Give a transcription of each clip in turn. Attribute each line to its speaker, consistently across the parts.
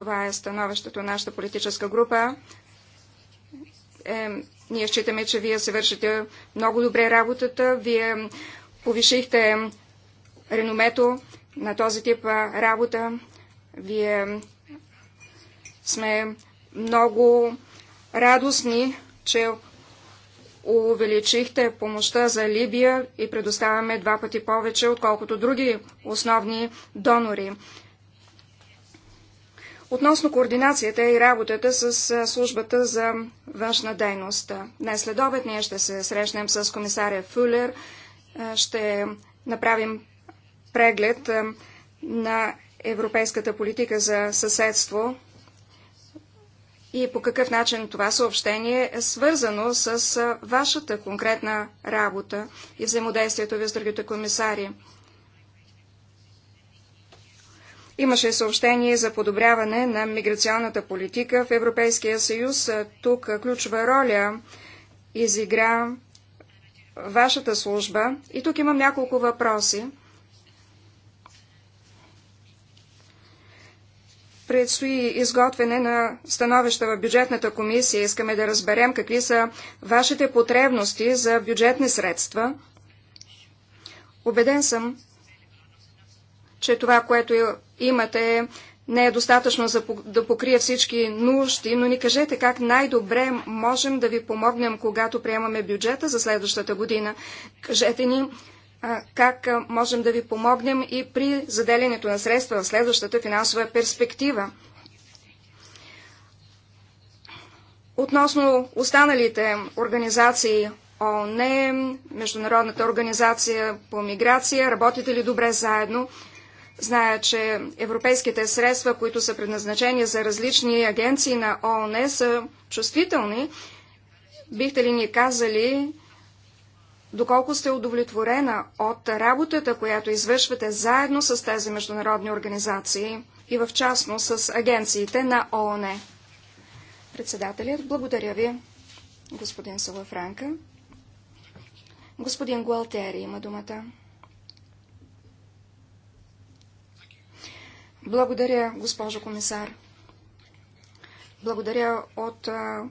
Speaker 1: Това е становището на нашата политическа група. Е, ние считаме, че вие се вършите много добре работата. Вие повишихте реномето на този тип работа. Вие сме много радостни, че увеличихте помощта за Либия и предоставяме два пъти повече, отколкото други основни донори. Относно координацията и работата с службата за външна дейност. Днес след обед ние ще се срещнем с комисаря Фюлер, ще направим преглед на европейската политика за съседство и по какъв начин това съобщение е свързано с вашата конкретна работа и взаимодействието ви с другите комисари. Имаше съобщение за подобряване на миграционната политика в Европейския съюз. Тук ключова роля изигра вашата служба. И тук имам няколко въпроси. Предстои изготвяне на становища в бюджетната комисия. Искаме да разберем какви са вашите потребности за бюджетни средства. Обеден съм, че това, което имате, не е достатъчно за да покрие всички нужди, но ни кажете как най-добре можем да ви помогнем, когато приемаме бюджета за следващата година. Кажете ни как можем да ви помогнем и при заделянето на средства в следващата финансова перспектива. Относно останалите организации ООН, Международната организация по миграция, работите ли добре заедно? Зная, че европейските средства, които са предназначени за различни агенции на ООН, са чувствителни. Бихте ли ни казали доколко сте удовлетворена от работата, която извършвате заедно с тези международни организации и в частност с агенциите на ООН? Председателят, благодаря ви, господин Салафранка. Господин Гуалтери има думата. Благодаря, госпожо комисар. Благодаря от а,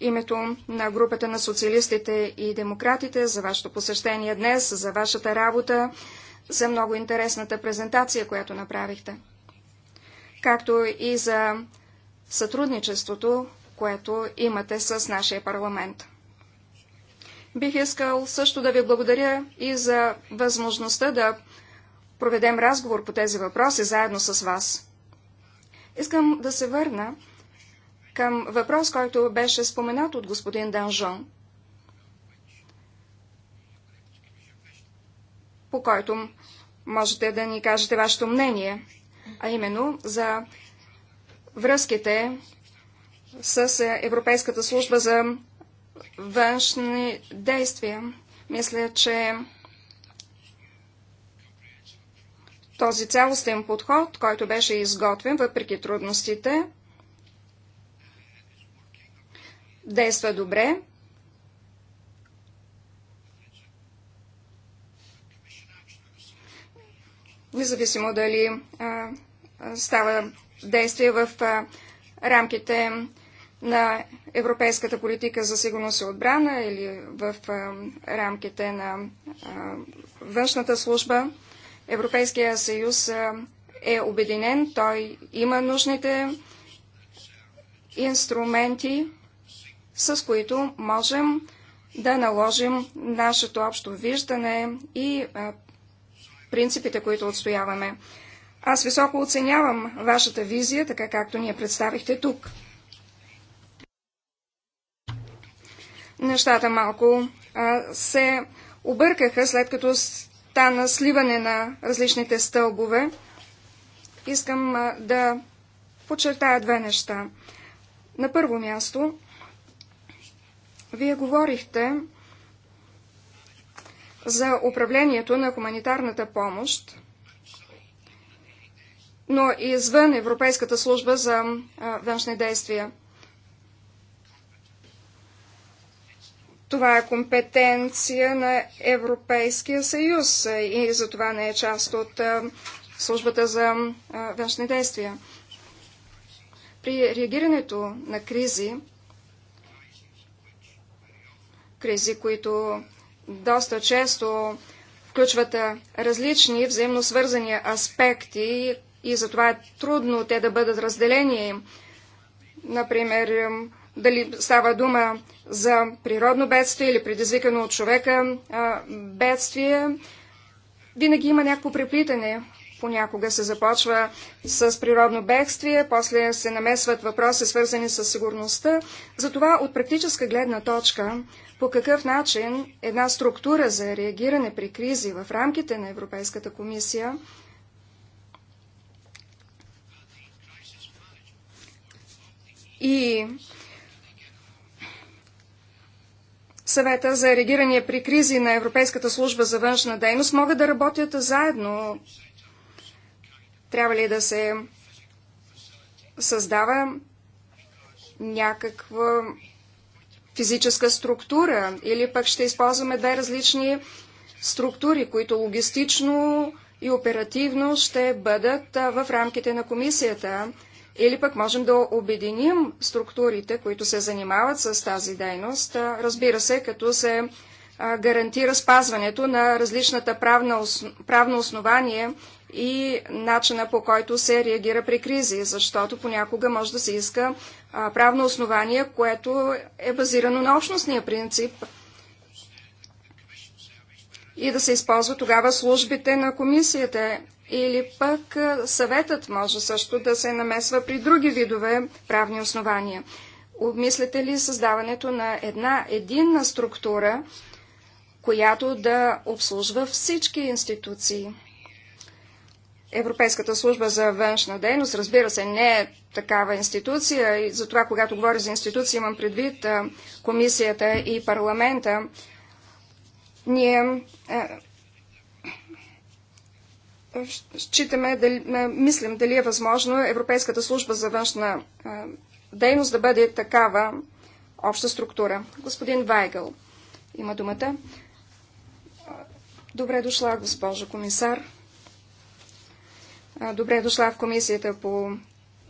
Speaker 1: името на групата на социалистите и демократите за вашето посещение днес, за вашата работа, за много интересната презентация, която направихте, както и за сътрудничеството, което имате с нашия парламент. Бих искал също да ви благодаря и за възможността да проведем разговор по тези въпроси заедно с вас. Искам да се върна към въпрос, който беше споменат от господин Данжон, по който можете да ни кажете вашето мнение, а именно за връзките с Европейската служба за външни действия. Мисля, че този цялостен подход, който беше изготвен въпреки трудностите, действа добре. Независимо дали а, става действие в а, рамките на европейската политика за сигурност и отбрана или в а, рамките на а, външната служба. Европейския съюз е обединен, той има нужните инструменти, с които можем да наложим нашето общо виждане и принципите, които отстояваме. Аз високо оценявам вашата визия, така както ни я представихте тук. Нещата малко а, се объркаха, след като целта на сливане на различните стълбове, искам да подчертая две неща. На първо място, вие говорихте за управлението на хуманитарната помощ, но извън Европейската служба за външни действия. Това е компетенция на Европейския съюз и за това не е част от службата за външни действия. При реагирането на кризи, кризи, които доста често включват различни взаимно свързани аспекти и затова е трудно те да бъдат разделени. Например, дали става дума за природно бедствие или предизвикано от човека бедствие, винаги има някакво преплитане. Понякога се започва с природно бедствие, после се намесват въпроси, свързани с сигурността. Затова от практическа гледна точка, по какъв начин една структура за реагиране при кризи в рамките на Европейската комисия и съвета за реагиране при кризи на Европейската служба за външна дейност могат да работят заедно. Трябва ли да се създава някаква физическа структура или пък ще използваме две различни структури, които логистично и оперативно ще бъдат в рамките на комисията. Или пък можем да обединим структурите, които се занимават с тази дейност, разбира се, като се гарантира спазването на различната правна, правно основание и начина по който се реагира при кризи, защото понякога може да се иска правно основание, което е базирано на общностния принцип – и да се използва тогава службите на комисията. Или пък съветът може също да се намесва при други видове правни основания. Обмисляте ли създаването на една единна структура, която да обслужва всички институции? Европейската служба за външна дейност, разбира се, не е такава институция и затова, когато говоря за институции, имам предвид комисията и парламента, ние считаме, дали, мислим дали е възможно Европейската служба за външна дейност да бъде такава обща структура. Господин Вайгъл има думата. Добре дошла, госпожо комисар. Добре дошла в комисията по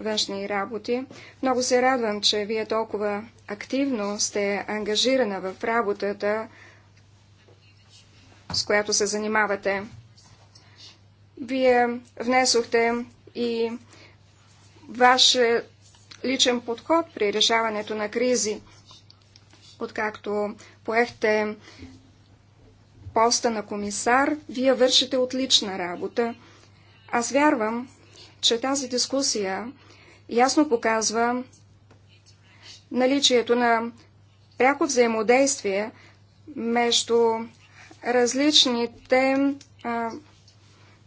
Speaker 1: външни работи. Много се радвам, че вие толкова активно сте ангажирана в работата с която се занимавате. Вие внесохте и ваш е, личен подход при решаването на кризи, откакто поехте поста на комисар, вие вършите отлична работа. Аз вярвам, че тази дискусия ясно показва наличието на пряко взаимодействие между различните а,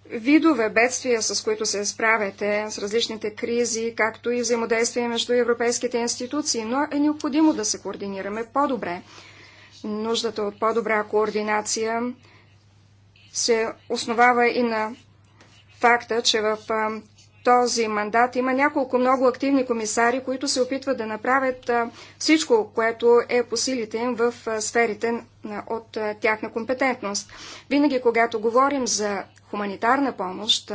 Speaker 1: видове бедствия, с които се справяте, с различните кризи, както и взаимодействие между европейските институции, но е необходимо да се координираме по-добре. Нуждата от по-добра координация се основава и на факта, че в този мандат има няколко много активни комисари, които се опитват да направят всичко, което е по силите им в сферите от тяхна компетентност. Винаги, когато говорим за хуманитарна помощ,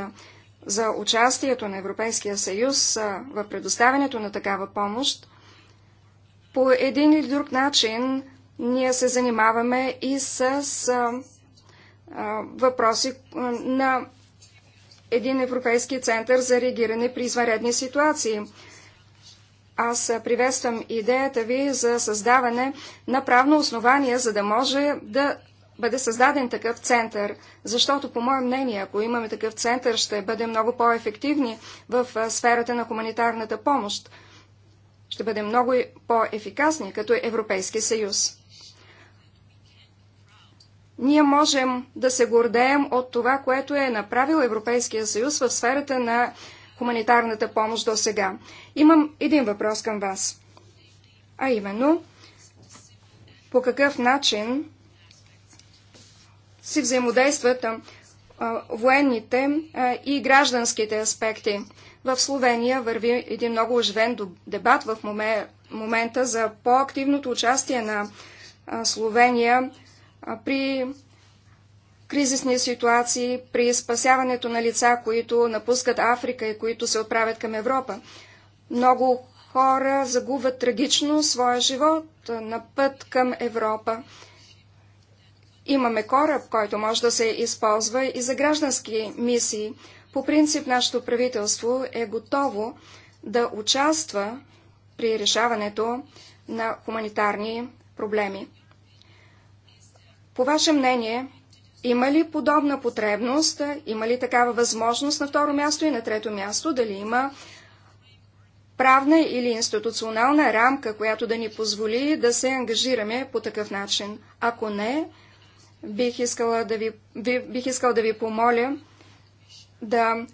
Speaker 1: за участието на Европейския съюз в предоставянето на такава помощ, по един или друг начин ние се занимаваме и с въпроси на един европейски център за реагиране при изваредни ситуации. Аз приветствам идеята ви за създаване на правно основание, за да може да бъде създаден такъв център, защото, по мое мнение, ако имаме такъв център, ще бъде много по-ефективни в сферата на хуманитарната помощ. Ще бъде много по-ефикасни като Европейски съюз. Ние можем да се гордеем от това, което е направил Европейския съюз в сферата на хуманитарната помощ до сега. Имам един въпрос към вас. А именно, по какъв начин си взаимодействат а, военните а, и гражданските аспекти. В Словения върви един много оживен дебат в момента за по-активното участие на а, Словения при кризисни ситуации, при спасяването на лица, които напускат Африка и които се отправят към Европа. Много хора загубват трагично своя живот на път към Европа. Имаме кораб, който може да се използва и за граждански мисии. По принцип, нашето правителство е готово да участва при решаването на хуманитарни проблеми. По ваше мнение, има ли подобна потребност, има ли такава възможност на второ място и на трето място, дали има правна или институционална рамка, която да ни позволи да се ангажираме по такъв начин. Ако не, бих искала да ви, бих искала да ви помоля да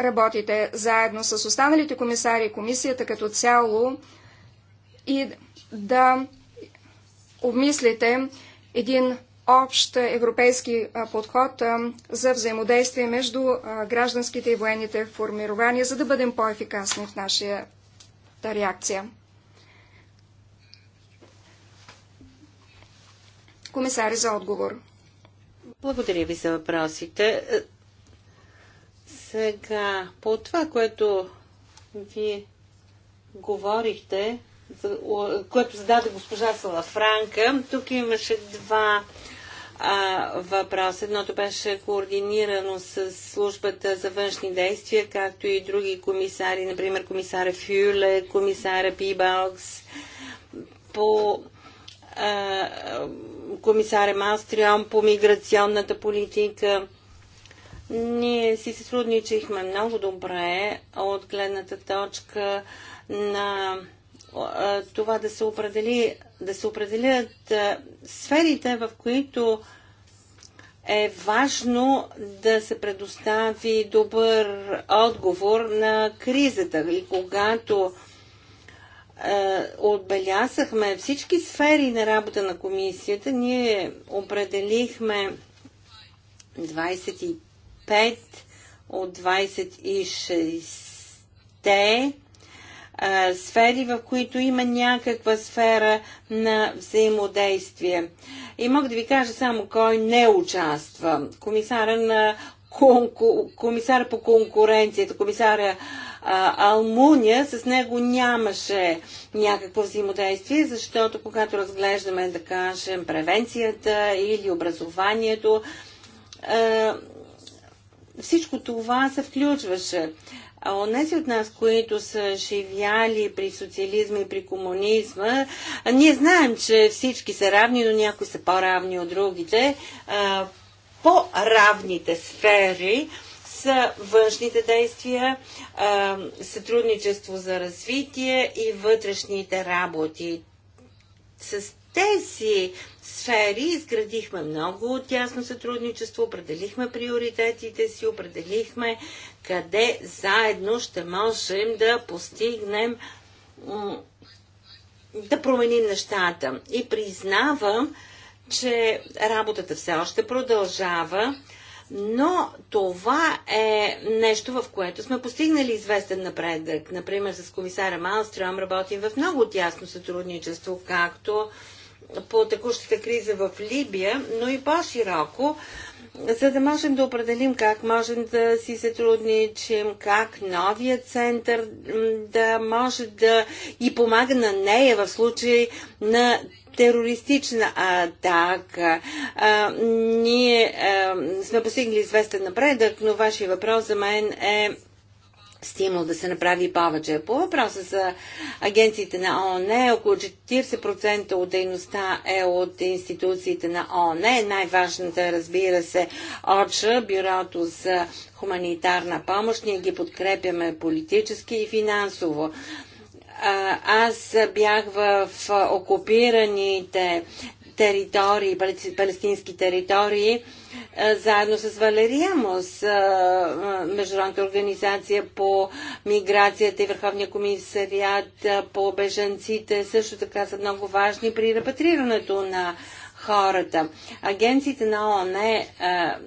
Speaker 1: работите заедно с останалите комисари и комисията като цяло и да обмислите един общ европейски подход за взаимодействие между гражданските и военните формирования, за да бъдем по-ефикасни в нашата реакция.
Speaker 2: Комисари за отговор. Благодаря ви за въпросите. Е, сега, по това, което вие говорихте, което зададе госпожа Салафранка. Тук имаше два въпроса. Едното беше координирано с службата за външни действия, както и други комисари, например комисара Фюле, комисара Пибалкс, по комисаре комисаря Мастрион, по миграционната политика. Ние си се сътрудничихме много добре от гледната точка на това да се, определи, да се определят сферите, в които е важно да се предостави добър отговор на кризата. И когато отбелязахме всички сфери на работа на комисията, ние определихме 25 от 26-те сфери, в които има някаква сфера на взаимодействие. И мога да ви кажа само кой не участва. Комисара на конку, комисара по конкуренцията, комисара Алмуния, с него нямаше някакво взаимодействие, защото когато разглеждаме, да кажем, превенцията или образованието, всичко това се включваше. А онези от нас, които са живяли при социализма и при комунизма, ние знаем, че всички са равни, но някои са по-равни от другите. По-равните сфери са външните действия, сътрудничество за развитие и вътрешните работи. С тези сфери изградихме много тясно сътрудничество, определихме приоритетите си, определихме къде заедно ще можем да постигнем да променим нещата. И признавам, че работата все още продължава, но това е нещо, в което сме постигнали известен напредък. Например, с комисара Малстром работим в много тясно сътрудничество, както по текущата криза в Либия, но и по-широко за да можем да определим как можем да си сътрудничим, как новия център да може да и помага на нея в случай на терористична атака. А, ние а, сме постигнали известен напредък, но вашия въпрос за мен е стимул да се направи повече. По въпроса за агенциите на ООН, около 40% от дейността е от институциите на ООН. Най-важната, разбира се, ОЧА, Бюрото за хуманитарна помощ. Ние ги подкрепяме политически и финансово аз бях в окупираните територии, палестински територии е, заедно с Мос, е, е, Международната организация по миграцията и Върховния комисариат по беженците също така са много важни при репатрирането на хората. Агенциите на ООН е,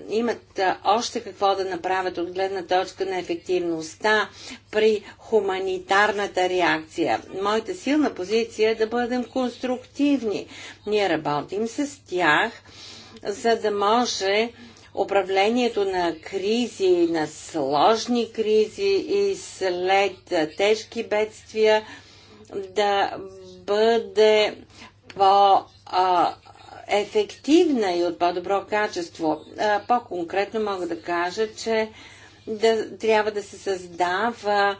Speaker 2: имат още какво да направят от гледна точка на ефективността при хуманитарната реакция. Моята силна позиция е да бъдем конструктивни. Ние работим с тях за да може управлението на кризи, на сложни кризи и след тежки бедствия да бъде по-ефективна и от по-добро качество. По-конкретно мога да кажа, че да, трябва да се създава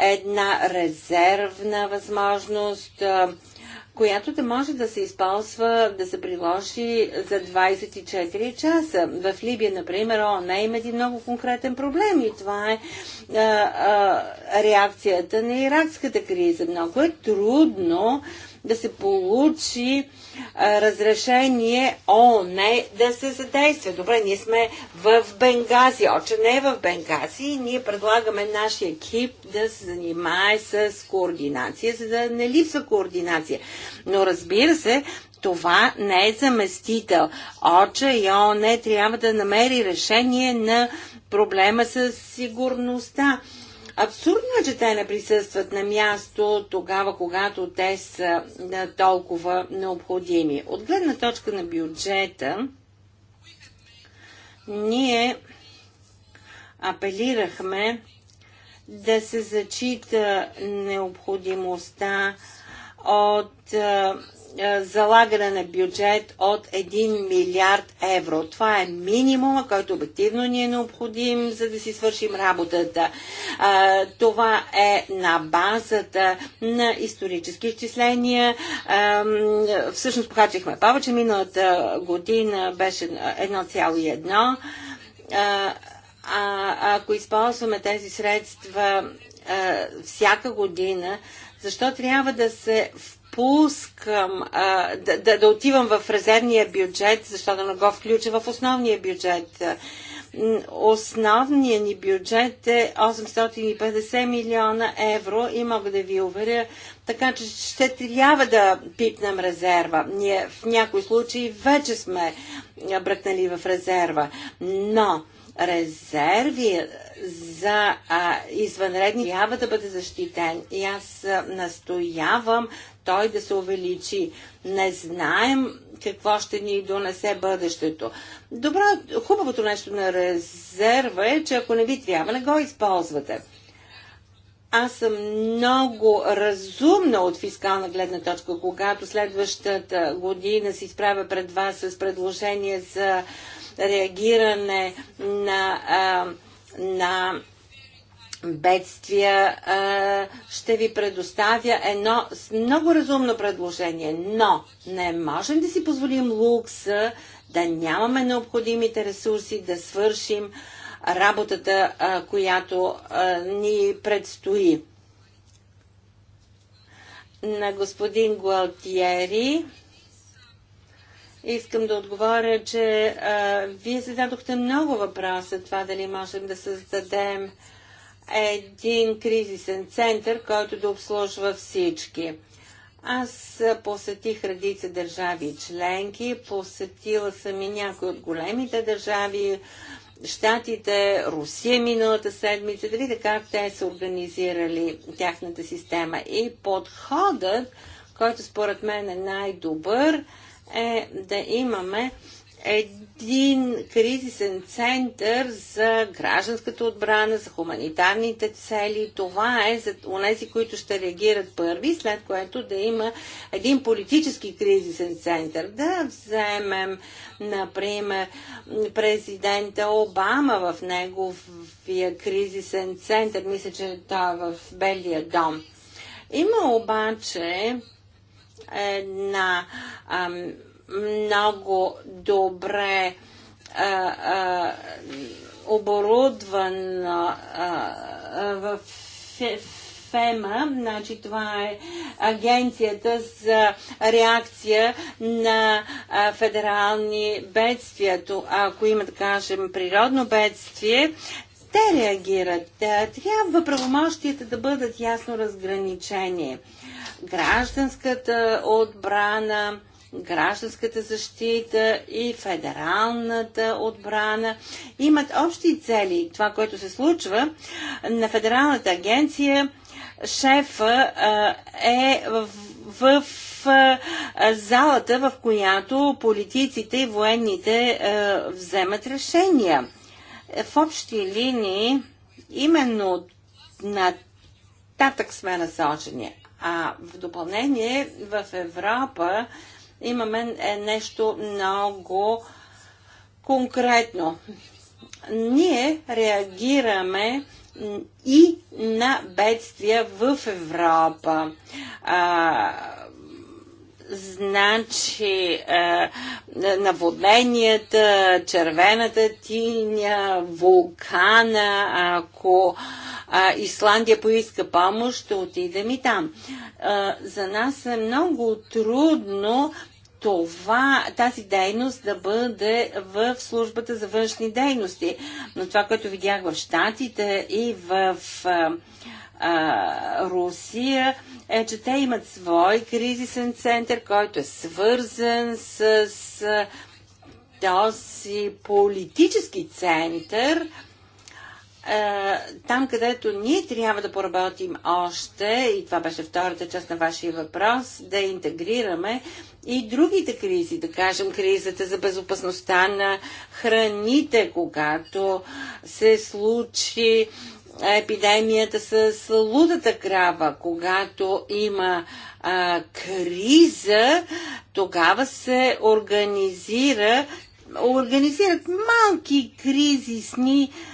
Speaker 2: една резервна възможност, която да може да се използва, да се приложи за 24 часа. В Либия, например, ООН има един много конкретен проблем и това е а, а, реакцията на иракската криза. Много е трудно а, да се получи а, разрешение не да се задейства. Добре, ние сме в Бенгази, оче не е в Бенгази и ние предлагаме нашия екип да се занимае с координация, за да не липсва координация. Но разбира се, това не е заместител. Оча и не трябва да намери решение на проблема с сигурността. Абсурдно е, че те не присъстват на място тогава, когато те са толкова необходими. От гледна точка на бюджета, ние апелирахме да се зачита необходимостта от е, залагане на бюджет от 1 милиард евро. Това е минимума, който обективно ни е необходим, за да си свършим работата. Е, това е на базата на исторически изчисления. Е, всъщност похарчихме повече. Миналата година беше 1,1. А ако използваме тези средства всяка година, защо трябва да се в пускам, а, да, да, да отивам в резервния бюджет, защото не го включа в основния бюджет. Основният ни бюджет е 850 милиона евро и мога да ви уверя, така че ще трябва да пипнем резерва. Ние в някои случаи вече сме бръкнали в резерва, но резерви за а, извънредни трябва да бъде защитен. И аз настоявам той да се увеличи. Не знаем какво ще ни донесе бъдещето. Добро, хубавото нещо на резерва е, че ако не ви трябва, не го използвате. Аз съм много разумна от фискална гледна точка, когато следващата година се изправя пред вас с предложение за реагиране на, а, на бедствия, ще ви предоставя едно много разумно предложение, но не можем да си позволим лукса да нямаме необходимите ресурси, да свършим работата, която ни предстои. На господин Гуалтиери Искам да отговоря, че а, вие зададохте много въпроса, това дали можем да създадем един кризисен център, който да обслужва всички. Аз посетих редица държави членки, посетила съм и някои от големите държави, Штатите, Русия миналата седмица, да видя как те са организирали тяхната система. И подходът, който според мен е най-добър, е да имаме един кризисен център за гражданската отбрана, за хуманитарните цели. Това е за тези, които ще реагират първи, след което да има един политически кризисен център. Да вземем, например, президента Обама в неговия кризисен център. Мисля, че това е в Белия дом. Има обаче една ам, много добре а, а, оборудван в ФЕМА, значи това е агенцията за реакция на а, федерални бедствия. Ако има, да кажем, природно бедствие, те реагират. Трябва правомощията да бъдат ясно разграничени. Гражданската отбрана, гражданската защита и федералната отбрана имат общи цели. Това, което се случва на Федералната агенция, шефа е в, в в залата, в която политиците и военните вземат решения. В общи линии именно на татък сме насочени. А в допълнение в Европа имаме е нещо много конкретно. Ние реагираме и на бедствия в Европа. А, значи а, наводненията, червената тиня, вулкана, ако а, Исландия поиска помощ, ще отидем и там. А, за нас е много трудно това, тази дейност да бъде в службата за външни дейности. Но това, което видях в Штатите и в а, а, Русия, е, че те имат свой кризисен център, който е свързан с, с този политически център, там, където ние трябва да поработим още, и това беше втората част на вашия въпрос, да интегрираме и другите кризи, да кажем кризата за безопасността на храните, когато се случи епидемията с лудата крава, когато има а, криза, тогава се организира, организират малки кризисни а,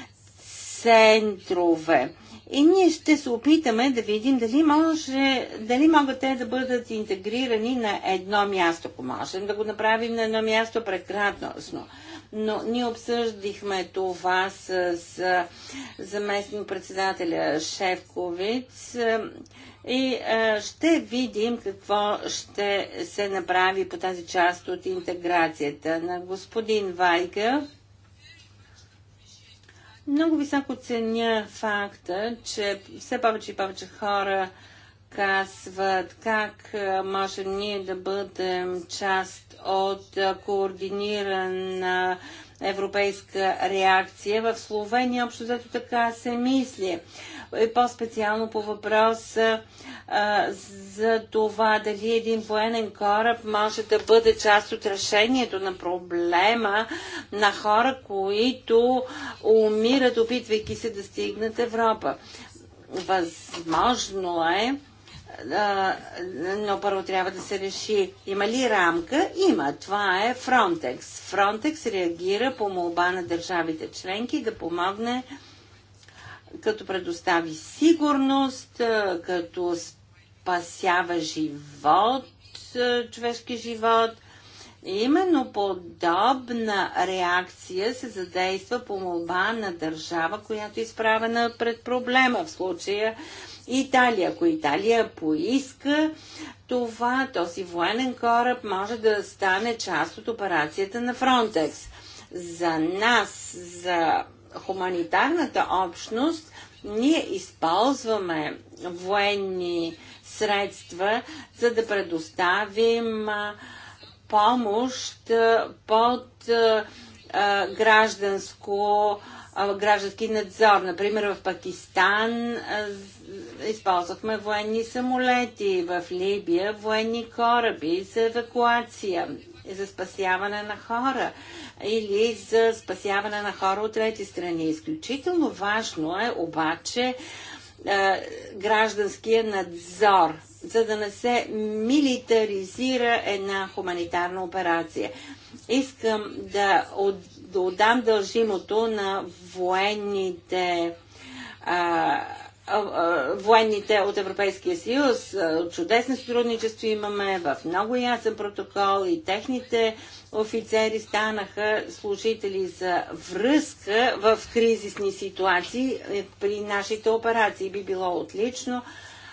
Speaker 2: центрове. И ние ще се опитаме да видим дали, може, дали могат те да бъдат интегрирани на едно място. Ако можем да го направим на едно място, прекрасно. Но ние обсъждихме това с, с заместник председателя Шевковиц е, и а, е, ще видим какво ще се направи по тази част от интеграцията на господин Вайгъл много високо ценя факта, че все повече и повече хора казват как е, можем ние да бъдем част от е, координирана европейска реакция. В Словения общо взето така се мисли. И по-специално по въпрос а, за това дали един военен кораб може да бъде част от решението на проблема на хора, които умират, опитвайки се да стигнат Европа. Възможно е но първо трябва да се реши има ли рамка. Има. Това е Frontex. Frontex реагира по молба на държавите членки да помогне като предостави сигурност, като спасява живот, човешки живот. Именно подобна реакция се задейства по молба на държава, която е изправена пред проблема. В случая Италия. Ако Италия поиска това, този военен кораб може да стане част от операцията на Фронтекс. За нас, за хуманитарната общност, ние използваме военни средства, за да предоставим помощ под гражданско граждански надзор. Например, в Пакистан използвахме военни самолети, в Либия военни кораби за евакуация, за спасяване на хора или за спасяване на хора от трети страни. Изключително важно е обаче гражданския надзор, за да не се милитаризира една хуманитарна операция. Искам да, от, да отдам дължимото на военните а, военните от Европейския съюз. Чудесно сътрудничество имаме в много ясен протокол и техните офицери станаха служители за връзка в кризисни ситуации е, при нашите операции. Би било отлично,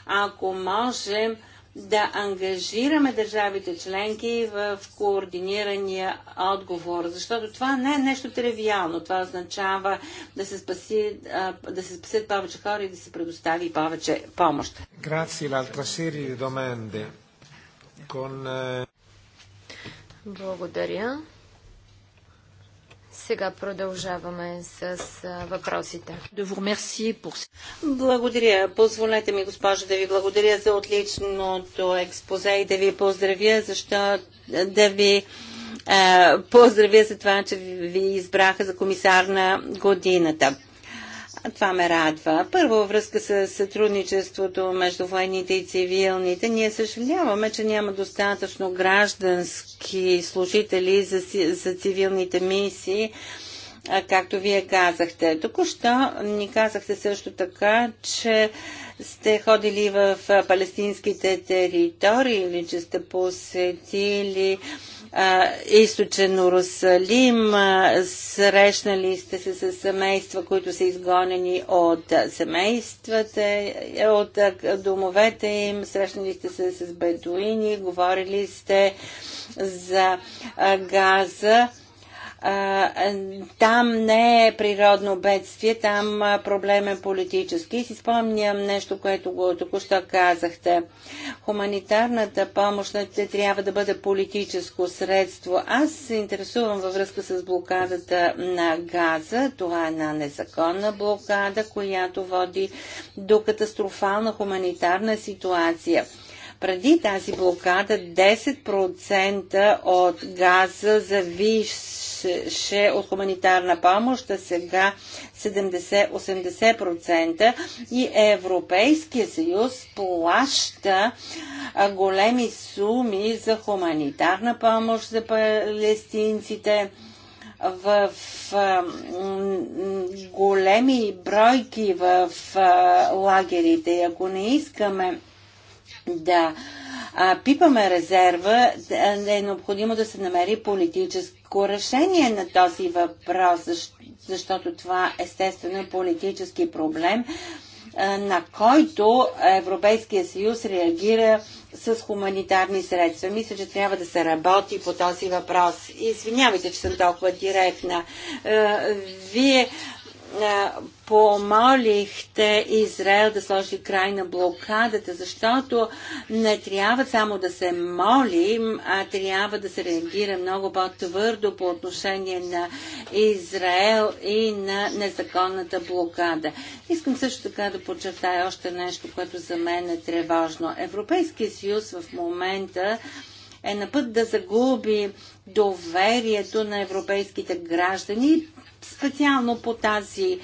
Speaker 2: ако можем да ангажираме държавите членки в координирания отговор, защото това не е нещо тривиално. Това означава да се, спаси, да се спасят повече хора и да се предостави повече помощ.
Speaker 3: Благодаря. Сега продължаваме с въпросите.
Speaker 2: Благодаря. Позволете ми, госпожа, да ви благодаря за отличното експозе и да ви поздравя, защо да ви поздравя за това, че ви избраха за комисар на годината. Това ме радва. Първо, във връзка с сътрудничеството между военните и цивилните, ние съжаляваме, че няма достатъчно граждански служители за, за цивилните мисии, както вие казахте. Току-що ни казахте също така, че сте ходили в палестинските територии или че сте посетили а, източен Урусалим, срещнали сте се с семейства, които са изгонени от семействата, е, от домовете им, срещнали сте се с бедуини, говорили сте за газа там не е природно бедствие, там проблем е политически. И си спомням нещо, което го току-що казахте. Хуманитарната помощ не значи, трябва да бъде политическо средство. Аз се интересувам във връзка с блокадата на газа. Това е една незаконна блокада, която води до катастрофална хуманитарна ситуация преди тази блокада 10% от газа зависи получаваше от хуманитарна помощ, а сега 70-80% и Европейския съюз плаща големи суми за хуманитарна помощ за палестинците в големи бройки в лагерите. И ако не искаме да а, пипаме резерва, е необходимо да се намери политическо решение на този въпрос, защото това естествено е политически проблем, на който Европейския съюз реагира с хуманитарни средства. Мисля, че трябва да се работи по този въпрос. Извинявайте, че съм толкова директна. Вие помолихте Израел да сложи край на блокадата, защото не трябва само да се молим, а трябва да се реагира много по-твърдо по отношение на Израел и на незаконната блокада. Искам също така да подчертая още нещо, което за мен е тревожно. Европейския съюз в момента е на път да загуби доверието на европейските граждани, специално по тази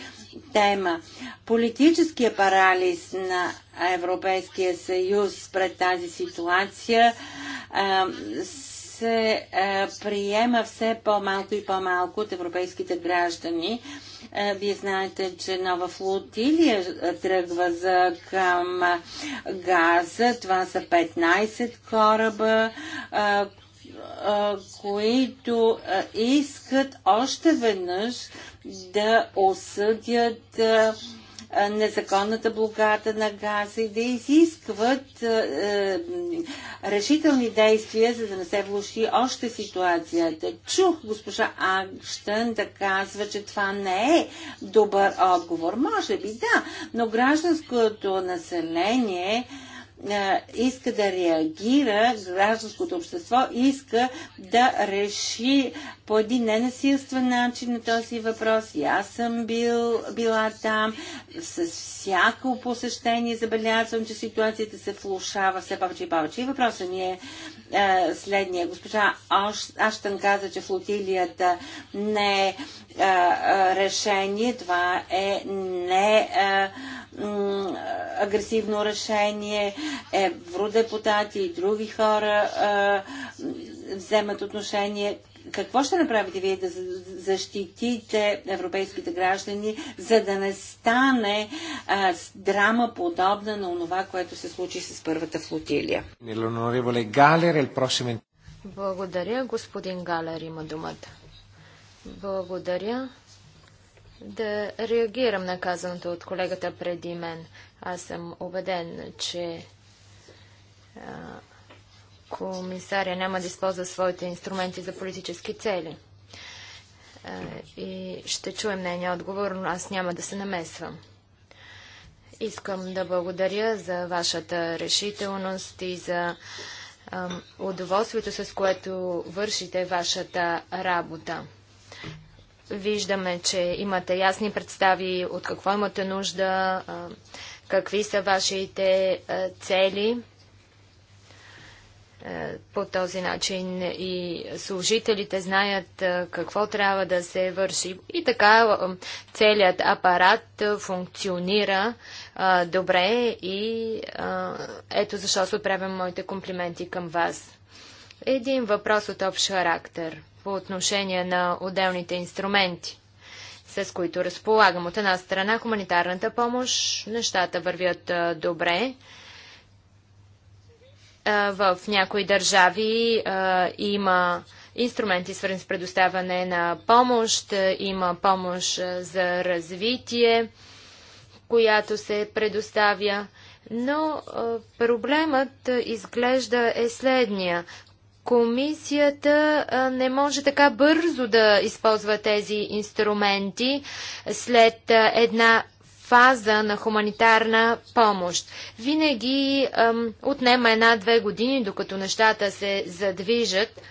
Speaker 2: тема. Политическия парализ на Европейския съюз пред тази ситуация а, се а, приема все по-малко и по-малко от европейските граждани. вие знаете, че нова флотилия тръгва за към Газа. Това са 15 кораба, които искат още веднъж да осъдят незаконната блокада на газа и да изискват решителни действия, за да не се влуши още ситуацията. Чух госпожа Агштън да казва, че това не е добър отговор. Може би да, но гражданското население иска да реагира, гражданското общество иска да реши по един ненасилствен начин на този въпрос. И аз съм бил, била там. С всяко посещение забелязвам, че ситуацията се влушава все повече и повече. И въпросът ми е, следния. Госпожа Аштън каза, че флотилията не е решение, това е не агресивно решение, евродепутати и други хора вземат отношение какво ще направите вие да защитите европейските граждани, за да не стане а, драма подобна на това, което се случи с първата
Speaker 3: флотилия? Е Благодаря. Господин Галер има думата. Благодаря. Да реагирам на казаното от колегата преди мен. Аз съм убеден, че комисаря няма да използва своите инструменти за политически цели. и ще чуем нейния отговор, но аз няма да се намесвам. Искам да благодаря за вашата решителност и за удоволствието, с което вършите вашата работа. Виждаме, че имате ясни представи от какво имате нужда, какви са вашите цели. По този начин и служителите знаят какво трябва да се върши. И така целият апарат функционира добре и ето защо се отправям моите комплименти към вас. Един въпрос от общ характер – по отношение на отделните инструменти, с които разполагам. От една страна, хуманитарната помощ, нещата вървят добре. в някои държави има инструменти, свързани с предоставяне на помощ, има помощ за развитие, която се предоставя. Но проблемът изглежда е следния. Комисията не може така бързо да използва тези инструменти след една фаза на хуманитарна помощ. Винаги отнема една-две години, докато нещата се задвижат.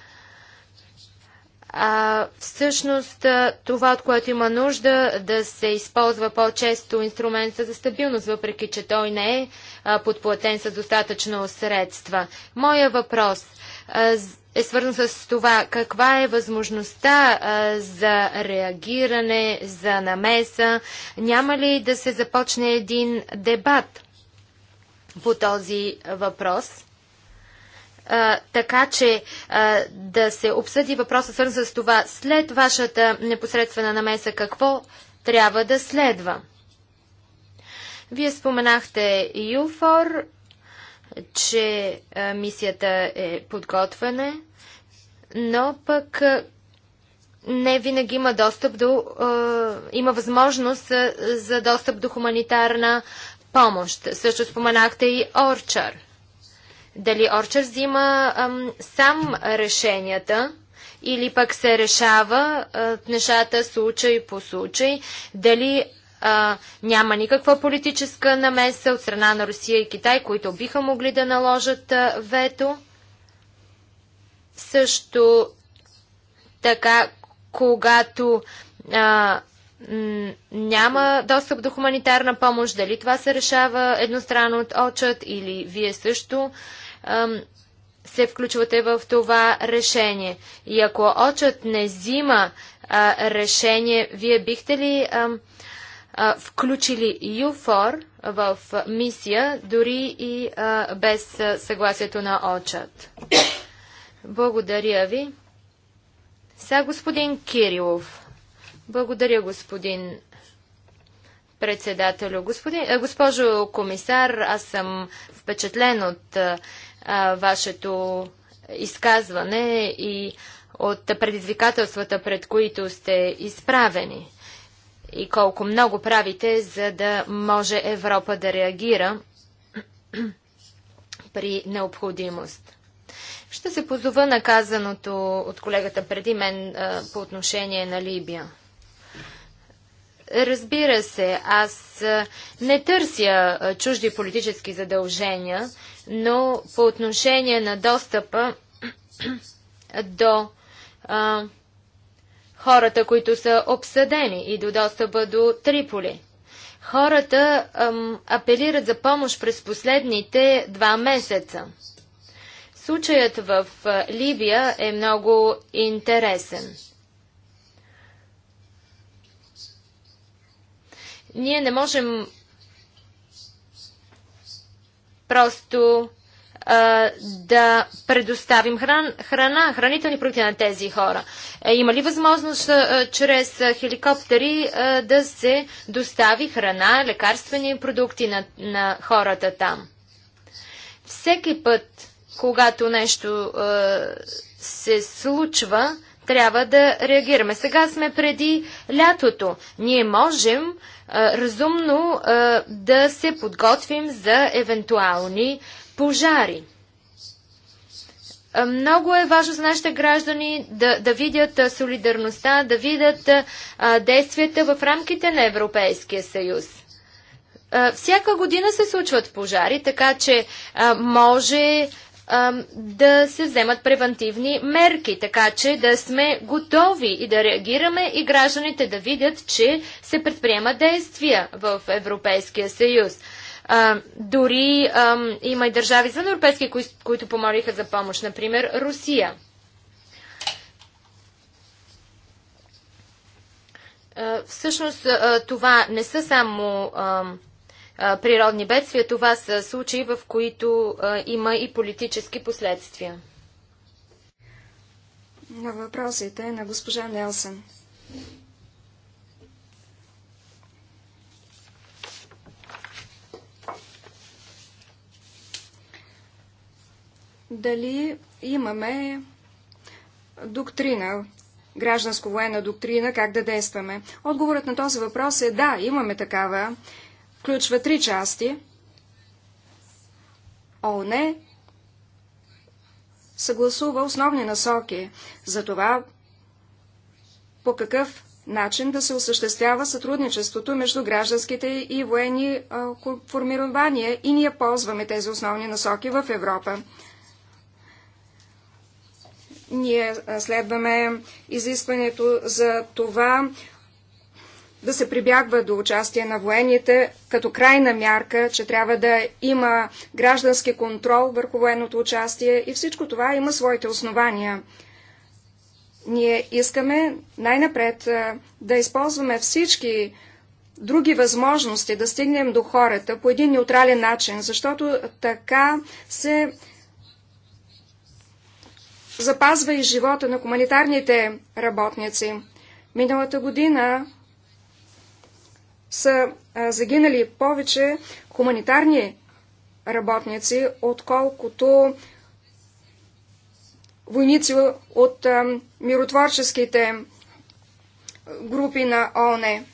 Speaker 3: А, всъщност това, от което има нужда да се използва по-често инструмента за стабилност, въпреки че той не е подплатен с достатъчно средства. Моя въпрос – е свързан с това каква е възможността за реагиране, за намеса. Няма ли да се започне един дебат по този въпрос? така че да се обсъди въпроса свързан с това след вашата непосредствена намеса какво трябва да следва. Вие споменахте ЮФОР че мисията е подготвена, но пък не винаги има достъп до, има възможност за, достъп до хуманитарна помощ. Също споменахте и Орчар. Дали Орчар взима сам решенията или пък се решава е, нещата случай по случай, дали а, няма никаква политическа намеса от страна на Русия и Китай, които биха могли да наложат а, вето. Също така, когато а, няма достъп до хуманитарна помощ, дали това се решава едностранно от очът или вие също а, се включвате в това решение. И ако очът не взима а, решение, вие бихте ли... А, включили ЮФОР в мисия, дори и без съгласието на ОЧАТ. Благодаря ви. Сега господин Кирилов. Благодаря, господин председателю. Господин, госпожо комисар, аз съм впечатлен от а, вашето изказване и от предизвикателствата, пред които сте изправени и колко много правите, за да може Европа да реагира при необходимост. Ще се позова на казаното от колегата преди мен по отношение на Либия. Разбира се, аз не търся чужди политически задължения, но по отношение на достъпа до а, хората, които са обсъдени и до достъпа до Триполи. Хората ам, апелират за помощ през последните два месеца. Случаят в Либия е много интересен. Ние не можем просто да предоставим хран, храна, хранителни продукти на тези хора? Е, има ли възможност а, чрез хеликоптери а, да се достави храна, лекарствени продукти на, на хората там? Всеки път, когато нещо се случва, трябва да реагираме. Сега сме преди лятото. Ние можем а, разумно а, да се подготвим за евентуални пожари. Много е важно за нашите граждани да, да видят солидарността, да видят а, действията в рамките на Европейския съюз. А, всяка година се случват пожари, така че а, може а, да се вземат превентивни мерки, така че да сме готови и да реагираме и гражданите да видят, че се предприемат действия в Европейския съюз. А, дори а, има и държави извън европейски, кои, които помолиха за помощ, например Русия. А, всъщност това не са само природни бедствия, това са случаи, в които има и политически последствия.
Speaker 1: На въпросите на госпожа Нелсън. дали имаме доктрина, гражданско-военна доктрина, как да действаме. Отговорът на този въпрос е да, имаме такава. Включва три части. Оне съгласува основни насоки за това по какъв начин да се осъществява сътрудничеството между гражданските и военни формирования и ние ползваме тези основни насоки в Европа. Ние следваме изискването за това да се прибягва до участие на военните като крайна мярка, че трябва да има граждански контрол върху военното участие и всичко това има своите основания. Ние искаме най-напред да използваме всички други възможности да стигнем до хората по един неутрален начин, защото така се запазва и живота на хуманитарните работници. Миналата година са загинали повече хуманитарни работници, отколкото войници от миротворческите групи на ООН.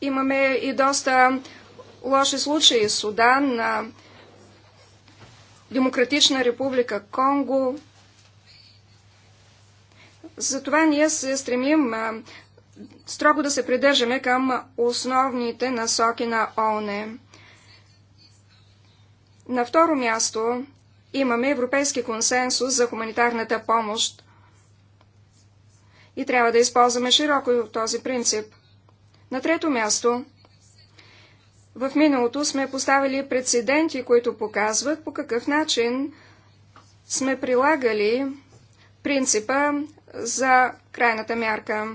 Speaker 1: Имаме и доста лоши случаи. Судан, на Демократична република Конго. Затова ние се стремим строго да се придържаме към основните насоки на ООН. На второ място имаме европейски консенсус за хуманитарната помощ и трябва да използваме широко този принцип. На трето място в миналото сме поставили прецеденти, които показват по какъв начин сме прилагали принципа за крайната мярка.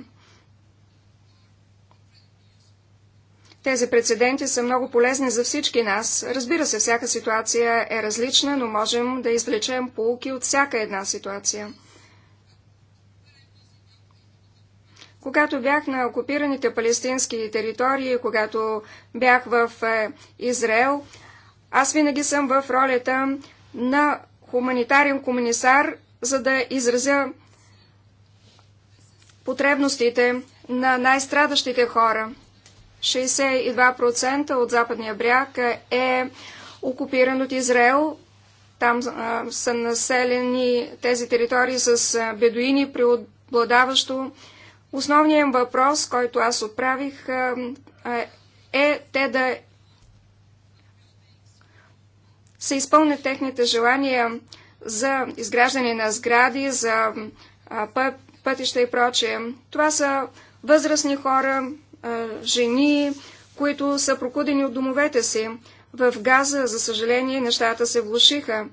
Speaker 1: Тези прецеденти са много полезни за всички нас. Разбира се, всяка ситуация е различна, но можем да извлечем полуки от всяка една ситуация. Когато бях на окупираните палестински територии, когато бях в е, Израел, аз винаги съм в ролята на хуманитарен комисар, за да изразя потребностите на най-страдащите хора. 62% от западния бряг е окупиран от Израел. Там а, са населени тези територии с бедуини, преобладаващо Основният въпрос, който аз отправих, е те да се изпълнят техните желания за изграждане на сгради, за пътища и прочее. Това са възрастни хора, жени, които са прокудени от домовете си. В Газа, за съжаление, нещата се влушиха.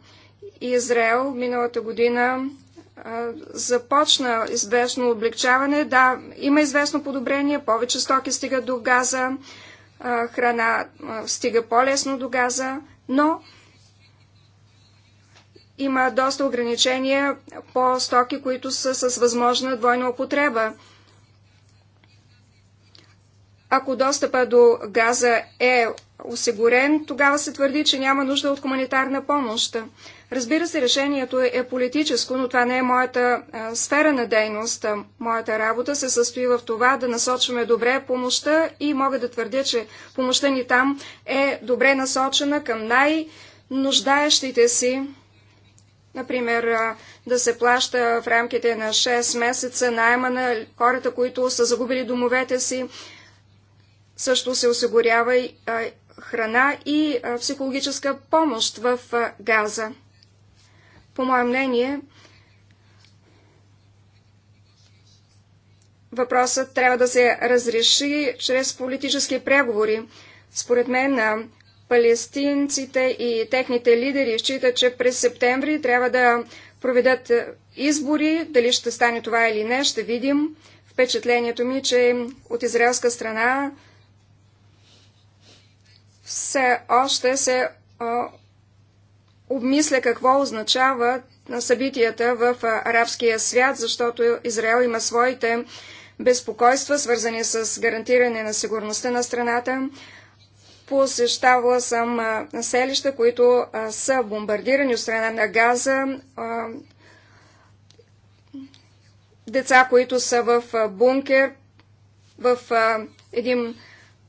Speaker 1: Израел миналата година започна известно облегчаване. Да, има известно подобрение, повече стоки стигат до газа, храна стига по-лесно до газа, но има доста ограничения по стоки, които са с възможна двойна употреба. Ако достъпа до газа е осигурен, тогава се твърди, че няма нужда от хуманитарна помощ. Разбира се, решението е, е политическо, но това не е моята сфера на дейност. Моята работа се състои в това да насочваме добре помощта и мога да твърдя, че помощта ни там е добре насочена към най-нуждаещите си. Например, да се плаща в рамките на 6 месеца найма на хората, които са загубили домовете си. Също се осигурява и храна и психологическа помощ в Газа. По мое мнение, въпросът трябва да се разреши чрез политически преговори. Според мен, палестинците и техните лидери считат, че през септември трябва да проведат избори. Дали ще стане това или не, ще видим. Впечатлението ми, е, че от израелска страна все още се а, обмисля какво означава на събитията в арабския свят, защото Израел има своите безпокойства, свързани с гарантиране на сигурността на страната. Посещавала съм селища, които а, са бомбардирани от страна на Газа, а, деца, които са в бункер в един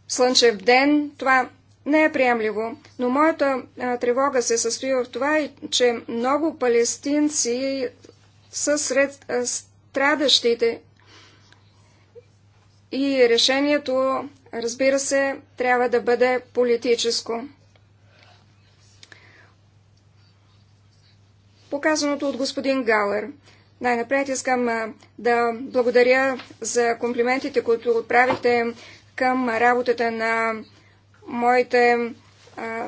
Speaker 1: слънчев ден. Това не е приемливо. Но моята а, тревога се състои в това, че много палестинци са сред а, страдащите. И решението, разбира се, трябва да бъде политическо. Показаното от господин Галер. Най-напред искам а, да благодаря за комплиментите, които отправихте към работата на моите а,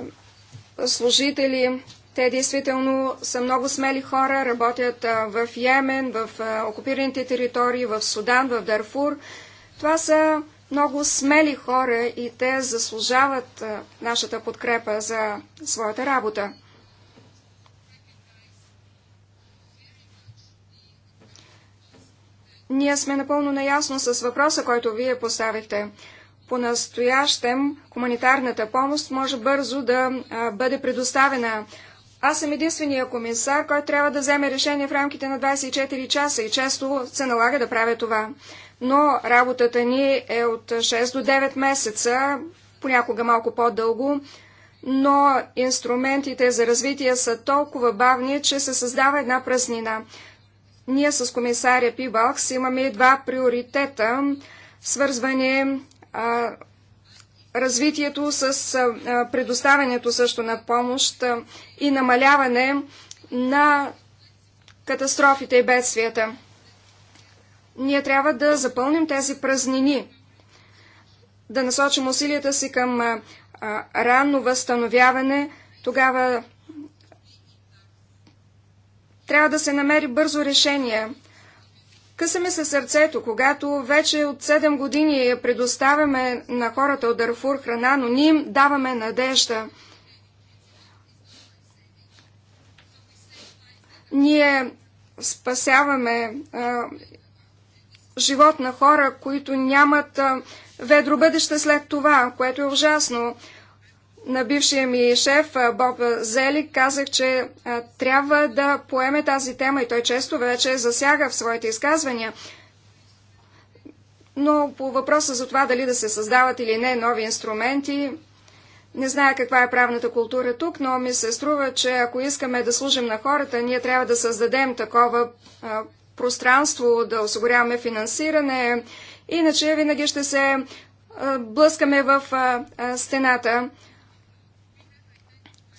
Speaker 1: служители. Те действително са много смели хора, работят а, в Йемен, в а, окупираните територии, в Судан, в Дарфур. Това са много смели хора и те заслужават а, нашата подкрепа за своята работа. Ние сме напълно наясно с въпроса, който вие поставихте. По-настоящем хуманитарната помощ може бързо да бъде предоставена. Аз съм единствения комисар, който трябва да вземе решение в рамките на 24 часа и често се налага да правя това. Но работата ни е от 6 до 9 месеца, понякога малко по-дълго, но инструментите за развитие са толкова бавни, че се създава една празнина. Ние с комисаря Пибалкс имаме два приоритета – свързване развитието с предоставянето също на помощ и намаляване на катастрофите и бедствията. Ние трябва да запълним тези празнини, да насочим усилията си към а, ранно възстановяване, тогава трябва да се намери бързо решение Късаме се сърцето, когато вече от 7 години предоставяме на хората от Дарфур храна, но ние им даваме надежда. Ние спасяваме а, живот на хора, които нямат а, ведро бъдеще след това, което е ужасно на бившия ми шеф Боб Зелик, казах, че трябва да поеме тази тема и той често вече засяга в своите изказвания. Но по въпроса за това дали да се създават или не нови инструменти, не зная каква е правната култура тук, но ми се струва, че ако искаме да служим на хората, ние трябва да създадем такова пространство, да осигуряваме финансиране, иначе винаги ще се блъскаме в стената.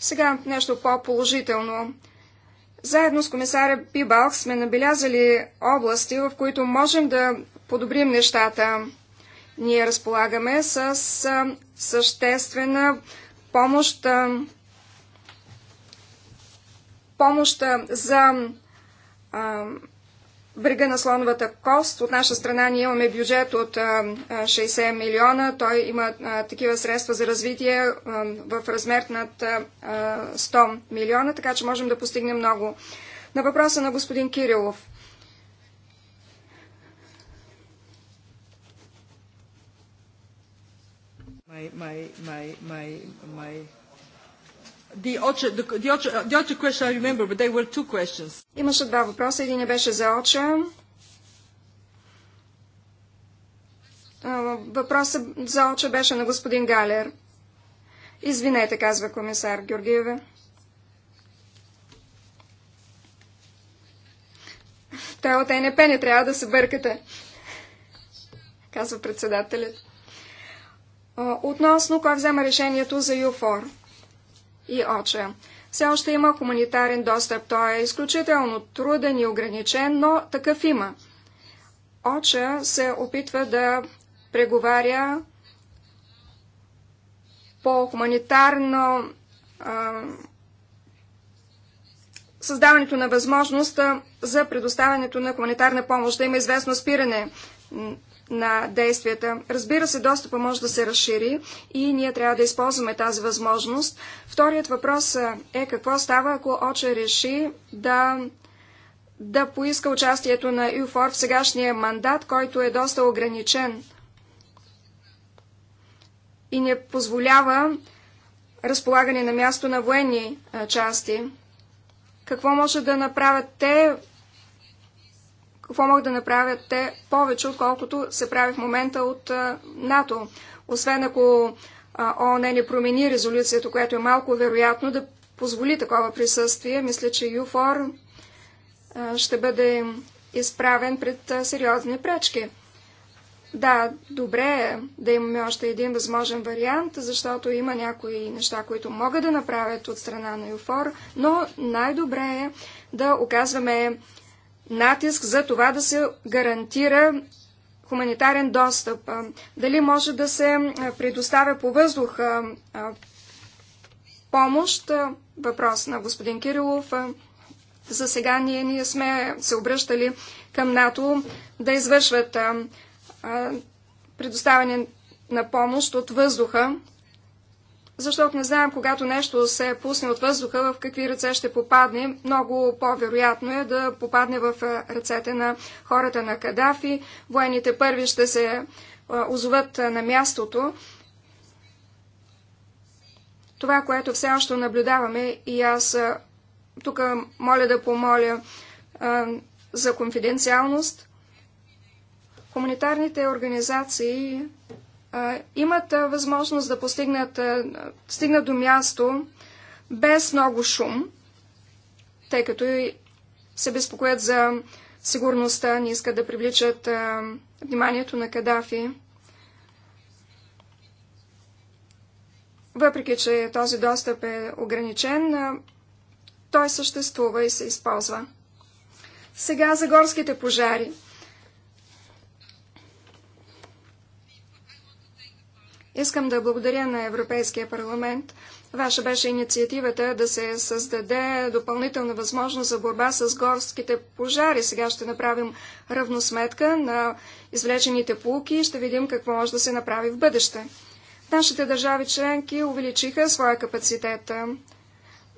Speaker 1: Сега нещо по-положително. Заедно с комисаря Пибалк сме набелязали области, в които можем да подобрим нещата. Ние разполагаме с съществена помощ, помощ за а, брега на слоновата кост. От наша страна ние имаме бюджет от 60 милиона. Той има такива средства за развитие в размер над 100 милиона, така че можем да постигнем много. На въпроса на господин Кирилов.
Speaker 3: My, my,
Speaker 2: my, Uh,
Speaker 1: Имаше два въпроса. Един не беше за Оча. Въпросът за Оча беше на господин Галер. Извинете, казва комисар Георгиеве. Той от ЕНП не трябва да се бъркате, казва председателят. Относно кой взема решението за ЮФОР и Оча. Все още има хуманитарен достъп. Той е изключително труден и ограничен, но такъв има. ОЧА се опитва да преговаря по хуманитарно а, създаването на възможност за предоставянето на хуманитарна помощ. Да има известно спиране на действията. Разбира се, достъпа може да се разшири и ние трябва да използваме тази възможност. Вторият въпрос е какво става, ако Оче реши да, да поиска участието на ЮФОР в сегашния мандат, който е доста ограничен и не позволява разполагане на място на военни части. Какво може да направят те какво могат да направят те повече, отколкото се прави в момента от НАТО. Освен ако ООН не промени резолюцията, което е малко вероятно да позволи такова присъствие, мисля, че ЮФОР ще бъде изправен пред сериозни пречки. Да, добре е да имаме още един възможен вариант, защото има някои неща, които могат да направят от страна на ЮФОР, но най-добре е да оказваме натиск за това да се гарантира хуманитарен достъп. Дали може да се предоставя по въздух помощ? Въпрос на господин Кирилов. За сега ние, ние сме се обръщали към НАТО да извършват предоставяне на помощ от въздуха защото не знаем, когато нещо се пусне от въздуха, в какви ръце ще попадне. Много по-вероятно е да попадне в ръцете на хората на Кадафи. Военните първи ще се озоват на мястото. Това, което все още наблюдаваме и аз тук моля да помоля за конфиденциалност. Хуманитарните организации имат възможност да постигнат, стигнат до място без много шум, тъй като се безпокоят за сигурността, не искат да привличат вниманието на Кадафи. Въпреки, че този достъп е ограничен, той съществува и се използва. Сега за горските пожари – Искам да благодаря на Европейския парламент. Ваша беше инициативата да се създаде допълнителна възможност за борба с горските пожари. Сега ще направим равносметка на извлечените полуки и ще видим какво може да се направи в бъдеще. Нашите държави членки увеличиха своя капацитет.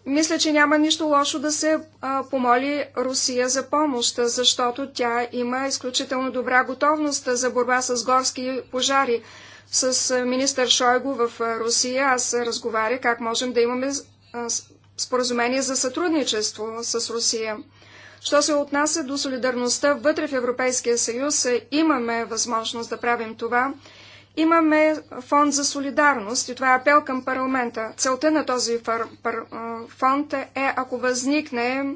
Speaker 1: Мисля, че няма нищо лошо да се а, помоли Русия за помощ, защото тя има изключително добра готовност за борба с горски пожари. С министър Шойго в Русия аз разговаря как можем да имаме споразумение за сътрудничество с Русия. Що се отнася до солидарността вътре в Европейския съюз, имаме възможност да правим това. Имаме фонд за солидарност и това е апел към парламента. Целта на този фонд е, ако възникне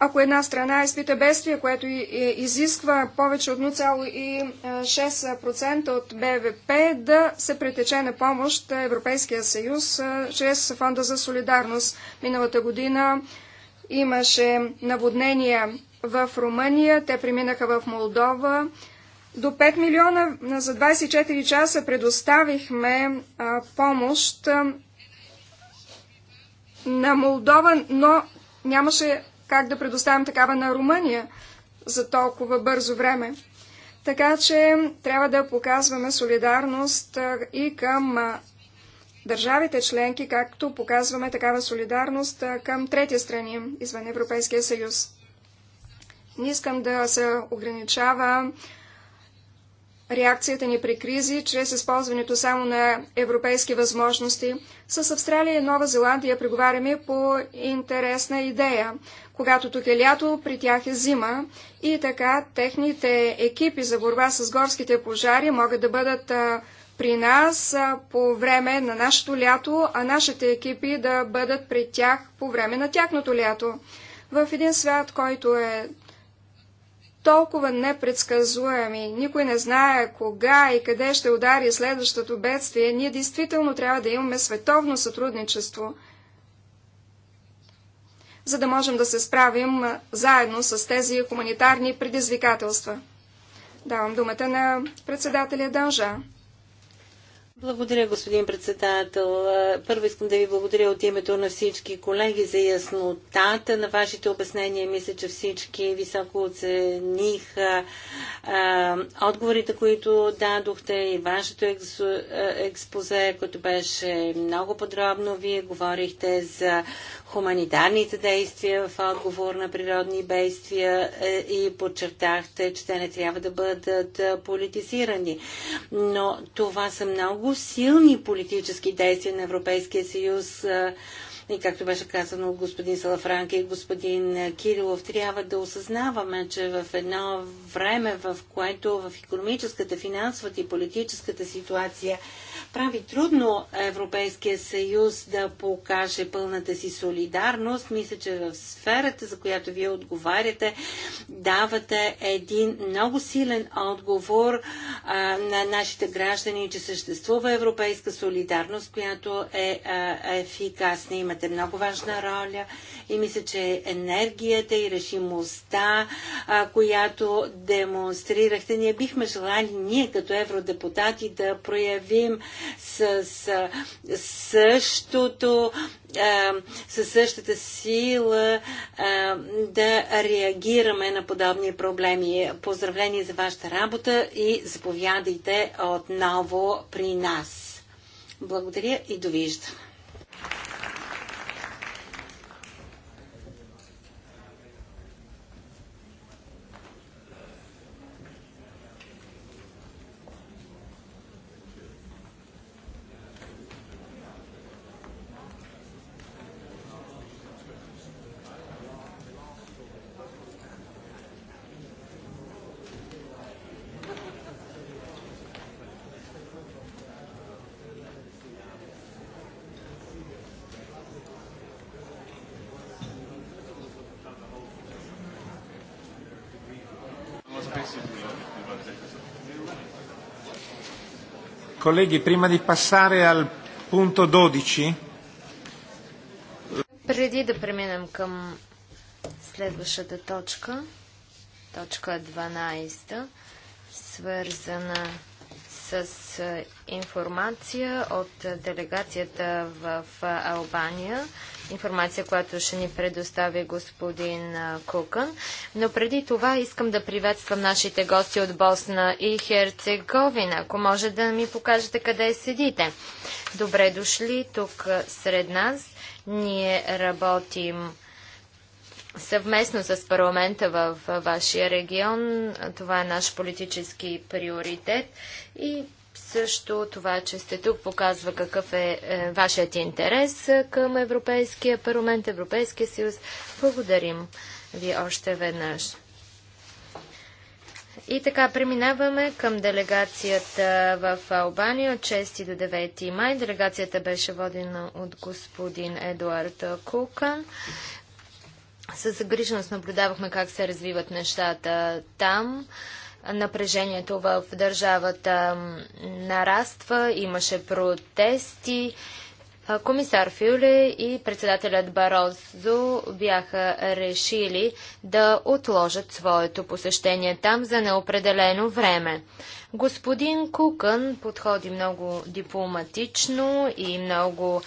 Speaker 1: Ако една страна изпита е бедствие, което изисква повече от 0,6% от БВП, да се претече на помощ е, Европейския съюз е, чрез Фонда за солидарност. Миналата година имаше наводнения в Румъния, те преминаха в Молдова. До 5 милиона за 24 часа предоставихме помощ на Молдова, но нямаше как да предоставим такава на Румъния за толкова бързо време. Така че трябва да показваме солидарност и към държавите членки, както показваме такава солидарност към трети страни извън Европейския съюз. Не искам да се ограничава реакцията ни при кризи чрез използването само на европейски възможности. С Австралия и Нова Зеландия преговаряме по интересна идея. Когато тук е лято, при тях е зима и така техните екипи за борба с горските пожари могат да бъдат при нас по време на нашето лято, а нашите екипи да бъдат при тях по време на тяхното лято. В един свят, който е толкова непредсказуеми, никой не знае кога и къде ще удари следващото бедствие, ние действително трябва да имаме световно сътрудничество, за да можем да се справим заедно с тези хуманитарни предизвикателства. Давам думата на председателя Данжа.
Speaker 2: Благодаря, господин председател. Първо искам да ви благодаря от името на всички колеги за яснотата на вашите обяснения. Мисля, че всички високо оцениха а, отговорите, които дадохте и вашето експозе, което беше много подробно. Вие говорихте за хуманитарните действия в отговор на природни бедствия е, и подчертахте, че те не трябва да бъдат е, политизирани. Но това са много силни политически действия на Европейския съюз е, и както беше казано от господин Салафранки и господин Кирилов, трябва да осъзнаваме, че в едно време, в което в економическата, финансовата и политическата ситуация прави трудно Европейския съюз да покаже пълната си солидарност. Мисля, че в сферата, за която вие отговаряте, давате един много силен отговор а, на нашите граждани, че съществува европейска солидарност, която е а, ефикасна. Имате много важна роля и мисля, че енергията и решимостта, а, която демонстрирахте, ние бихме желали ние като евродепутати да проявим с, с същото със същата сила да реагираме на подобни проблеми. Поздравление за вашата работа и заповядайте отново при нас. Благодаря и довиждане.
Speaker 3: Colleghi, prima di passare al punto 12. Преди да преминем към следващата точка, точка 12, свързана с информация от делегацията в Албания информация, която ще ни предостави господин Кукън. Но преди това искам да приветствам нашите гости от Босна и Херцеговина. Ако може да ми покажете къде седите. Добре дошли тук сред нас. Ние работим съвместно с парламента в вашия регион. Това е наш политически приоритет и също това, че сте тук, показва какъв е, е вашият интерес е, към Европейския парламент, Европейския съюз. Благодарим ви още веднъж. И така преминаваме към делегацията в Албания от 6 до 9 май. Делегацията беше водена от господин Едуард Кукан. С загриженост наблюдавахме как се развиват нещата там напрежението в държавата нараства, имаше протести. Комисар Фюле и председателят Барозо бяха решили да отложат своето посещение там за неопределено време. Господин Кукън подходи много дипломатично и много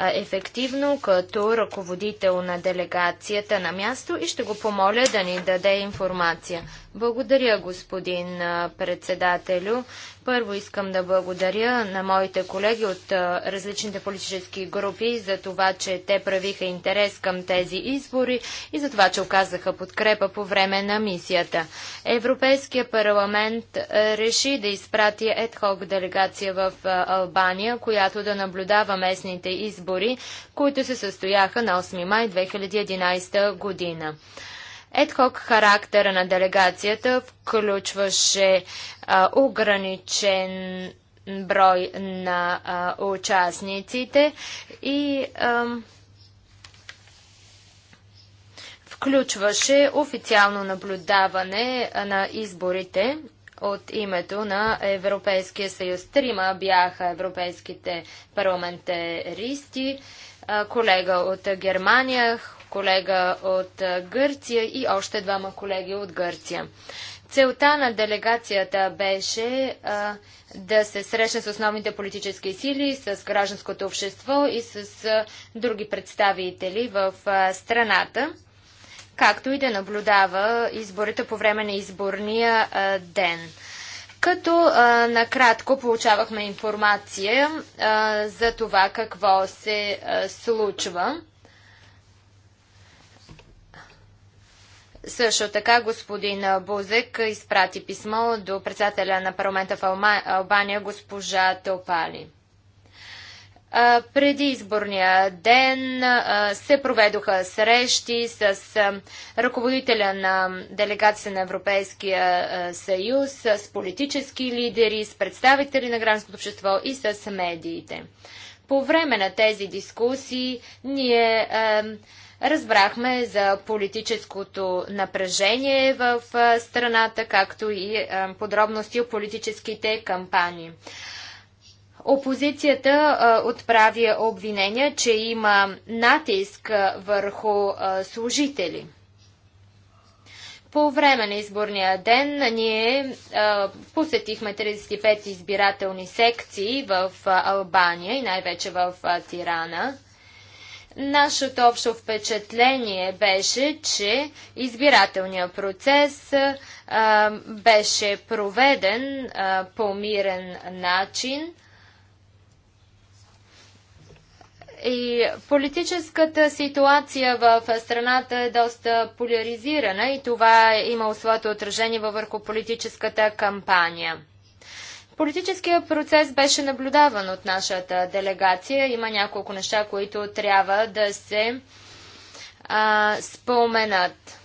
Speaker 3: ефективно като ръководител на делегацията на място и ще го помоля да ни даде информация. Благодаря, господин председателю. Първо искам да благодаря на моите колеги от различните политически групи за това, че те правиха интерес към тези избори и за това, че оказаха подкрепа по време на мисията. Европейския парламент реши да изпрати едхок делегация в Албания, която да наблюдава местните избори, които се състояха на 8 май 2011 година. Едхок характера на делегацията включваше а, ограничен брой на а, участниците и а, включваше официално наблюдаване на изборите от името на Европейския съюз. Трима бяха европейските парламентаристи, колега от Германия, колега от Гърция и още двама колеги от Гърция. Целта на делегацията беше а, да се срещне с основните политически сили, с гражданското общество и с а, други представители в а, страната, както и да наблюдава изборите по време на изборния а, ден. Като а, накратко получавахме информация а, за това какво се а, случва. Също така господин Бузек изпрати писмо до председателя на парламента в Албания госпожа Теопали. преди изборния ден се проведоха срещи с ръководителя на делегация на Европейския съюз, с политически лидери, с представители на гражданското общество и с медиите. По време на тези дискусии ние Разбрахме за политическото напрежение в страната, както и подробности о политическите кампании. Опозицията отправи обвинения, че има натиск върху служители. По време на изборния ден ние посетихме 35 избирателни секции в Албания и най-вече в Тирана. Нашето общо впечатление беше, че избирателният процес а, беше проведен а, по мирен начин и политическата ситуация в страната е доста поляризирана и това е имало своето отражение върху политическата кампания. Политическия процес беше наблюдаван от нашата делегация. Има няколко неща, които трябва да се а, споменат.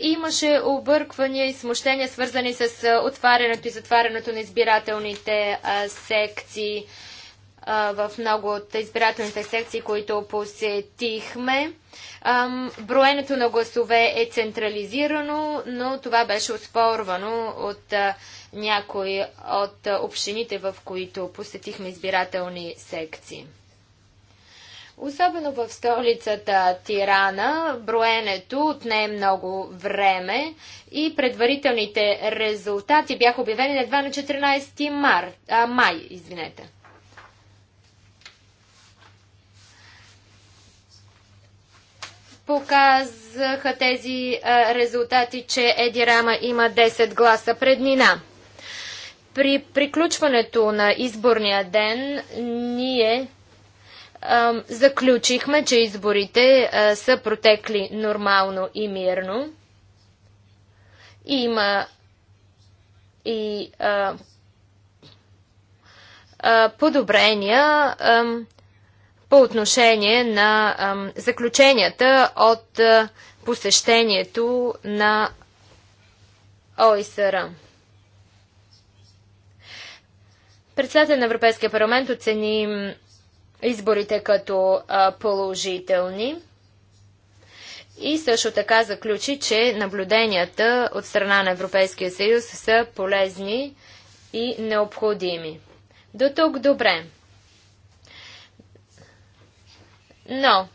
Speaker 3: Имаше обърквания и смущения, свързани с отварянето и затварянето на избирателните а, секции в много от избирателните секции, които посетихме. Броенето на гласове е централизирано, но това беше оспорвано от някои от общините, в които посетихме избирателни секции. Особено в столицата Тирана, броенето отне много време и предварителните резултати бяха обявени едва на 14 мар, а, май. Извинете. показаха тези резултати, че Едирама има 10 гласа преднина. При приключването на изборния ден ние заключихме, че изборите са протекли нормално и мирно. Има и подобрения по отношение на заключенията от посещението на ОИСР. Председател на Европейския парламент оцени изборите като положителни и също така заключи, че наблюденията от страна на Европейския съюз са полезни и необходими. До тук добре. Но,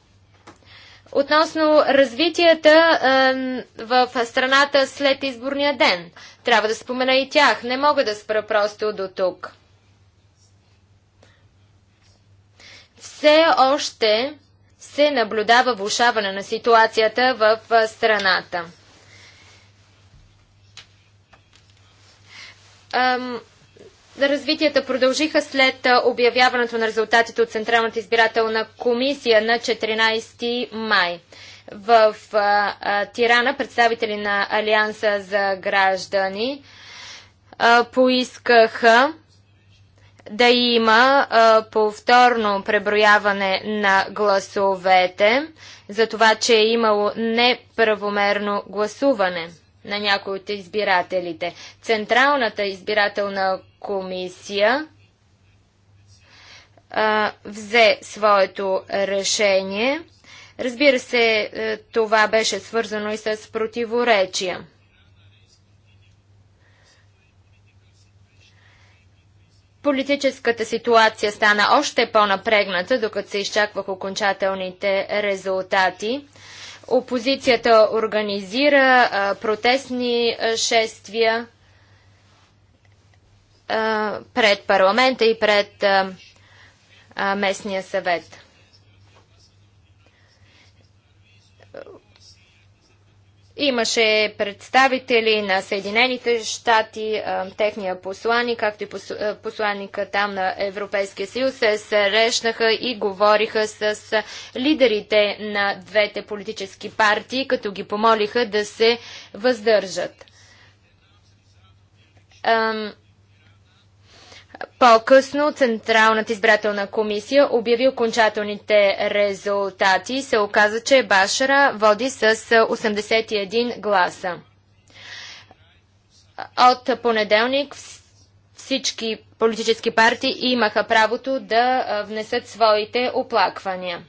Speaker 3: относно развитията в страната след изборния ден, трябва да спомена и тях. Не мога да спра просто до тук. Все още се наблюдава влушаване на ситуацията в страната. Ам, Развитията продължиха след обявяването на резултатите от Централната избирателна комисия на 14 май. В а, Тирана представители на Алианса за граждани а, поискаха да има а, повторно преброяване на гласовете за това, че е имало неправомерно гласуване на някои от избирателите. Централната избирателна комисия а, взе своето решение. Разбира се, е, това беше свързано и с противоречия. Политическата ситуация стана още по-напрегната, докато се изчаквах окончателните резултати. Опозицията организира а, протестни а, шествия а, пред парламента и пред местния съвет. Имаше представители на Съединените щати, техния посланник, както и посланника там на Европейския съюз се срещнаха и говориха с лидерите на двете политически партии, като ги помолиха да се въздържат. По-късно Централната избирателна комисия обяви окончателните резултати и се оказа, че Башара води с 81 гласа. От понеделник всички политически партии имаха правото да внесат своите оплаквания.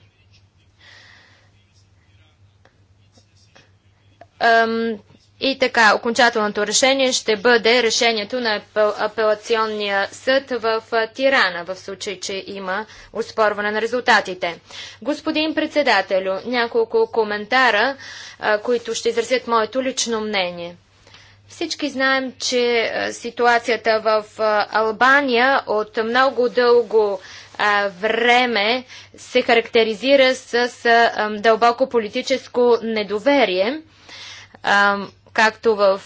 Speaker 3: И така, окончателното решение ще бъде решението на апелационния съд в Тирана, в случай, че има успорване на резултатите. Господин председателю, няколко коментара, които ще изразят моето лично мнение. Всички знаем, че ситуацията в Албания от много дълго време се характеризира с дълбоко политическо недоверие както в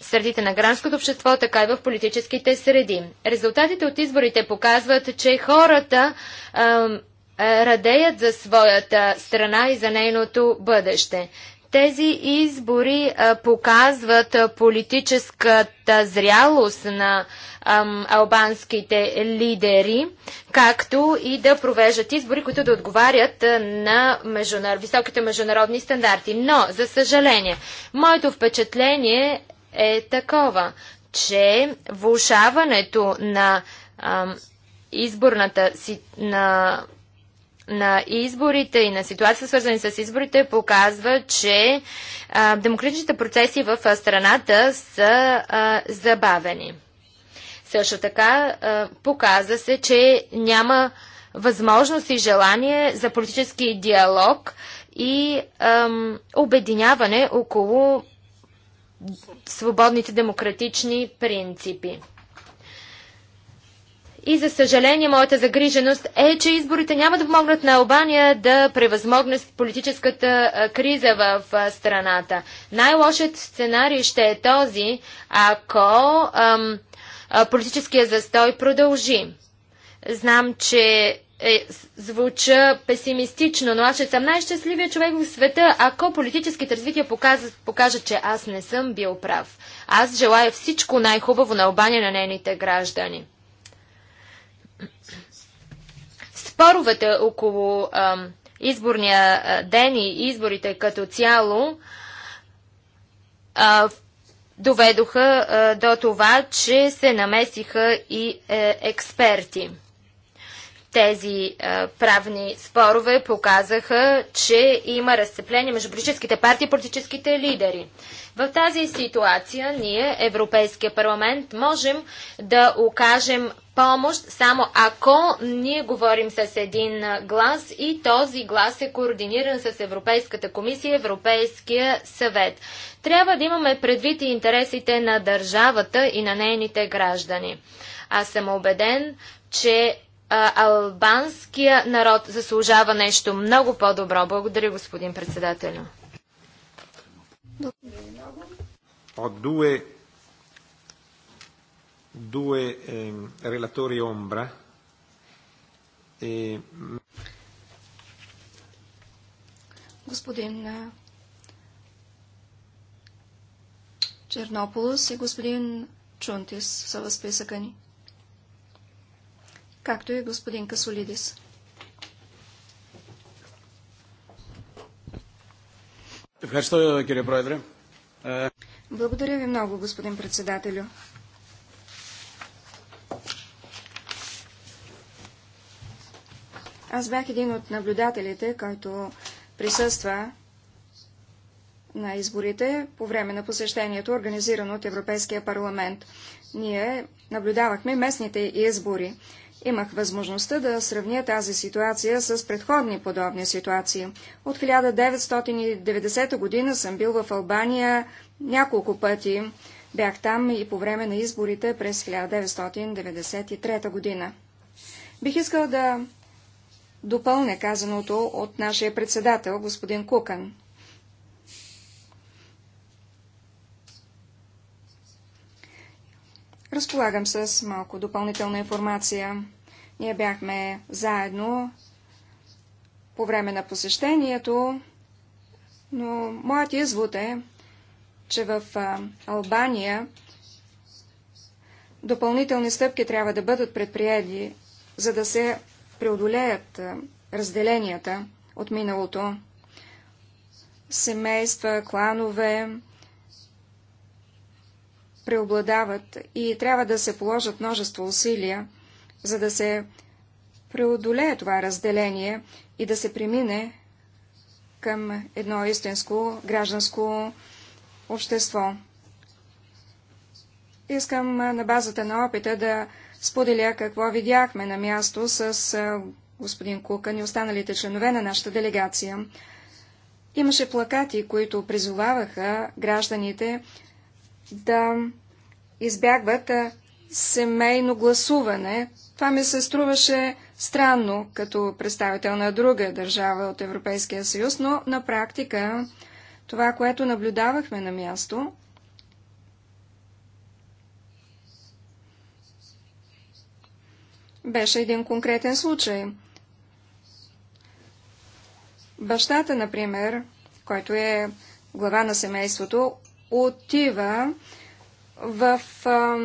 Speaker 3: средите на гражданското общество, така и в политическите среди. Резултатите от изборите показват, че хората радеят за своята страна и за нейното бъдеще. Тези избори показват политическата зрялост на албанските лидери, както и да провеждат избори, които да отговарят на високите международни стандарти. Но, за съжаление, моето впечатление е такова, че влушаването на ам, изборната си, на на изборите и на ситуация, свързани с изборите, показва, че а, демократичните процеси в страната са а, забавени. Също така а, показва се, че няма възможност и желание за политически диалог и ам, обединяване около свободните демократични принципи. И за съжаление, моята загриженост е, че изборите няма да помогнат на Албания да превъзмогне политическата криза в страната. Най-лошият сценарий ще е този, ако ам, политическия застой продължи. Знам, че е, звуча песимистично, но аз ще съм най-щастливия човек в света, ако политическите развития покажат, покажат, че аз не съм бил прав. Аз желая всичко най-хубаво на Албания на нейните граждани. Споровете около а, изборния ден и изборите като цяло а, доведоха а, до това, че се намесиха и е, експерти. Тези е, правни спорове показаха, че има разцепление между политическите партии и политическите лидери. В тази ситуация ние, Европейския парламент, можем да окажем помощ, само ако ние говорим с един глас и този глас е координиран с Европейската комисия, Европейския съвет. Трябва да имаме предвид и интересите на държавата и на нейните граждани. Аз съм убеден, че а, албанския народ заслужава нещо много по-добро. Благодаря, господин председател. Благодаря много due eh, relatori ombra. E...
Speaker 1: Господин Чернополос и господин Чунтис са възписъкани, както и господин Касолидис. Благодаря ви много, господин председателю. Аз бях един от наблюдателите, който присъства на изборите по време на посещението, организирано от Европейския парламент. Ние наблюдавахме местните избори. Имах възможността да сравня тази ситуация с предходни подобни ситуации. От 1990 година съм бил в Албания няколко пъти. Бях там и по време на изборите през 1993 година. Бих искал да допълня казаното от нашия председател, господин Кукан. Разполагам с малко допълнителна информация. Ние бяхме заедно по време на посещението, но моят извод е, че в Албания допълнителни стъпки трябва да бъдат предприеди, за да се преодолеят разделенията от миналото. Семейства, кланове преобладават и трябва да се положат множество усилия, за да се преодолее това разделение и да се премине към едно истинско гражданско общество. Искам на базата на опита да споделя какво видяхме на място с господин Кукан и останалите членове на нашата делегация. Имаше плакати, които призоваваха гражданите да избягват семейно гласуване. Това ми се струваше странно като представител на друга държава от Европейския съюз, но на практика това, което наблюдавахме на място, беше един конкретен случай. Бащата, например, който е глава на семейството, отива в а,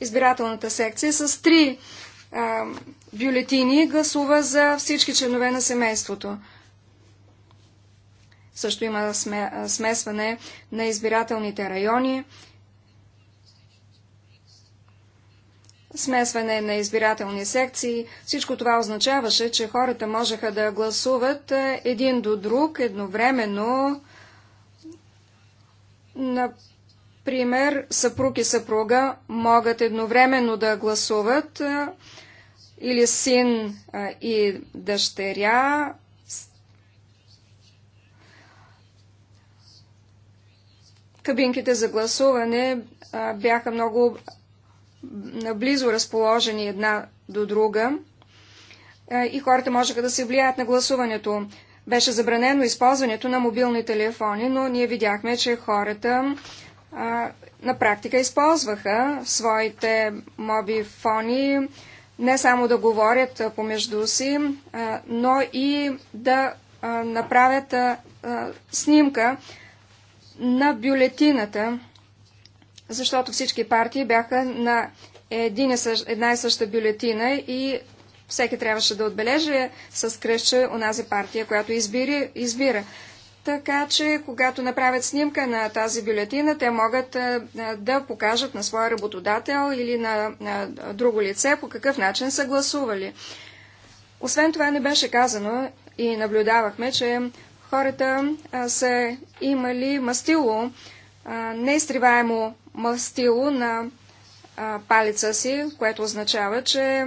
Speaker 1: избирателната секция с три а, бюлетини и гласува за всички членове на семейството. Също има смесване на избирателните райони. смесване на избирателни секции. Всичко това означаваше, че хората можеха да гласуват е, един до друг едновременно. Например, съпруг и съпруга могат едновременно да гласуват е, или син е, и дъщеря. Кабинките за гласуване бяха много наблизо разположени една до друга е, и хората можеха да се влияят на гласуването. Беше забранено използването на мобилни телефони, но ние видяхме, че хората а, е, на практика използваха своите мобифони не само да говорят е, помежду си, а, но и да а, направят а, снимка на бюлетината защото всички партии бяха на един и същ, една и съща бюлетина и всеки трябваше да отбележи с кръща онази партия, която избири, избира. Така че, когато направят снимка на тази бюлетина, те могат а, да покажат на своя работодател или на, друго лице по какъв начин са гласували. Освен това не беше казано и наблюдавахме, че хората а, са имали мастило, неизтриваемо мастило на а, палеца си, което означава, че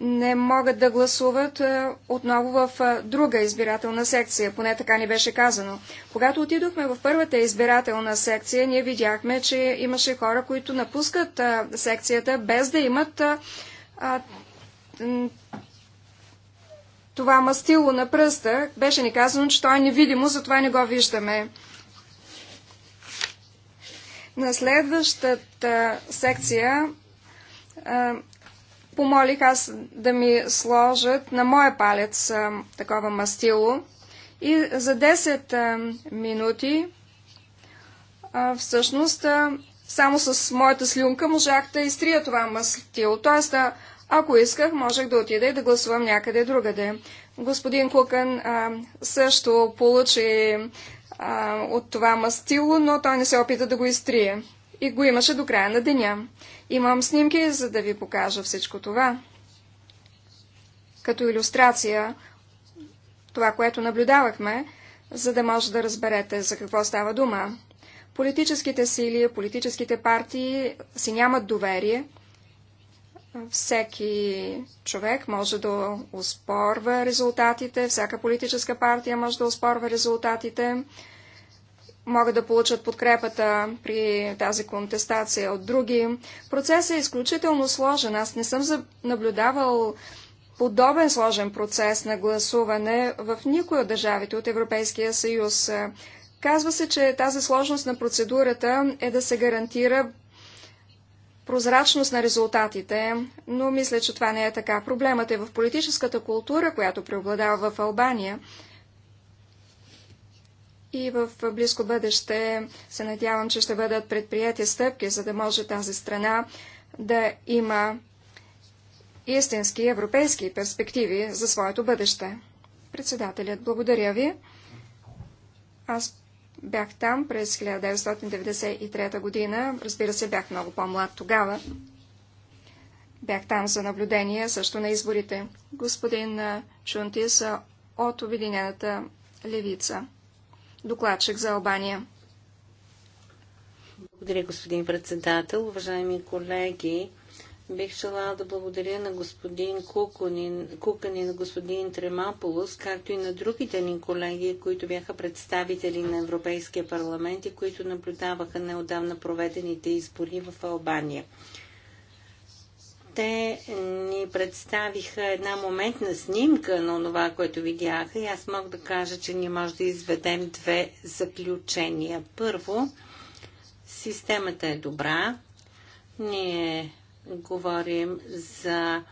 Speaker 1: не могат да гласуват а, отново в а, друга избирателна секция, поне така ни беше казано. Когато отидохме в първата избирателна секция, ние видяхме, че имаше хора, които напускат а, секцията без да имат това мастило на пръста. Беше ни казано, че това е невидимо, затова не го виждаме. На следващата секция а, помолих аз да ми сложат на моя палец а, такова мастило и за 10 а, минути всъщност само с моята слюнка можах да изтрия това мастило. Тоест, ако исках, можех да отида и да гласувам някъде другаде. Господин Кукън а, също получи а, от това мастило, но той не се опита да го изтрие. И го имаше до края на деня. Имам снимки, за да ви покажа всичко това. Като иллюстрация, това, което наблюдавахме, за да може да разберете за какво става дума. Политическите сили, политическите партии си нямат доверие – всеки човек може да успорва резултатите, всяка политическа партия може да успорва резултатите. Могат да получат подкрепата при тази контестация от други. Процесът е изключително сложен. Аз не съм наблюдавал подобен сложен процес на гласуване в никой от държавите от Европейския съюз. Казва се, че тази сложност на процедурата е да се гарантира прозрачност на резултатите, но мисля, че това не е така. Проблемът е в политическата култура, която преобладава в Албания. И в близко бъдеще се надявам, че ще бъдат предприяти стъпки, за да може тази страна да има истински европейски перспективи за своето бъдеще. Председателят, благодаря ви. Аз Бях там през 1993 година. Разбира се, бях много по-млад тогава. Бях там за наблюдение също на изборите. Господин Шунтис от Обединената левица. Докладчик за
Speaker 2: Албания. Благодаря, господин председател. Уважаеми колеги, Бих желала да благодаря на господин Куканин, Куканин на господин Тремаполос, както и на другите ни колеги, които бяха представители на Европейския парламент и които наблюдаваха неодавна проведените избори в Албания. Те ни представиха една моментна снимка на това, което видяха и аз мога да кажа, че ние може да изведем две заключения. Първо, системата е добра, ние говорим за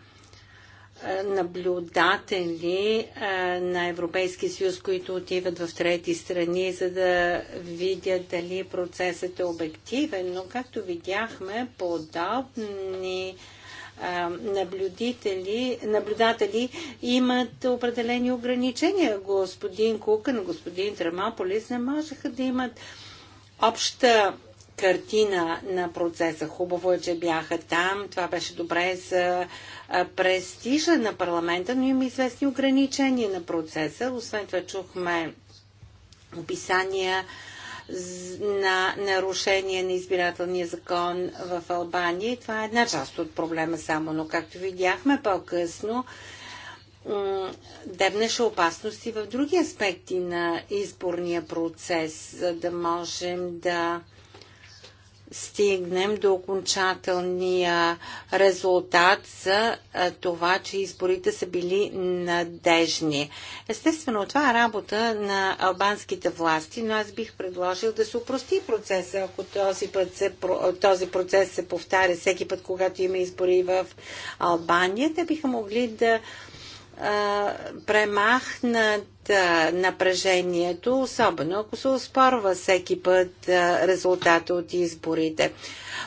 Speaker 2: е, наблюдатели е, на Европейския съюз, които отиват в трети страни, за да видят дали процесът е обективен, но както видяхме, подобни е, наблюдатели, наблюдатели имат определени ограничения. Господин Кукън, господин Трамаполис не можеха да имат обща картина на процеса. Хубаво е, че бяха там. Това беше добре за престижа на парламента, но има известни ограничения на процеса. Освен това чухме описания на нарушение на избирателния закон в Албания. И това е една част от проблема само, но както видяхме по-късно, дебнеше опасности в други аспекти на изборния процес, за да можем да стигнем до окончателния резултат за това, че изборите са били надежни. Естествено, това е работа на албанските власти, но аз бих предложил да се упрости процеса, ако този, път се, този процес се повтаря всеки път, когато има избори в Албания, те биха могли да премахнат напрежението, особено ако се успорва всеки път резултата от изборите.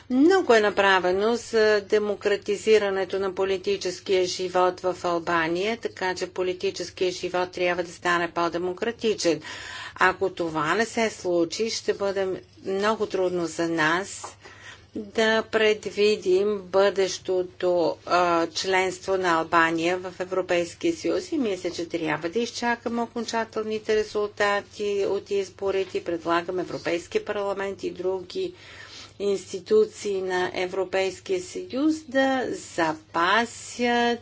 Speaker 2: Много е направено за демократизирането на политическия живот в Албания, така че политическия живот трябва да стане по-демократичен. Ако това не се случи, ще бъде много трудно за нас да предвидим бъдещото а, членство на Албания в Европейския съюз и мисля, че трябва да изчакаме окончателните резултати от изборите. Предлагам Европейски парламент и други институции на Европейския съюз да запасят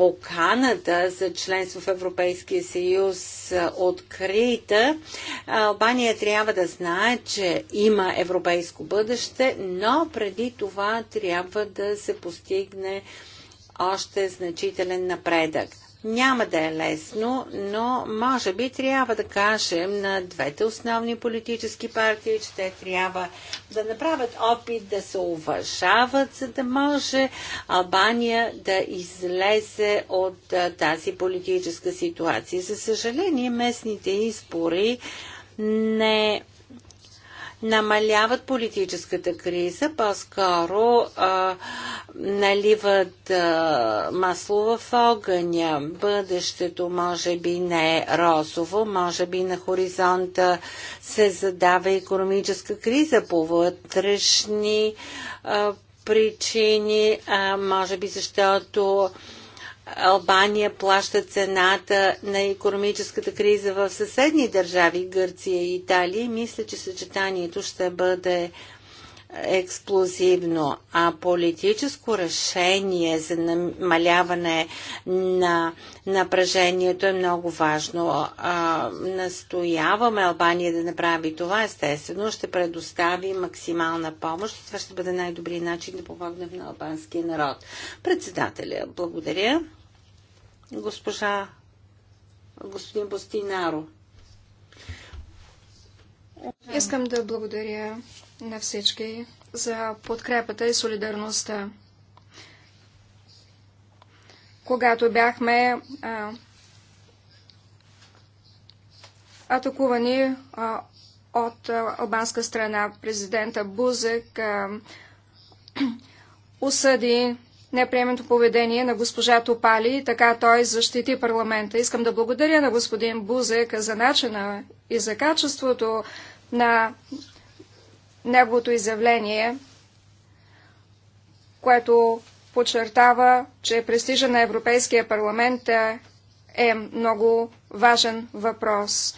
Speaker 2: поканата за членство в Европейския съюз открита, Албания трябва да знае, че има европейско бъдеще, но преди това трябва да се постигне още значителен напредък. Няма да е лесно, но може би трябва да кажем на двете основни политически партии, че те трябва да направят опит да се уважават, за да може Албания да излезе от тази политическа ситуация. За съжаление, местните избори не намаляват политическата криза, по-скоро наливат а, масло в огъня. Бъдещето може би не е розово, може би на хоризонта се задава економическа криза по вътрешни а, причини, а, може би защото Албания плаща цената на економическата криза в съседни държави, Гърция и Италия. Мисля, че съчетанието ще бъде експлозивно, а политическо решение за намаляване на напрежението е много важно. А, настояваме Албания да направи това, естествено. Ще предостави максимална помощ. Това ще бъде най-добрият начин да помогнем на албанския народ. Председателя, благодаря госпожа господин Бостинаро.
Speaker 1: Искам да благодаря на всички за подкрепата и солидарността. Когато бяхме а, атакувани а, от а, албанска страна, президента Бузек а, осъди неприемното поведение на госпожа Топали и така той защити парламента. Искам да благодаря на господин Бузек за начина и за качеството на неговото изявление, което подчертава, че престижа на Европейския парламент е много важен въпрос.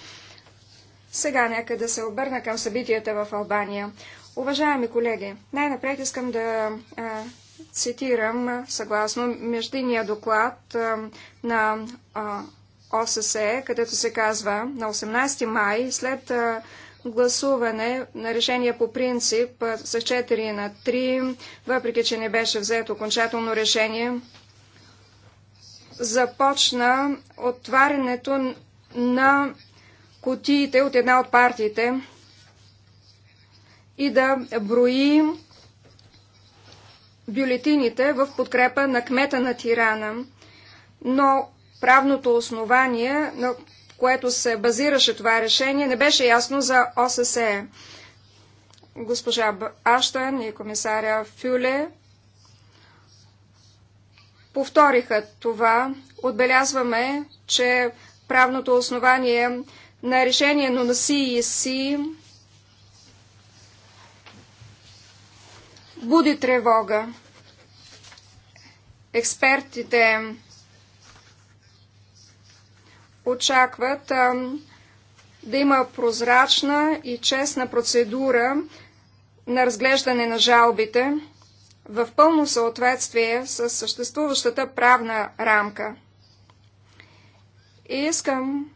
Speaker 1: Сега нека да се обърна към събитията в Албания. Уважаеми колеги, най-напред искам да а, цитирам съгласно междинния доклад на ОССЕ, където се казва на 18 май след гласуване на решение по принцип с 4 на 3, въпреки че не беше взето окончателно решение, започна отварянето на кутиите от една от партиите и да броим бюлетините в подкрепа на кмета на Тирана, но правното основание, на което се базираше това решение, не беше ясно за ОССЕ. Госпожа Аштън и комисаря Фюле повториха това. Отбелязваме, че правното основание на решение на СИИСИ буди тревога. Експертите очакват а, да има прозрачна и честна процедура на разглеждане на жалбите в пълно съответствие с съществуващата правна рамка. И искам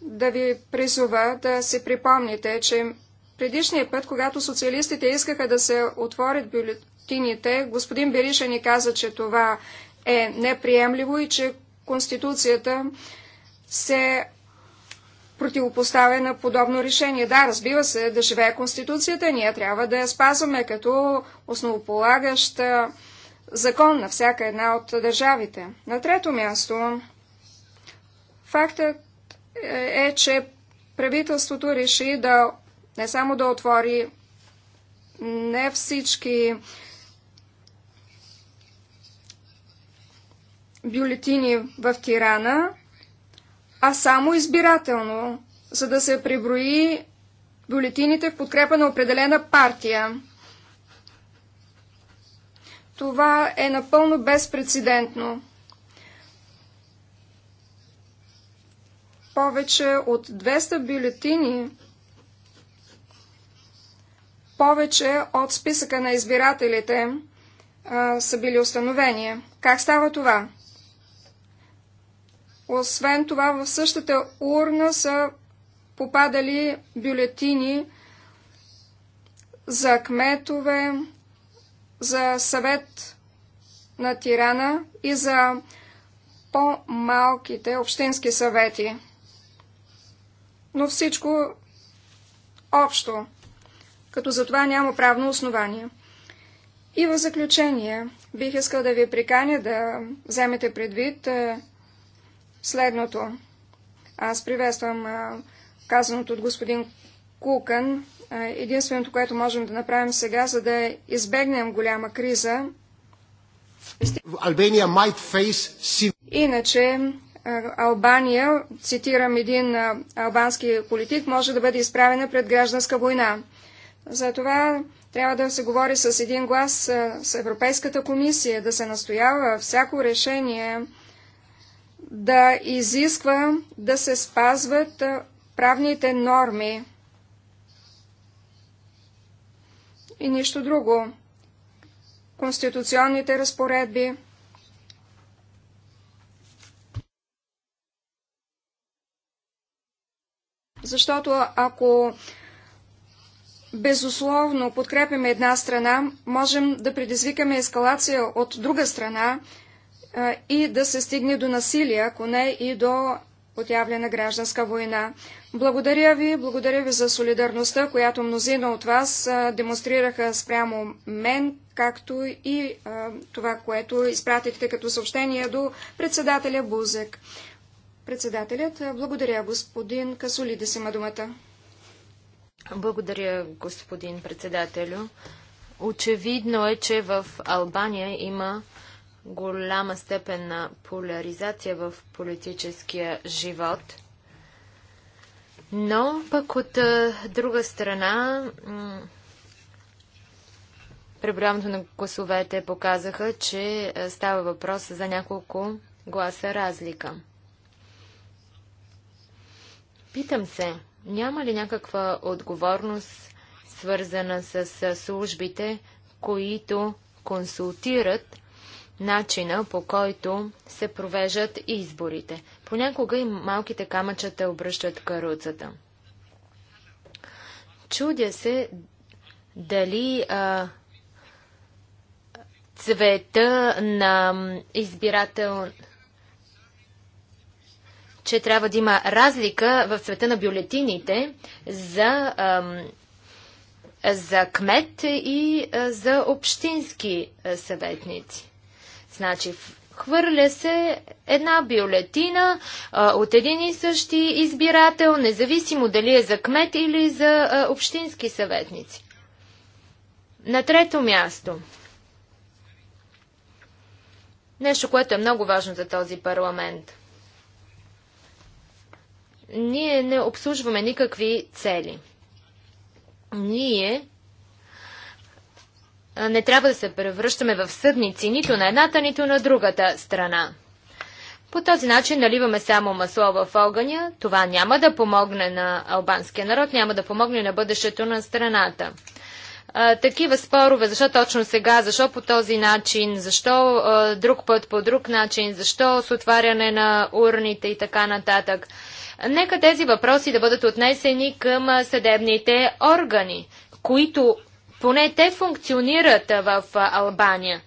Speaker 1: да ви призова да си припомните, че Предишния път, когато социалистите искаха да се отворят бюлетините, господин Бериша ни каза, че това е неприемливо и че Конституцията се противопоставя на подобно решение. Да, разбива се, да живее Конституцията, ние трябва да я спазваме като основополагаща закон на всяка една от държавите. На трето място, фактът е, е че правителството реши да не само да отвори, не всички бюлетини в Тирана, а само избирателно, за да се преброи бюлетините в подкрепа на определена партия. Това е напълно безпредседентно. Повече от 200 бюлетини повече от списъка на избирателите а, са били установени. Как става това? Освен това, в същата урна са попадали бюлетини за кметове, за съвет на тирана и за по-малките общински съвети. Но всичко общо като за това няма правно основание. И в заключение, бих искал да ви приканя да вземете предвид е, следното. Аз приветствам е, казаното от господин Кукан. Е, единственото, което можем да направим сега, за да избегнем голяма криза, Иначе Албания, цитирам един албански политик, може да бъде изправена пред гражданска война. Затова трябва да се говори с един глас с Европейската комисия, да се настоява всяко решение да изисква да се спазват правните норми и нищо друго. Конституционните разпоредби. Защото ако безусловно подкрепяме една страна, можем да предизвикаме ескалация от друга страна а, е, и да се стигне до насилие, ако не и до отявлена гражданска война. Благодаря ви, благодаря ви за солидарността, която мнозина от вас а, е, демонстрираха спрямо мен, както и а, е, това, което изпратихте като съобщение до председателя Бузек. Председателят, благодаря господин да си има думата.
Speaker 3: Благодаря, господин председателю. Очевидно е, че в Албания има голяма степен на поляризация в политическия живот. Но пък от друга страна, преброяването на гласовете показаха, че става въпрос за няколко гласа разлика. Питам се, няма ли някаква отговорност, свързана с службите, които консултират начина по който се провеждат изборите? Понякога и малките камъчета обръщат каруцата. Чудя се дали а, цвета на избирател, че трябва да има разлика в цвета на бюлетините за, за кмет и за общински съветници. Значи, хвърля се една бюлетина от един и същи избирател, независимо дали е за кмет или за общински съветници. На трето място. Нещо, което е много важно за този парламент – ние не обслужваме никакви цели. Ние не трябва да се превръщаме в съдници нито на едната, нито на другата страна. По този начин наливаме само масло в огъня. Това няма да помогне на албанския народ, няма да помогне на бъдещето на страната а, такива спорове, защо точно сега, защо по този начин, защо а, друг път по друг начин, защо с отваряне на урните и така нататък. Нека тези въпроси да бъдат отнесени към съдебните органи, които поне те функционират в Албания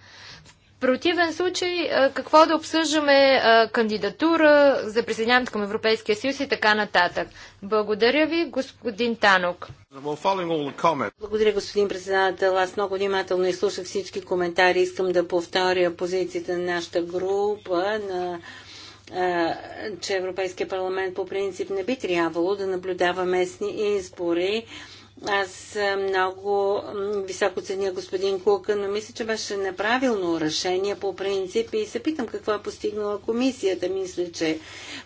Speaker 3: противен случай, какво да обсъждаме кандидатура за присъединяване към Европейския съюз и така нататък. Благодаря ви, господин Танок.
Speaker 2: Благодаря, господин председател. Аз много внимателно изслушах всички коментари. Искам да повторя позицията на нашата група на че Европейския парламент по принцип не би трябвало да наблюдава местни избори. Аз много високо ценя господин Кука, но мисля, че беше неправилно решение по принцип и се питам какво е постигнала комисията. Мисля, че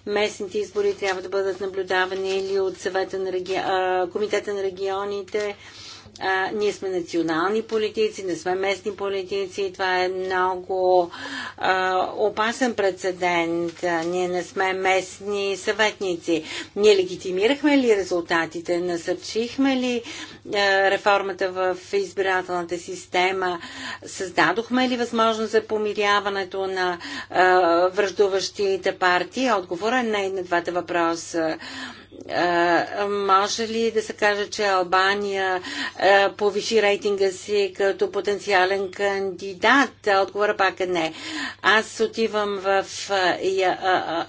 Speaker 2: местните избори трябва да бъдат наблюдавани или от съвета на реги... комитета на регионите а, ние сме национални политици, не сме местни политици това е много а, опасен прецедент. А, ние не сме местни съветници. Ние легитимирахме ли резултатите, насърчихме ли а, реформата в избирателната система, създадохме ли възможност за помиряването на а, връждуващите партии? Отговора е не е на двата въпроса може ли да се каже, че Албания повиши рейтинга си като потенциален кандидат? Отговора пак е не. Аз отивам в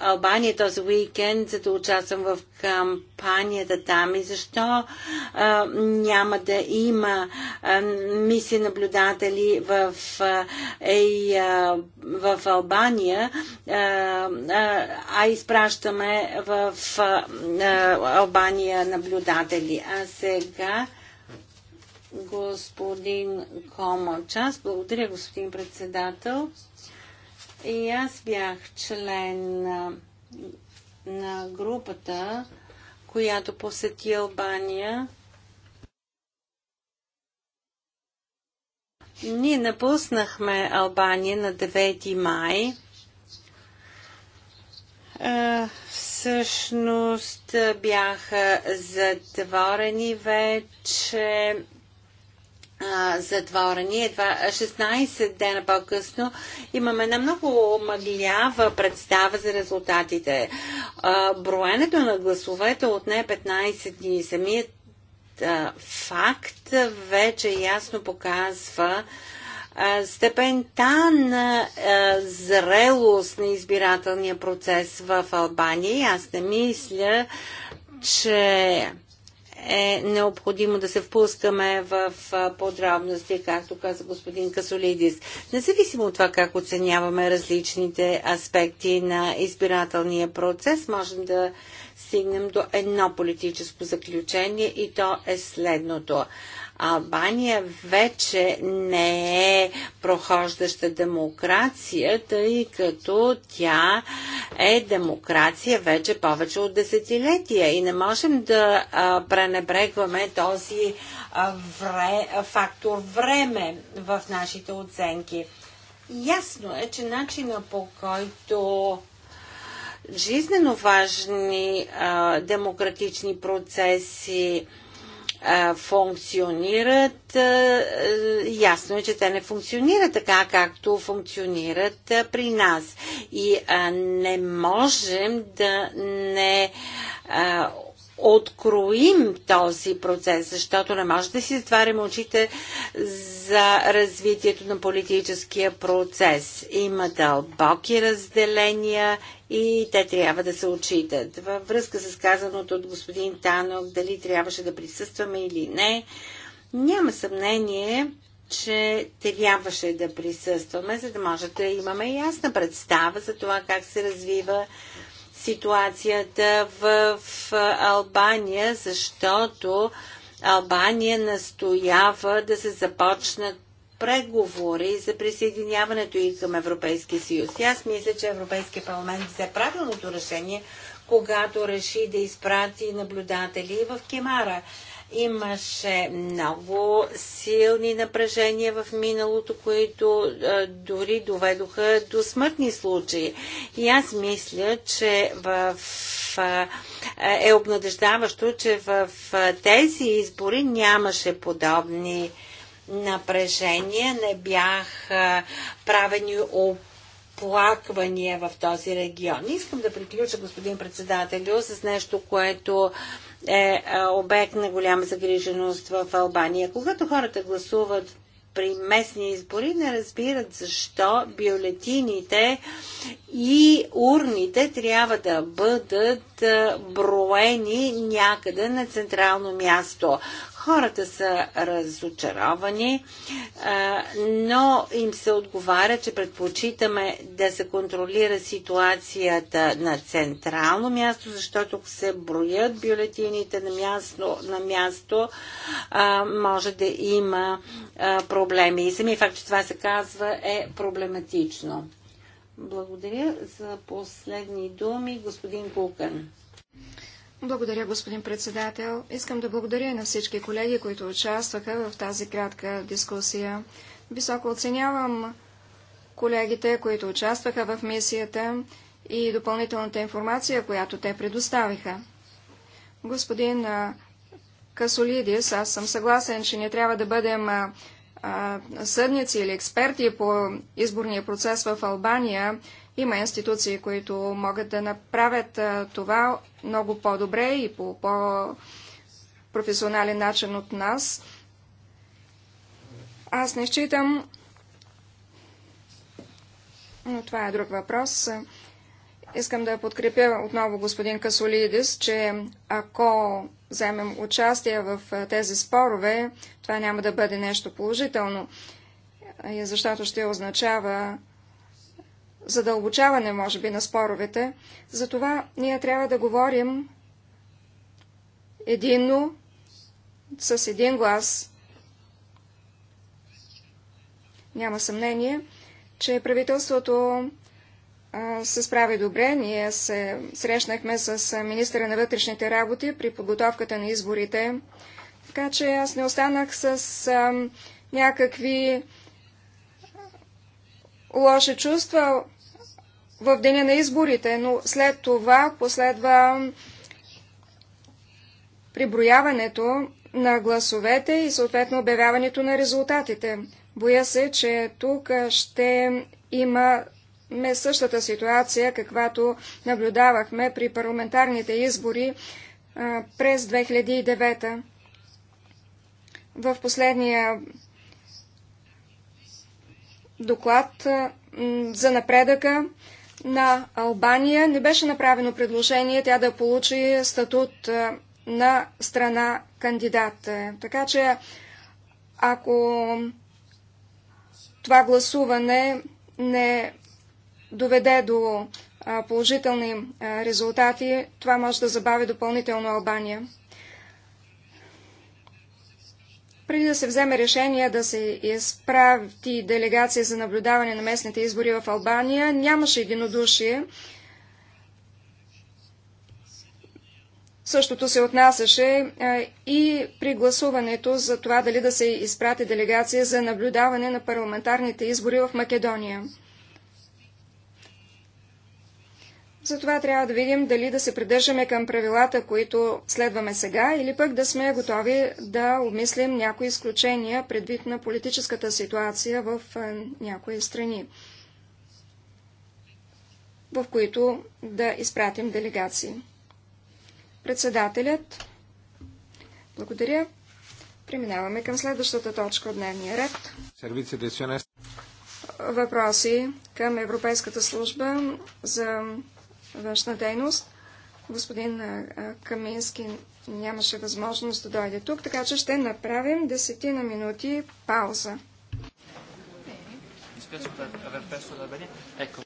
Speaker 2: Албания този уикенд, за да участвам в кампанията там и защо а, няма да има а, мисли наблюдатели в, а, ей, а, в Албания, а, а, а изпращаме в а, а, Албания наблюдатели. А сега господин Час. Благодаря, господин председател. И аз бях член на групата, която посети Албания. Ние напуснахме Албания на 9 май. Е, всъщност е, бяха затворени вече затвора. затворени. 16 дена по-късно имаме на много мъглява представа за резултатите. броенето на гласовете от не 15 дни. Самият факт вече ясно показва степента на зрелост на избирателния процес в Албания. аз не мисля, че е необходимо да се впускаме в подробности, както каза господин Касолидис. Независимо от това как оценяваме различните аспекти на избирателния процес, можем да стигнем до едно политическо заключение и то е следното. Албания вече не е прохождаща демокрация, тъй като тя е демокрация вече повече от десетилетия и не можем да пренебрегваме този вре, фактор време в нашите оценки. Ясно е, че начина по който жизненно важни а, демократични процеси функционират, е, ясно е, че те не функционират така, както функционират при нас. И не можем да не откроим този процес, защото не може да си затваряме очите за развитието на политическия процес. Има дълбоки разделения и те трябва да се очитат. Във връзка с казаното от господин Танок, дали трябваше да присъстваме или не, няма съмнение, че трябваше да присъстваме, за да може да имаме ясна представа за това как се развива ситуацията в Албания, защото Албания настоява да се започнат преговори за присъединяването и към Европейския съюз. И аз мисля, че Европейския парламент взе правилното решение, когато реши да изпрати наблюдатели в Кемара. Имаше много силни напрежения в миналото, които дори доведоха до смъртни случаи. И аз мисля, че в е обнадеждаващо, че в тези избори нямаше подобни напрежения, не бяха правени оплаквания в този регион. Искам да приключа, господин председателю, с нещо, което е, е обект на голяма загриженост в Албания. Когато хората гласуват при местни избори, не разбират защо бюлетините и урните трябва да бъдат е, броени някъде на централно място. Хората са разочаровани, но им се отговаря, че предпочитаме да се контролира ситуацията на централно място, защото се броят бюлетините на място, на място може да има проблеми. И самия факт, че това се казва е проблематично. Благодаря за последни думи, господин Кукан.
Speaker 1: Благодаря, господин председател. Искам да благодаря на всички колеги, които участваха в тази кратка дискусия. Високо оценявам колегите, които участваха в мисията и допълнителната информация, която те предоставиха. Господин Касолидис, аз съм съгласен, че не трябва да бъдем съдници или експерти по изборния процес в Албания има институции, които могат да направят това много по-добре и по по-професионален начин от нас. Аз не считам, но това е друг въпрос. Искам да подкрепя отново господин Касолидис, че ако вземем участие в тези спорове, това няма да бъде нещо положително, защото ще означава, задълбочаване, може би, на споровете. Затова ние трябва да говорим единно, с един глас. Няма съмнение, че правителството се справи добре. Ние се срещнахме с министра на вътрешните работи при подготовката на изборите. Така че аз не останах с а, някакви лоши чувства в деня на изборите, но след това последва приброяването на гласовете и съответно обявяването на резултатите. Боя се, че тук ще има същата ситуация, каквато наблюдавахме при парламентарните избори през 2009. В последния доклад за напредъка на Албания не беше направено предложение тя да получи статут е, на страна кандидат. Е, така че ако това гласуване не доведе до е, положителни резултати, това може да забави допълнително Албания. Преди да се вземе решение да се изправи делегация за наблюдаване на местните избори в Албания, нямаше единодушие. Същото се отнасяше и при гласуването за това дали да се изпрати делегация за наблюдаване на парламентарните избори в Македония. Затова трябва да видим дали да се придържаме към правилата, които следваме сега, или пък да сме готови да обмислим някои изключения предвид на политическата ситуация в някои страни, в които да изпратим делегации. Председателят. Благодаря. Преминаваме към следващата точка от дневния ред.
Speaker 2: Е
Speaker 1: Въпроси към Европейската служба за външна дейност. Господин Камински нямаше възможност да дойде тук, така че ще направим десетина минути пауза.
Speaker 3: Ecco.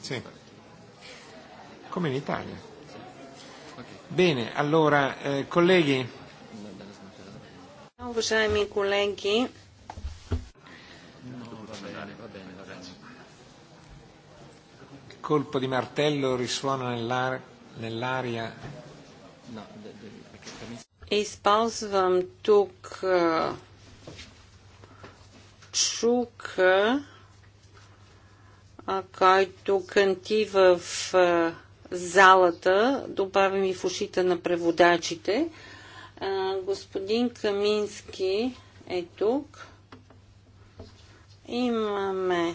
Speaker 3: Sì. Come in Italia. Sì. Okay. Bene, allora, eh, colleghi.
Speaker 2: Il
Speaker 3: colpo di martello
Speaker 2: risuona nell'aria. Nell'aria. No, Използвам тук чука който кънти в залата, добавим и в ушите на преводачите. Господин Камински е тук. Имаме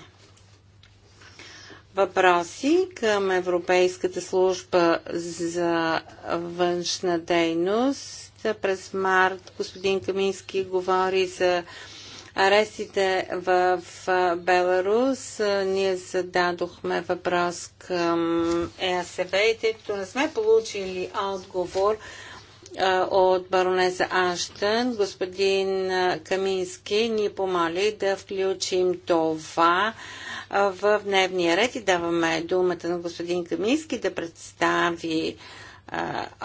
Speaker 2: въпроси към Европейската служба за външна дейност. През март господин Камински говори за арестите в Беларус. Ние зададохме въпрос към ЕАСВ и тъй като не сме получили отговор от баронеса Аштън, господин Камински ни помоли да включим това в дневния ред и даваме думата на господин Камински да представи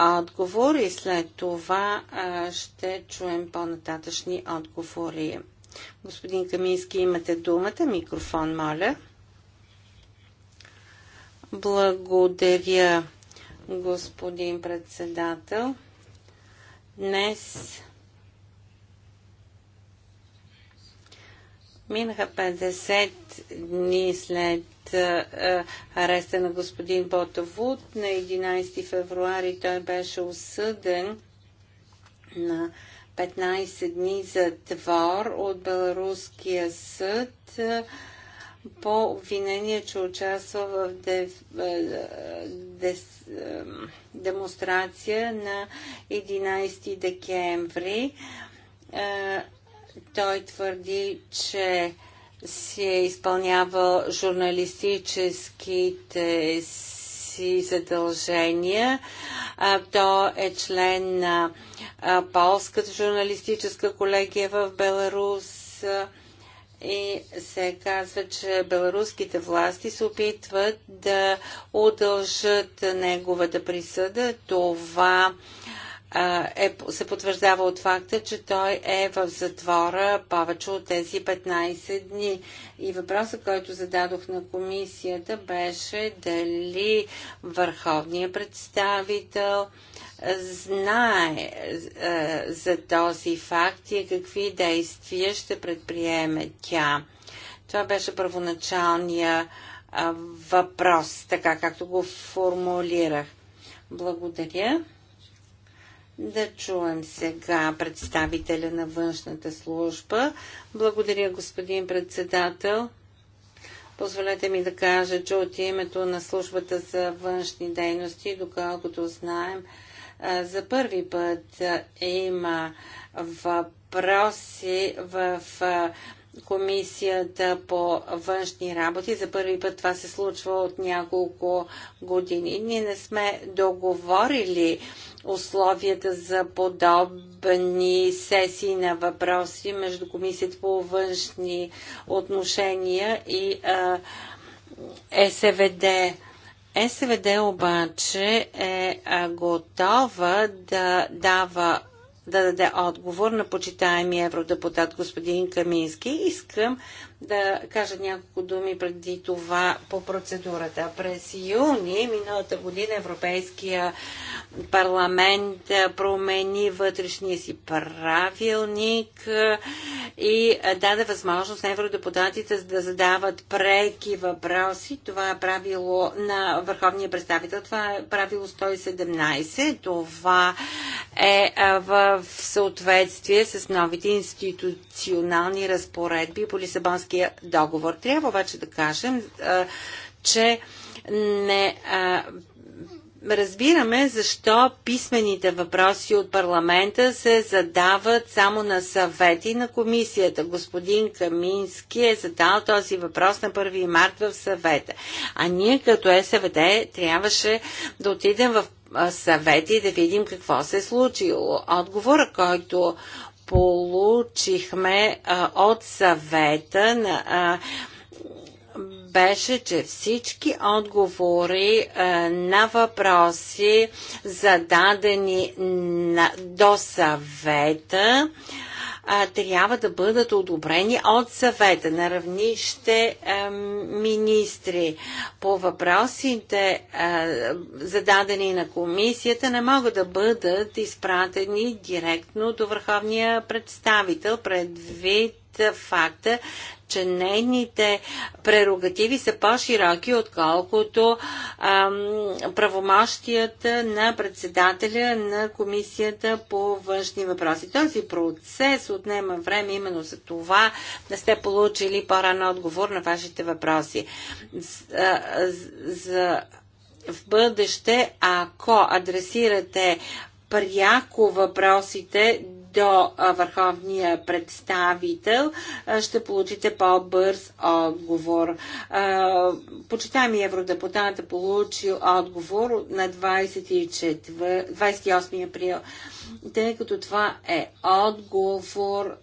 Speaker 2: отговор и след това ще чуем по-нататъчни отговори. Господин Камински, имате думата. Микрофон, моля. Благодаря, господин председател. Днес Минаха 50 дни след ареста на господин Ботовуд. На 11 февруари той беше осъден на 15 дни затвор от Беларуския съд по обвинение, че участва в демонстрация на 11 декември. Той твърди, че си е изпълнявал журналистическите си си задължения. То е член на Полската журналистическа колегия в Беларус и се казва, че беларуските власти се опитват да удължат неговата присъда. Това е, се потвърждава от факта, че той е в затвора повече от тези 15 дни. И въпросът, който зададох на комисията, беше дали върховният представител знае е, за този факт и какви действия ще предприеме тя. Това беше първоначалният е, въпрос, така както го формулирах. Благодаря. Да чуем сега представителя на външната служба. Благодаря, господин председател. Позволете ми да кажа, че от името на службата за външни дейности, доколкото знаем, за първи път има въпроси в Комисията по външни работи. За първи път това се случва от няколко години. Ние не сме договорили условията за подобни сесии на въпроси между Комисията по външни отношения и а, СВД. СВД обаче е готова да дава да даде отговор на почитаемия евродепутат господин Камински. Искам да кажа няколко думи преди това по процедурата. През юни миналата година Европейския парламент промени вътрешния си правилник и даде възможност на евродепутатите да задават преки въпроси. Това е правило на Върховния представител. Това е правило 117. Това е в съответствие с новите институционални разпоредби по лисабонски. Лисабонския договор. Трябва обаче да кажем, че не разбираме защо писмените въпроси от парламента се задават само на съвети на комисията. Господин Камински е задал този въпрос на 1 март в съвета. А ние като СВД трябваше да отидем в съвети и да видим какво се е случило. Отговора, който получихме а, от съвета на а, беше, че всички отговори а, на въпроси зададени на, до съвета а, а, трябва да бъдат одобрени от съвета на равнище а, министри. По въпросите а, зададени на комисията не могат да бъдат изпратени директно до върховния представител предвид факта, че нейните прерогативи са по-широки, отколкото ам, правомощията на председателя на комисията по външни въпроси. Този процес отнема време, именно за това не сте получили по-рано отговор на вашите въпроси. За, за в бъдеще, ако адресирате пряко въпросите до върховния представител, ще получите по-бърз отговор. Почитаем евродепутат е получил отговор на 24, 28 април, тъй като това е отговор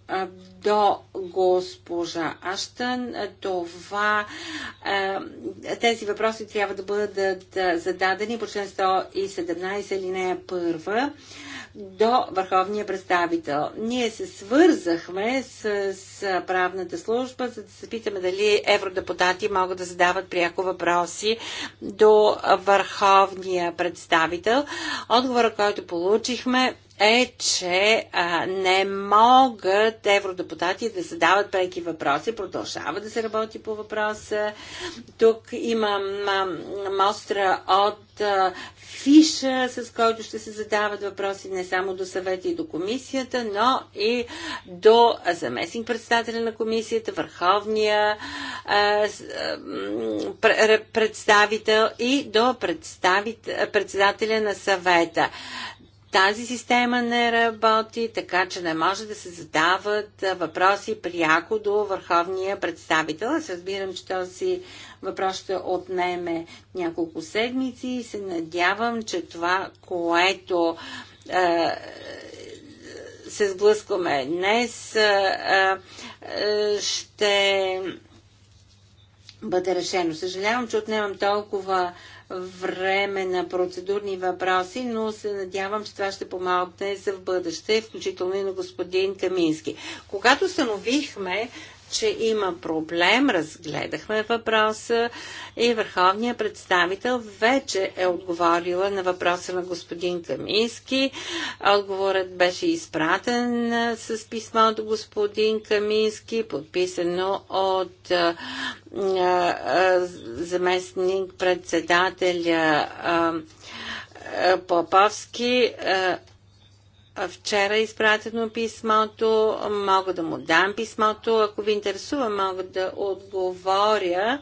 Speaker 2: до госпожа Аштън. Това, тези въпроси трябва да бъдат зададени по член 117 линия първа до върховния представител. Ние се свързахме с, с правната служба, за да се питаме дали евродепутати могат да задават пряко въпроси до върховния представител. Отговора, който получихме, е, че а, не могат евродепутати да задават преки въпроси. Продължава да се работи по въпроса. Тук имам а, мостра от а, фиша, с който ще се задават въпроси не само до съвета и до комисията, но и до заместник председателя на комисията, върховния а, а, представител и до председателя на съвета тази система не работи, така че не може да се задават въпроси пряко до върховния представител. Аз разбирам, че този въпрос ще отнеме няколко седмици и се надявам, че това, което е, се сблъскваме днес, е, е, ще бъде решено. Съжалявам, че отнемам толкова време на процедурни въпроси, но се надявам, че това ще помогне за в бъдеще, включително и на господин Камински. Когато установихме, че има проблем, разгледахме въпроса и върховният представител вече е отговорила на въпроса на господин Камински. Отговорът беше изпратен с писмо до господин Камински, подписано от заместник председателя Поповски. А, Вчера е изпратено писмото, мога да му дам писмото, ако ви интересува, мога да отговоря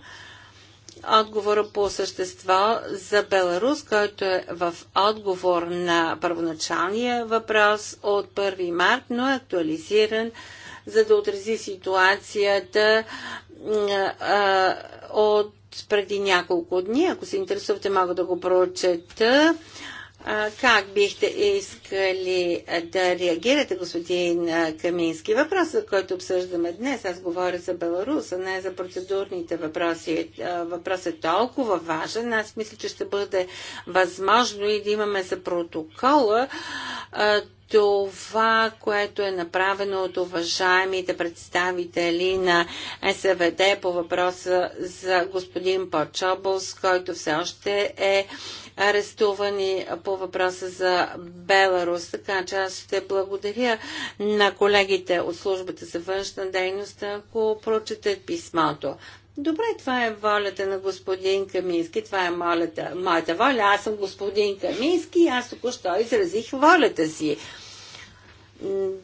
Speaker 2: отговора по същество за Беларус, който е в отговор на първоначалния въпрос от 1 март, но е актуализиран, за да отрази ситуацията от преди няколко дни. Ако се интересувате, мога да го прочета. Как бихте искали да реагирате, господин Камински? Въпросът, който обсъждаме днес, аз говоря за Беларус, а не за процедурните въпроси. Въпросът е толкова важен. Аз мисля, че ще бъде възможно и да имаме за протокола това, което е направено от уважаемите представители на СВД по въпроса за господин Почобос, който все още е арестувани по въпроса за Беларус. Така че аз ще благодаря на колегите от службата за външна дейност, ако прочетат писмото. Добре, това е волята на господин Камински, това е молята, моята воля. Аз съм господин Камински и аз току-що изразих волята си.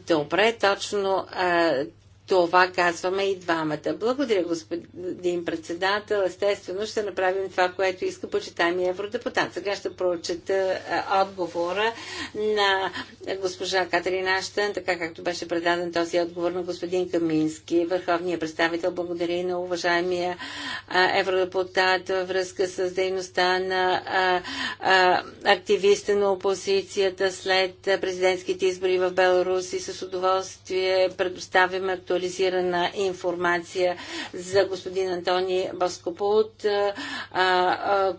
Speaker 2: Добре, точно е, това казваме и двамата. Благодаря, господин председател. Естествено ще направим това, което иска почитаемия евродепутат. Сега ще прочета отговора на госпожа Катерина Аштън, така както беше предаден този отговор на господин Камински, върховния представител. Благодаря и на уважаемия евродепутат във връзка с дейността на активиста на опозицията след президентските избори в Беларус и с удоволствие предоставяме актуализация актуализирана информация за господин Антони Баскопут,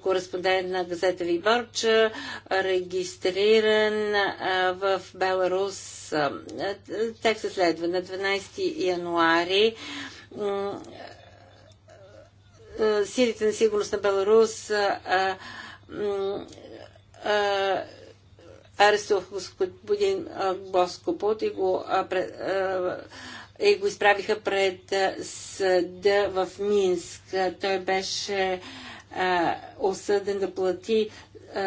Speaker 2: кореспондент на газета Виборча, регистриран в Беларус. Текстът е следва на 12 януари силите на сигурност на Беларус а, арестувах господин Боскопот и го а, и е, го изправиха пред съда в Минск. Той беше а, осъден да плати а,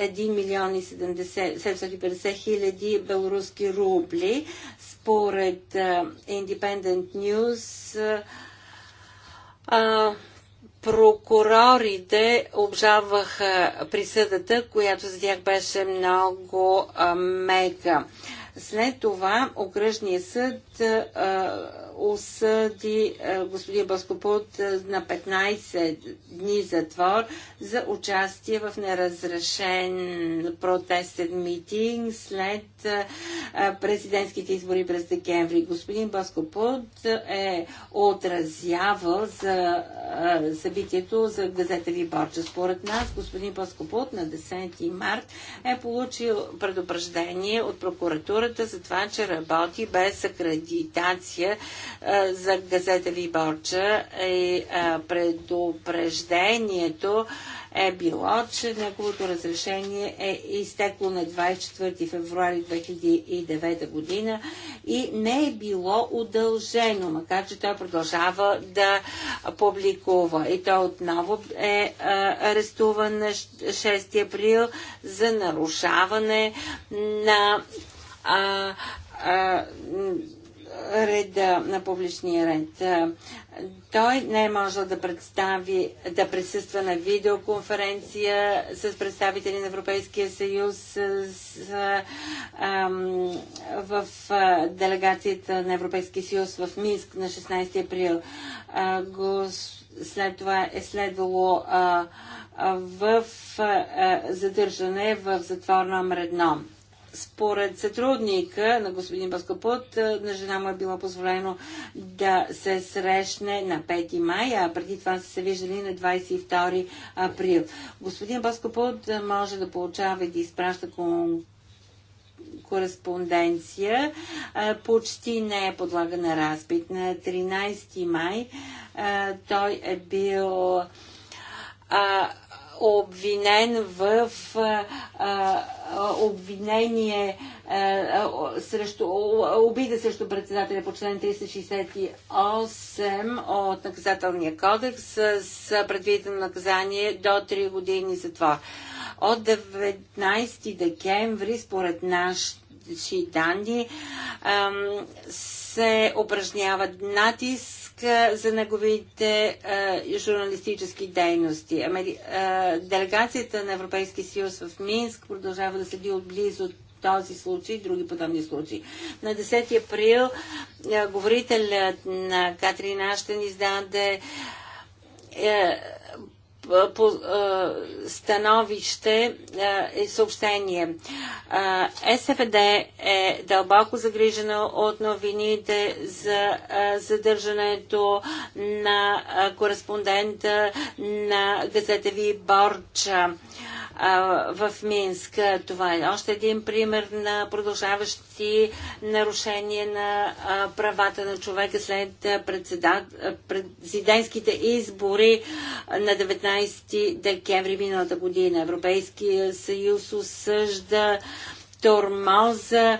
Speaker 2: 1 милион и 750 хиляди белоруски рубли. Според а, Independent News а, прокурорите обжаваха присъдата, която за тях беше много а, след това окръжният съд осъди е, господин Баскопут е, на 15 дни затвор за участие в неразрешен протестен митинг след е, президентските избори през декември. Господин Баскопут е отразявал за събитието за газета Виборча. Според нас господин Баскопут на 10 март е получил предупреждение от прокуратурата за това, че работи без акредитация за газета Либорча и е, предупреждението е било, че неговото разрешение е изтекло на 24 февруари 2009 година и не е било удължено, макар че той продължава да публикува. И той отново е арестуван на 6 април за нарушаване на а, а, реда на публичния ред. Той не е можел да представи, да присъства на видеоконференция с представители на Европейския съюз с, с, ам, в делегацията на Европейския съюз в Минск на 16 април. А, го, след това е следвало а, а, в а, задържане в затвор номер едно. Според сътрудника на господин Баскопут, е, на жена му е било позволено да се срещне на 5 май, а преди това са се виждали на 22 април. Господин Баскопут е, може да получава и да изпраща кон кореспонденция е, почти не е подлага на разпит. На 13 май той е бил обвинен в а, обвинение а, срещу, обида срещу председателя по член 368 от наказателния кодекс с предвидено наказание до 3 години затвор. От 19 декември, според нашите данни, се упражняват натиск за неговите а, журналистически дейности. Амери... А, делегацията на Европейския съюз в Минск продължава да следи отблизо този случай и други подобни случаи. На 10 април а, говорителят на Катрин Аштен издаде а, е, по, становище и съобщение. СФД е дълбоко загрижена от новините за задържането на кореспондента на газета Ви Борча в Минск. Това е още един пример на продължаващи нарушения на правата на човека след президентските избори на 19 декември миналата година. Европейския съюз осъжда тормоза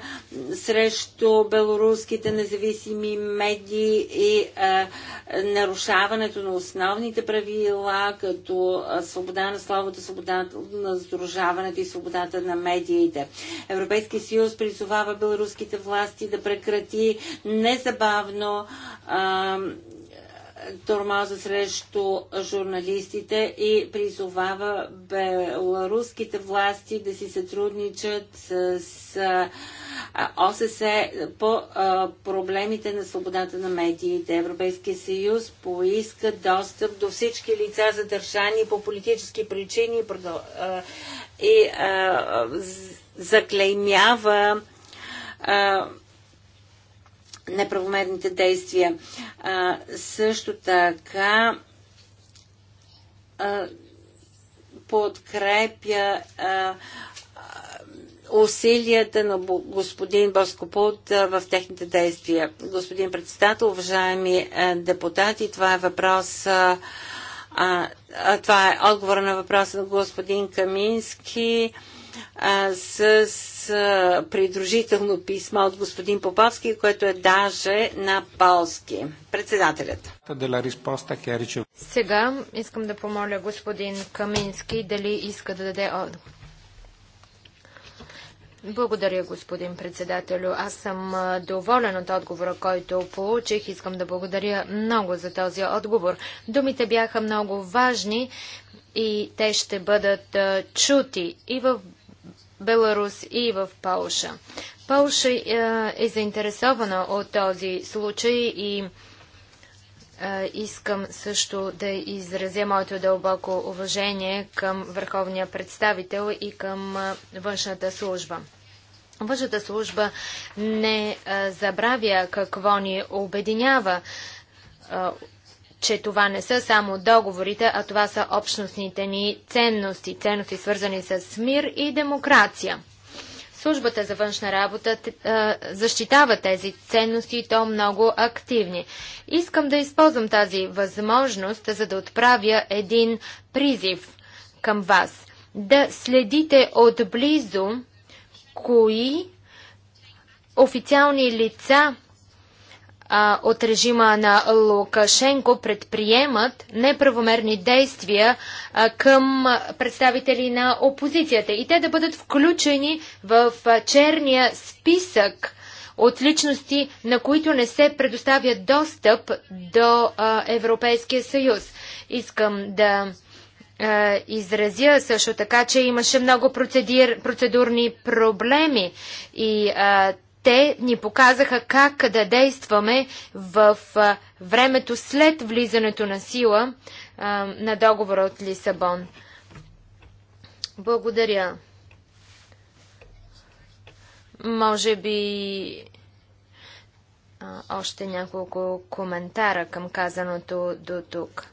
Speaker 2: срещу белоруските независими медии и а, нарушаването на основните правила, като свобода на словото, свобода на сдружаването и свободата на медиите. Европейския съюз призовава белоруските власти да прекрати незабавно а, тормоза срещу журналистите и призовава беларуските власти да си сътрудничат с, ОССЕ по проблемите на свободата на медиите. Европейския съюз поиска достъп до всички лица задържани по политически причини и заклеймява неправомерните действия. А, също така а, подкрепя а, усилията на господин Боскопут в техните действия. Господин председател, уважаеми депутати, това е въпрос. А, а, това е отговор на въпроса на господин Камински а, с придружително писмо от господин Поповски, което е даже на полски. Председателят.
Speaker 3: Сега искам да помоля господин Камински дали иска да даде отговор. Благодаря, господин председателю. Аз съм доволен от отговора, който получих. Искам да благодаря много за този отговор. Думите бяха много важни и те ще бъдат чути и в Беларус и в Полша. Полша е, е заинтересована от този случай и е, искам също да изразя моето дълбоко уважение към върховния представител и към е, външната служба. Външната служба не забравя какво ни обединява че това не са само договорите, а това са общностните ни ценности, ценности свързани с мир и демокрация. Службата за външна работа защитава тези ценности и то много активни. Искам да използвам тази възможност, за да отправя един призив към вас. Да следите отблизо кои официални лица а, от режима на Лукашенко предприемат неправомерни действия а, към представители на опозицията и те да бъдат включени в а, черния списък от личности, на които не се предоставя достъп до а, Европейския съюз. Искам да а, изразя също така, че имаше много процедир, процедурни проблеми и а, те ни показаха как да действаме в времето след влизането на сила на договора от Лисабон. Благодаря. Може би още няколко коментара към казаното до тук.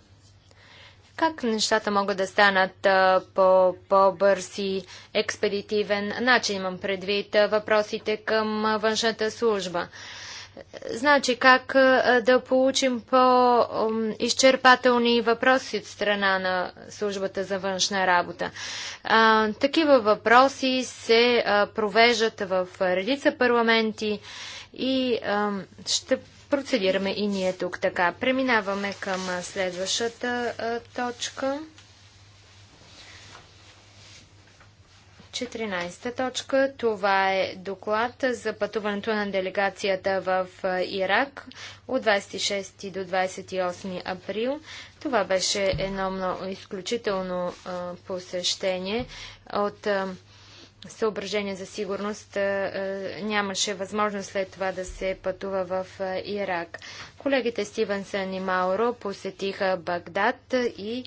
Speaker 3: Как нещата могат да станат по по-бърз и експедитивен начин? Имам предвид въпросите към външната служба. Значи, как да получим по-изчерпателни въпроси от страна на службата за външна работа? А, такива въпроси се провеждат в редица парламенти и а, ще процедираме и ние тук така. Преминаваме към следващата а, точка. 14 та точка. Това е доклад за пътуването на делегацията в Ирак от 26 до 28 април. Това беше едно много изключително а, посещение от а, съображения за сигурност нямаше възможност след това да се пътува в Ирак. Колегите Стивенсън и Мауро посетиха Багдад и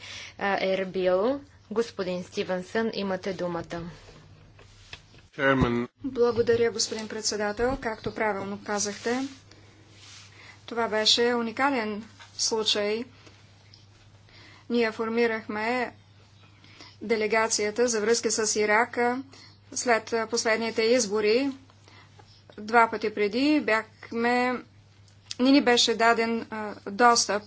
Speaker 3: Ербил. Господин Стивенсън, имате думата.
Speaker 1: Благодаря, господин председател. Както правилно казахте, това беше уникален случай. Ние формирахме делегацията за връзка с Ирака след последните избори, два пъти преди, бяхме не ни беше даден достъп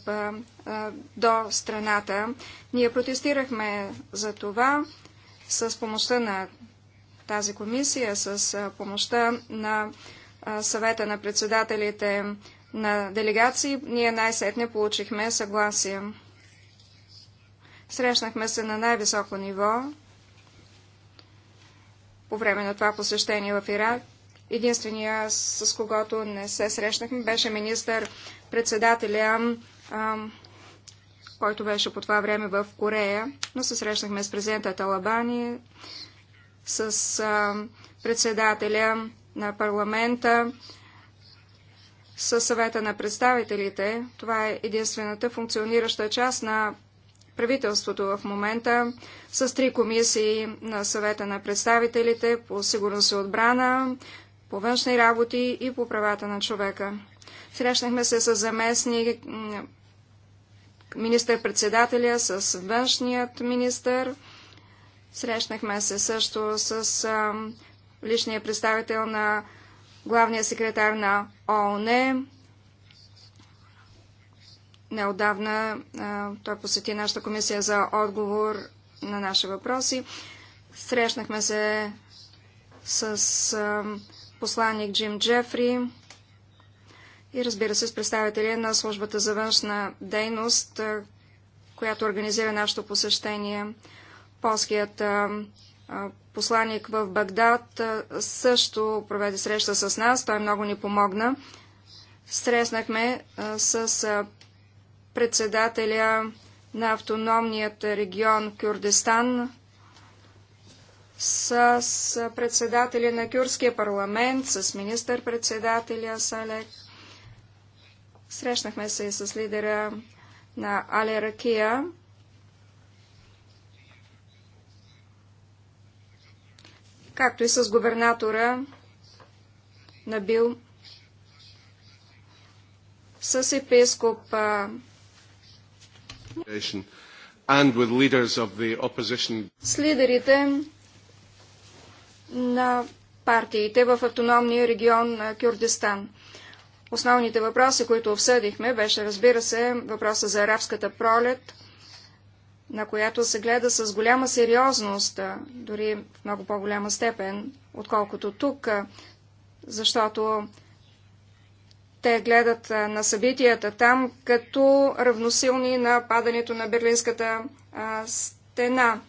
Speaker 1: до страната. Ние протестирахме за това с помощта на тази комисия, с помощта на съвета на председателите на делегации. Ние най-сетне получихме съгласие. Срещнахме се на най-високо ниво по време на това посещение в Ирак. Единствения, с когото не се срещнахме, беше министър-председателя, който беше по това време в Корея, но се срещнахме с президента Талабани, с а, председателя на парламента, с съвета на представителите. Това е единствената функционираща част на правителството в момента с три комисии на съвета на представителите по сигурност и отбрана, по външни работи и по правата на човека. Срещнахме се с заместни министър-председателя, с външният министър. Срещнахме се също с а, личния представител на главния секретар на ООН, Неодавна той посети нашата комисия за отговор на наши въпроси. Срещнахме се с посланник Джим Джефри и разбира се с представители на службата за външна дейност, която организира нашето посещение. Полският посланник в Багдад също проведе среща с нас. Той много ни помогна. Стреснахме с председателя на автономният регион Кюрдистан с председателя на Кюрския парламент, с министър-председателя Салек. Срещнахме се и с лидера на Але Ракия. както и с губернатора Набил, с епископ с лидерите на партиите в автономния регион на Кюрдистан. Основните въпроси, които обсъдихме, беше, разбира се, въпроса за арабската пролет, на която се гледа с голяма сериозност, дори в много по-голяма степен, отколкото тук, защото те гледат на събитията там като равносилни на падането на Берлинската стена.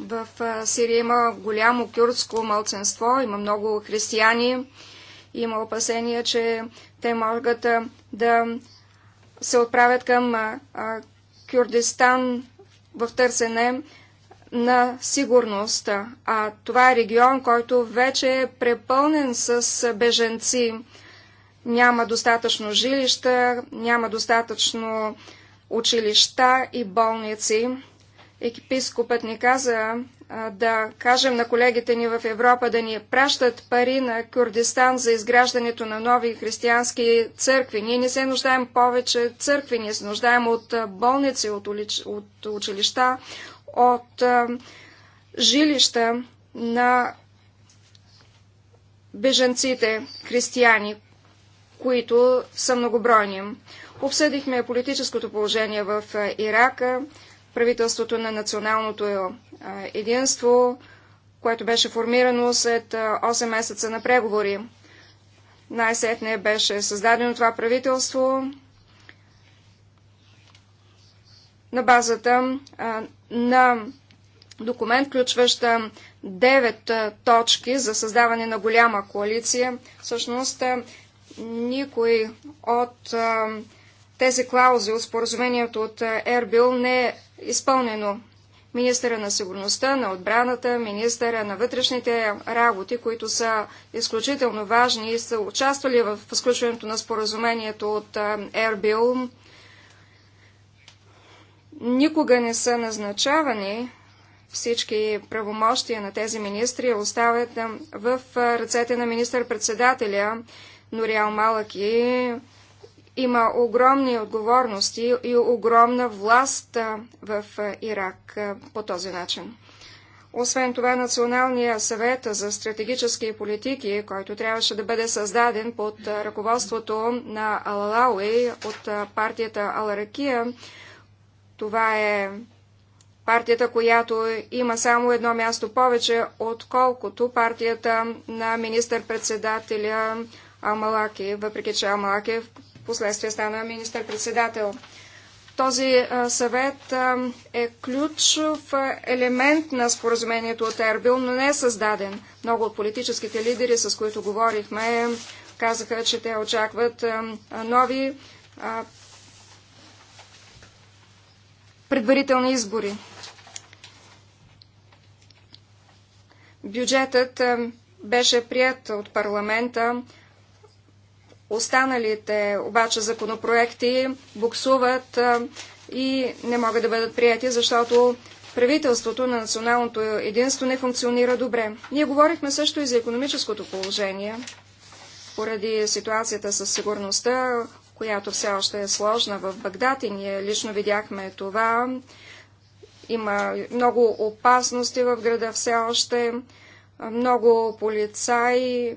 Speaker 1: В Сирия има голямо кюрдско мълценство, има много християни. Има опасения, че те могат да се отправят към Кюрдистан в търсене на сигурност. А това е регион, който вече е препълнен с беженци. Няма достатъчно жилища, няма достатъчно училища и болници. Екипископът ни каза да кажем на колегите ни в Европа да ни пращат пари на Курдистан за изграждането на нови християнски църкви. Ние не се нуждаем повече църкви, ние се нуждаем от болници, от, улич... от училища, от жилища на беженците, християни, които са многобройни. Обсъдихме политическото положение в Ирака, правителството на националното единство, което беше формирано след 8 месеца на преговори. Най-сетне беше създадено това правителство на базата на документ, включваща 9 точки за създаване на голяма коалиция. Всъщност никой от а, тези клаузи от споразумението от Ербил не е изпълнено. Министъра на сигурността, на отбраната, министъра на вътрешните работи, които са изключително важни и са участвали в сключването на споразумението от Ербил, никога не са назначавани всички правомощия на тези министри оставят в ръцете на министър-председателя но Реал е, има огромни отговорности и огромна власт в Ирак по този начин. Освен това, Националния съвет за стратегически политики, който трябваше да бъде създаден под ръководството на Алалауи от партията Аларакия, това е партията, която има само едно място повече, отколкото партията на министър-председателя Амалаки, въпреки че Амалаки в последствие стана министър-председател. Този съвет е ключов елемент на споразумението от Ербил, но не е създаден. Много от политическите лидери, с които говорихме, казаха, че те очакват нови предварителни избори. Бюджетът беше прият от парламента, Останалите обаче законопроекти буксуват и не могат да бъдат прияти, защото правителството на националното единство не функционира добре. Ние говорихме също и за економическото положение, поради ситуацията със сигурността, която все още е сложна в Багдад и ние лично видяхме това. Има много опасности в града все още. Много полицаи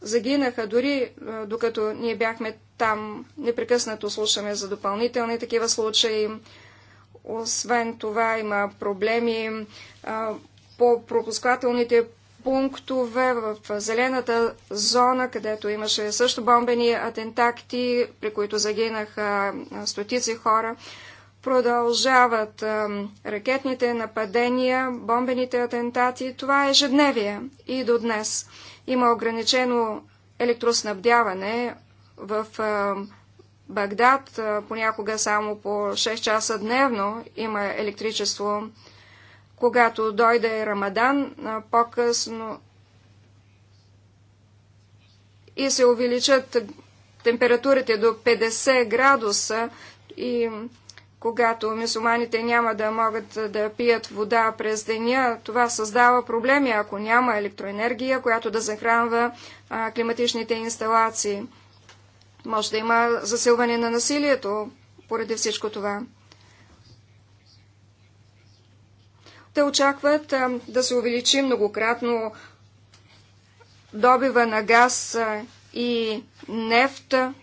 Speaker 1: загинаха, дори докато ние бяхме там. Непрекъснато слушаме за допълнителни такива случаи. Освен това има проблеми по пропускателните пунктове в зелената зона, където имаше също бомбени атентакти, при които загинаха стотици хора. Продължават ракетните нападения, бомбените атентати. Това е ежедневие и до днес. Има ограничено електроснабдяване в Багдад. Понякога само по 6 часа дневно има електричество. Когато дойде Рамадан, по-късно и се увеличат температурите до 50 градуса и когато мисуманите няма да могат да пият вода през деня, това създава проблеми, ако няма електроенергия, която да захранва а, климатичните инсталации. Може да има засилване на насилието поради всичко това. Те очакват а, да се увеличи многократно добива на газ а, и нефта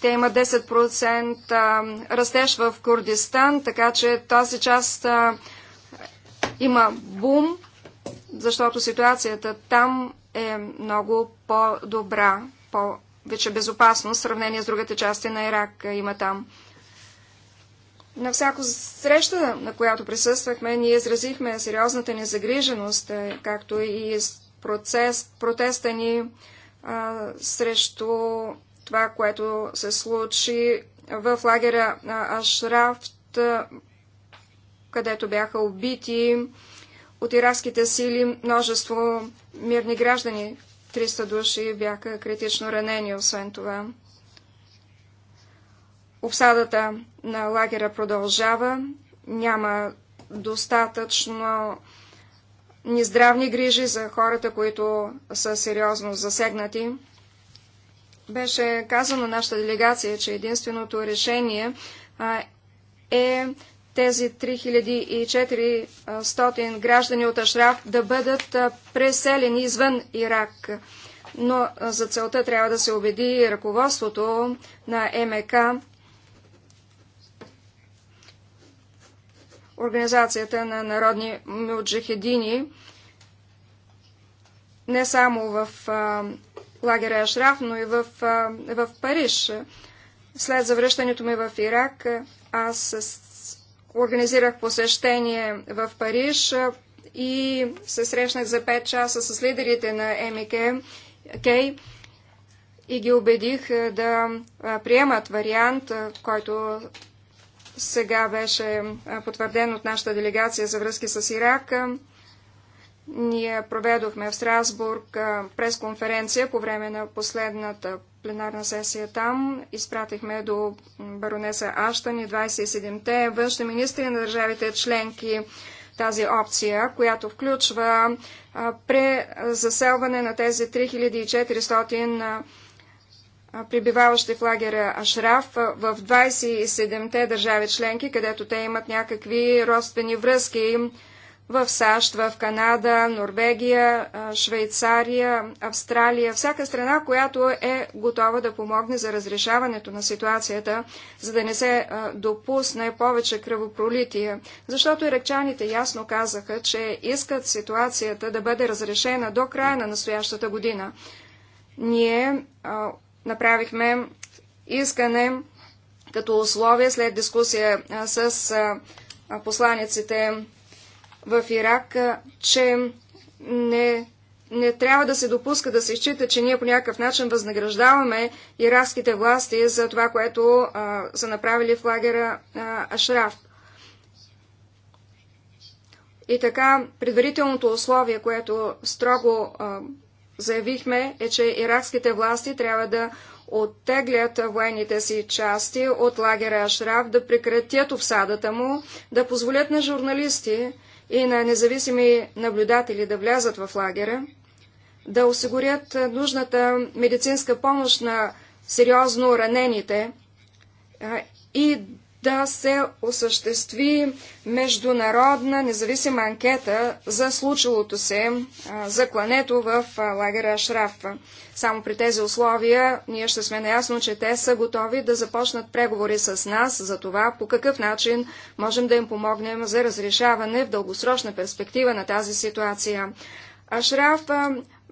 Speaker 1: те имат 10% растеж в Курдистан, така че тази част има бум, защото ситуацията там е много по-добра, повече безопасно в сравнение с другите части на Ирак има там. На всяко среща, на която присъствахме, ние изразихме сериозната ни загриженост, е, както и процес, протеста ни а, срещу това, което се случи в лагера Ашрафт, където бяха убити от иракските сили множество мирни граждани. 300 души бяха критично ранени, освен това. Обсадата на лагера продължава. Няма достатъчно нездравни здравни грижи за хората, които са сериозно засегнати. Беше казано нашата делегация, че единственото решение а, е тези 3400 граждани от Ашраф да бъдат преселени извън Ирак. Но за целта трябва да се убеди ръководството на МК, Организацията на народни муджахедини, не само в лагера Ашраф, но и в, в Париж. След завръщането ми в Ирак, аз организирах посещение в Париж и се срещнах за 5 часа с лидерите на МИК и ги убедих да приемат вариант, който сега беше потвърден от нашата делегация за връзки с Ирак. Ние проведохме в Страсбург пресконференция по време на последната пленарна сесия там. Изпратихме до баронеса Аштани, и 27-те външни министри на държавите членки тази опция, която включва презаселване на тези 3400 прибиваващи в лагеря Ашраф в 27-те държави членки, където те имат някакви родствени връзки в САЩ, в Канада, Норвегия, Швейцария, Австралия, всяка страна, която е готова да помогне за разрешаването на ситуацията, за да не се допусне повече кръвопролитие. Защото иракчаните ясно казаха, че искат ситуацията да бъде разрешена до края на настоящата година. Ние а, направихме искане като условие след дискусия а, с а, посланиците в Ирак, че не, не трябва да се допуска да се счита, че ние по някакъв начин възнаграждаваме иракските власти за това, което а, са направили в лагера а, Ашраф. И така, предварителното условие, което строго а, заявихме, е, че иракските власти трябва да оттеглят военните си части от лагера Ашраф, да прекратят обсадата му, да позволят на журналисти и на независими наблюдатели да влязат в лагера, да осигурят нужната медицинска помощ на сериозно ранените и да се осъществи международна независима анкета за случилото се за клането в лагера Шраф. Само при тези условия ние ще сме наясно, че те са готови да започнат преговори с нас за това по какъв начин можем да им помогнем за разрешаване в дългосрочна перспектива на тази ситуация. Ашраф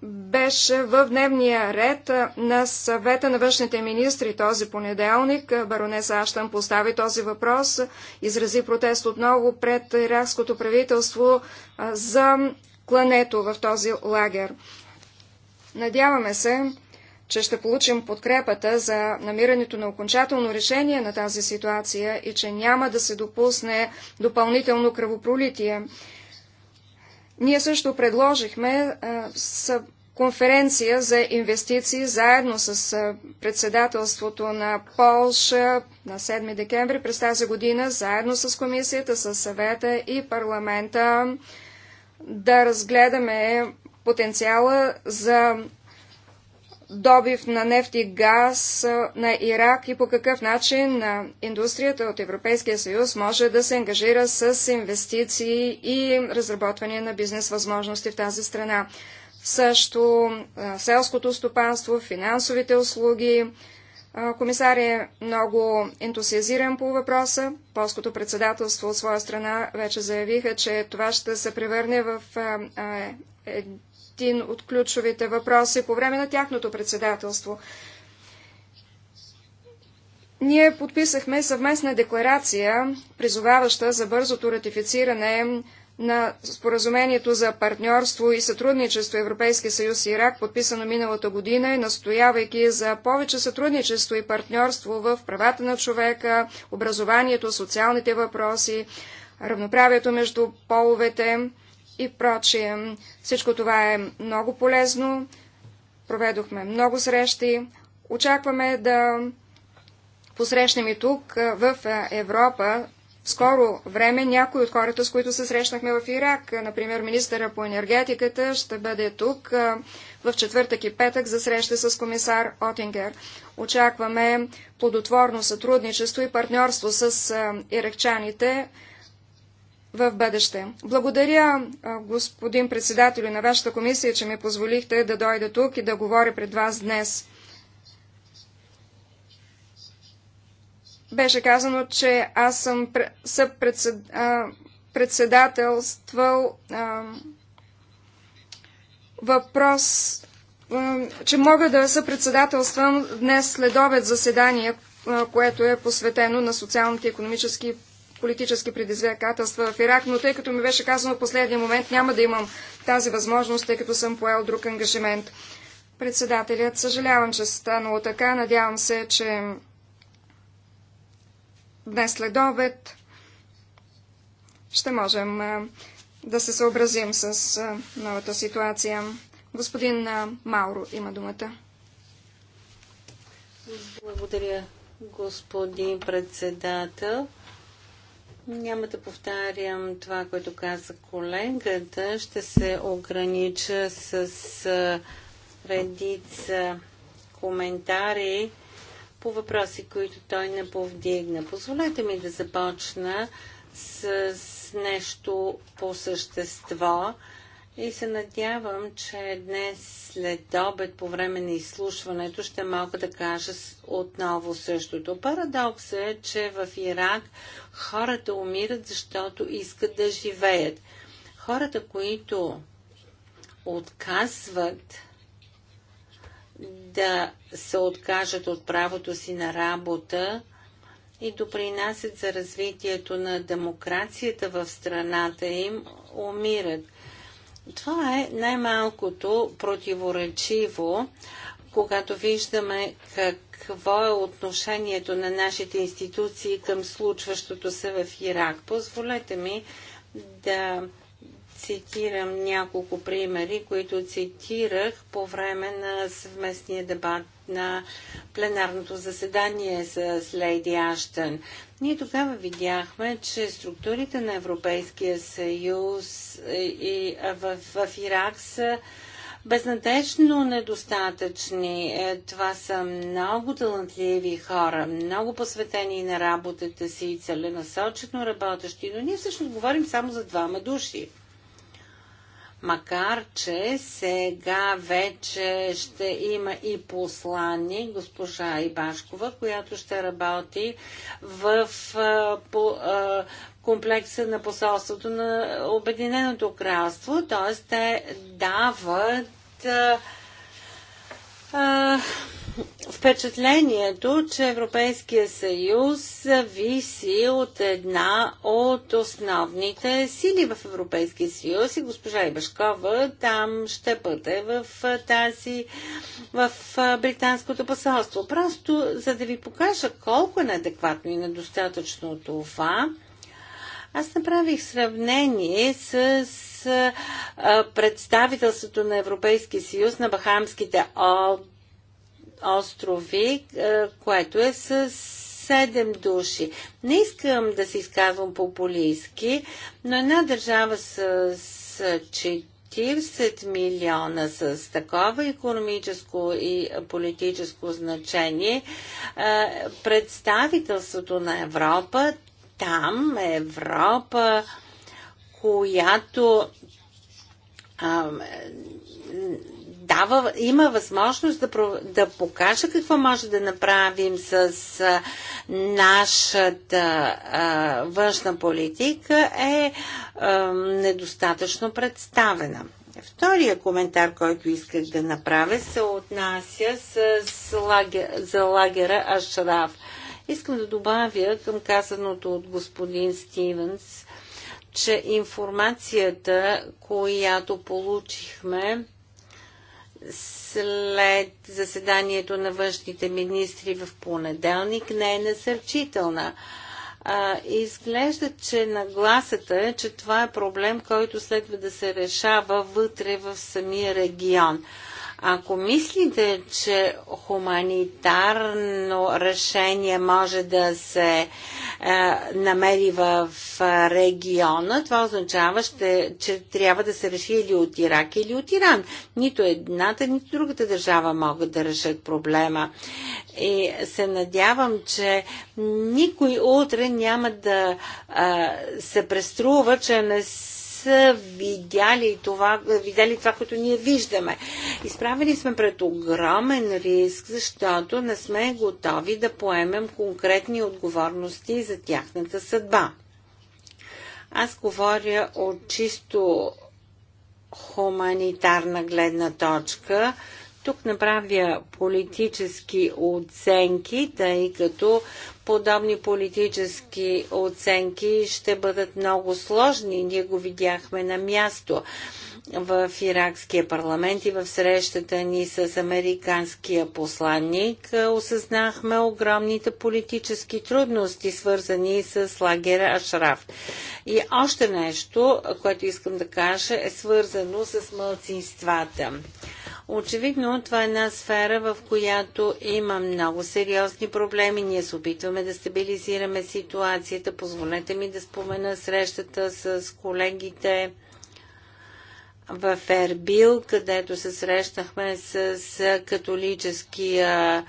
Speaker 1: беше в дневния ред на съвета на външните министри този понеделник. Баронеса Аштан постави този въпрос, изрази протест отново пред иракското правителство за клането в този лагер. Надяваме се, че ще получим подкрепата за намирането на окончателно решение на тази ситуация и че няма да се допусне допълнително кръвопролитие. Ние също предложихме с конференция за инвестиции заедно с председателството на Полша на 7 декември през тази година, заедно с комисията, с съвета и парламента да разгледаме потенциала за добив на нефт и газ на Ирак и по какъв начин индустрията от Европейския съюз може да се ангажира с инвестиции и разработване на бизнес възможности в тази страна. Също селското стопанство, финансовите услуги. Комисар е много ентусиазиран по въпроса. Полското председателство от своя страна вече заявиха, че това ще се превърне в е, един от ключовите въпроси по време на тяхното председателство. Ние подписахме съвместна декларация, призоваваща за бързото ратифициране на споразумението за партньорство и сътрудничество Европейски съюз и Ирак, подписано миналата година и настоявайки за повече сътрудничество и партньорство в правата на човека, образованието, социалните въпроси, равноправието между половете, и прочие. Всичко това е много полезно. Проведохме много срещи. Очакваме да посрещнем и тук в Европа В скоро време някои от хората, с които се срещнахме в Ирак, например министъра по енергетиката, ще бъде тук в четвъртък и петък за среща с комисар Отингер. Очакваме плодотворно сътрудничество и партньорство с иракчаните в бъдеще. Благодаря, господин председател на вашата комисия, че ми позволихте да дойда тук и да говоря пред вас днес. Беше казано, че аз съм председателствал въпрос, че мога да съпредседателствам днес следобед заседание, което е посветено на социалните и економически политически предизвикателства в Ирак, но тъй като ми беше казано в последния момент, няма да имам тази възможност, тъй като съм поел друг ангажимент. Председателят, съжалявам, че станало така. Надявам се, че днес след обед ще можем да се съобразим с новата ситуация. Господин Мауро има думата.
Speaker 2: Благодаря, господин председател. Няма да повтарям това, което каза колегата. Ще се огранича с редица коментари по въпроси, които той не повдигна. Позволете ми да започна с нещо по същество и се надявам, че днес след обед по време на изслушването ще мога да кажа отново същото. Парадокс е, че в Ирак хората умират, защото искат да живеят. Хората, които отказват да се откажат от правото си на работа, и допринасят за развитието на демокрацията в страната им, умират. Това е най-малкото противоречиво, когато виждаме какво е отношението на нашите институции към случващото се в Ирак. Позволете ми да цитирам няколко примери, които цитирах по време на съвместния дебат на пленарното заседание с Лейди Аштън. Ние тогава видяхме, че структурите на Европейския съюз и в, в Ирак са безнадежно недостатъчни. Е, това са много талантливи хора, много посветени на работата си и целенасочено работещи, но ние всъщност говорим само за двама души. Макар, че сега вече ще има и послани госпожа Ибашкова, която ще работи в по, комплекса на посолството на Обединеното кралство, т.е. те дават а, а, впечатлението, че Европейския съюз зависи от една от основните сили в Европейския съюз и госпожа Ибашкова там ще бъде в тази, в британското посолство. Просто за да ви покажа колко е неадекватно и недостатъчно това, аз направих сравнение с представителството на Европейския съюз на Бахамските острови, е, което е с седем души. Не искам да се изказвам популистски, но една държава с, с 40 милиона с такова економическо и политическо значение, е, представителството на Европа, там Европа, която дава, има възможност да, да покаже какво може да направим с нашата а, външна политика е а, недостатъчно представена. Втория коментар, който исках да направя, се отнася с, с лагер, за лагера Ашраф. Искам да добавя към казаното от господин Стивенс, че информацията, която получихме след заседанието на външните министри в понеделник не е насърчителна. изглежда, че нагласата е, че това е проблем, който следва да се решава вътре в самия регион. Ако мислите, че хуманитарно решение може да се е, намери в региона, това означава, ще, че трябва да се реши или от Ирак, или от Иран. Нито едната, нито другата държава могат да решат проблема. И се надявам, че никой утре няма да а, е, се преструва, че не са видяли това, видяли това, което ние виждаме. Изправени сме пред огромен риск, защото не сме готови да поемем конкретни отговорности за тяхната съдба. Аз говоря от чисто хуманитарна гледна точка. Тук направя политически оценки, тъй като подобни политически оценки ще бъдат много сложни. Ние го видяхме на място в иракския парламент и в срещата ни с американския посланник осъзнахме огромните политически трудности, свързани с лагера Ашраф. И още нещо, което искам да кажа, е свързано с мълцинствата. Очевидно, това е една сфера, в която има много сериозни проблеми. Ние се опитваме да стабилизираме ситуацията. Позволете ми да спомена срещата с колегите в Ербил, където се срещнахме с католическия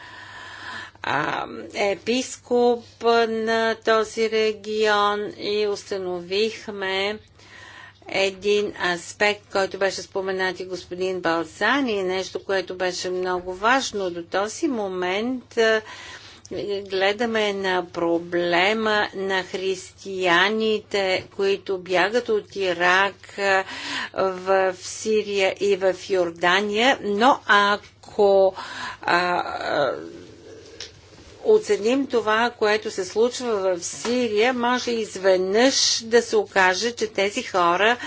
Speaker 2: епископ на този регион и установихме, един аспект, който беше споменат и господин Балзани, нещо, което беше много важно до този момент. Гледаме на проблема на християните, които бягат от Ирак в Сирия и в Йордания, но ако а, оценим това, което се случва в Сирия, може изведнъж да се окаже, че тези хора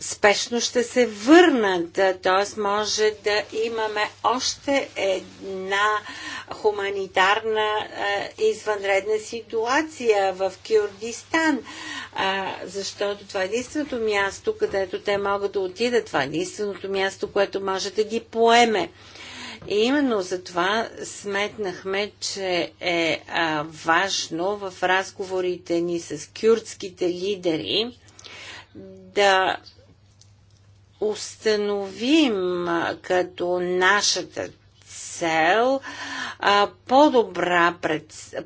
Speaker 2: спешно ще се върнат. Т.е. може да имаме още една хуманитарна извънредна ситуация в Кюрдистан, защото това е единственото място, където те могат да отидат. Това е единственото място, което може да ги поеме. И именно за това сметнахме, че е а, важно в разговорите ни с кюрдските лидери да установим като нашата цел по-добра,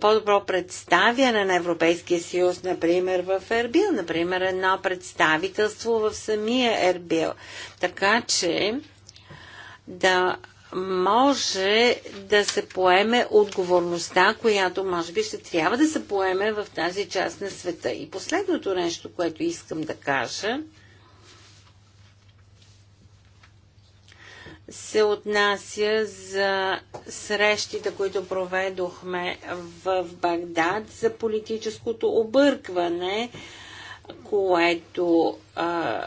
Speaker 2: по-добро представяне на Европейския съюз, например в Ербил, например едно представителство в самия Ербил. Така че да може да се поеме отговорността, която може би ще трябва да се поеме в тази част на света. И последното нещо, което искам да кажа, се отнася за срещите, които проведохме в Багдад за политическото объркване, което а,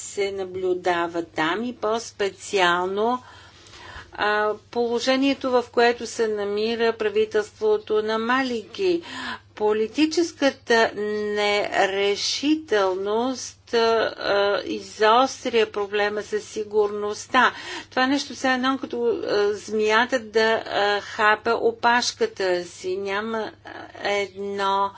Speaker 2: се наблюдава там и по-специално положението, в което се намира правителството на Малики. Политическата нерешителност а, изостря проблема със сигурността. Това нещо се едно като а, змията да а, хапе опашката си. Няма едно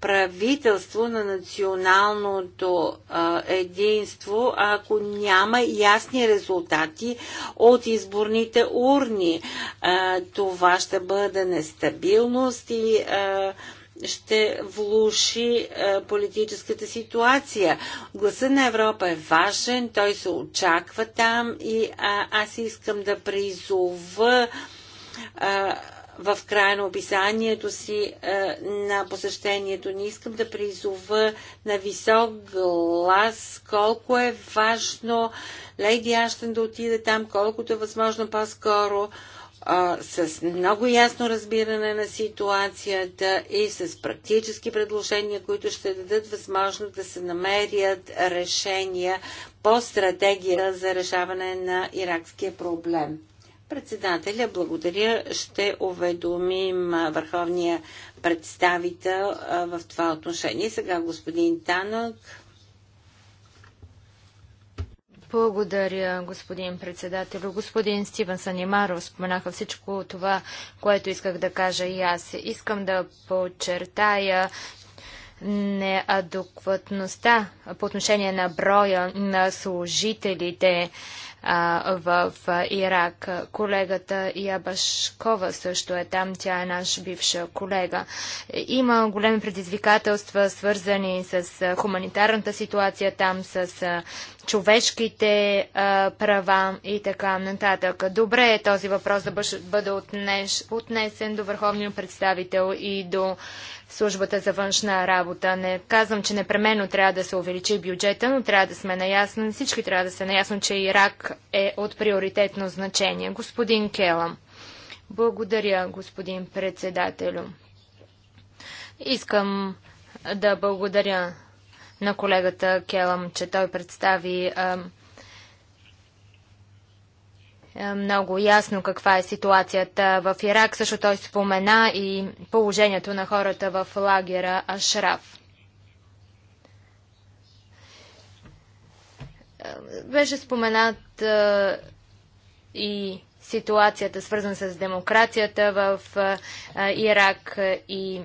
Speaker 2: правителство на националното а, единство, ако няма ясни резултати от изборните урни. А, това ще бъде нестабилност и а, ще влуши е, политическата ситуация. Гласа на Европа е важен, той се очаква там и а, аз искам да призова е, в края на описанието си а, е, на посещението ни искам да призова на висок глас колко е важно Лейди Аштен да отиде там, колкото е възможно по-скоро. А, а, с много ясно разбиране на ситуацията и с практически предложения, които ще дадат възможност да се намерят решения по стратегия за решаване на иракския проблем. Председателя, благодаря. Ще уведомим върховния представител в това отношение. Сега господин Танък.
Speaker 3: Благодаря, господин председател. Господин Стивен Санимаров споменаха всичко това, което исках да кажа и аз. Искам да подчертая неадекватността по отношение на броя на служителите в Ирак. Колегата Ябашкова също е там, тя е наш бивша колега. Има големи предизвикателства, свързани с хуманитарната ситуация там, с човешките а, права и така нататък. Добре е този въпрос да бъде отнеш, отнесен до върховния представител и до службата за външна работа. Не казвам, че непременно трябва да се увеличи бюджета, но трябва да сме наясни. всички трябва да са наясни, че Ирак е от приоритетно значение. Господин Келам. Благодаря, господин председателю. Искам да благодаря на колегата Келам, че той представи много ясно каква е ситуацията в Ирак. Също той спомена и положението на хората в лагера Ашраф. Беше споменат а, и ситуацията, свързана с демокрацията в а, Ирак и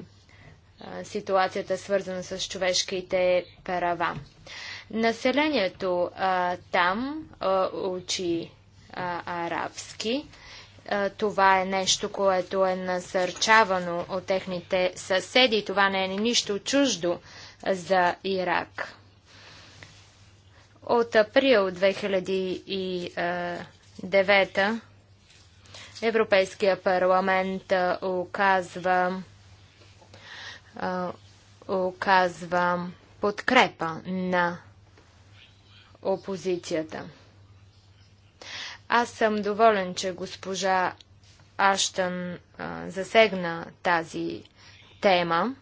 Speaker 3: ситуацията, свързана с човешките права. Населението а, там а, учи а, арабски. А, това е нещо, което е насърчавано от техните съседи. Това не е нищо чуждо за Ирак. От април 2009 Европейския парламент оказва оказва подкрепа на опозицията. Аз съм доволен, че госпожа Аштън засегна тази тема.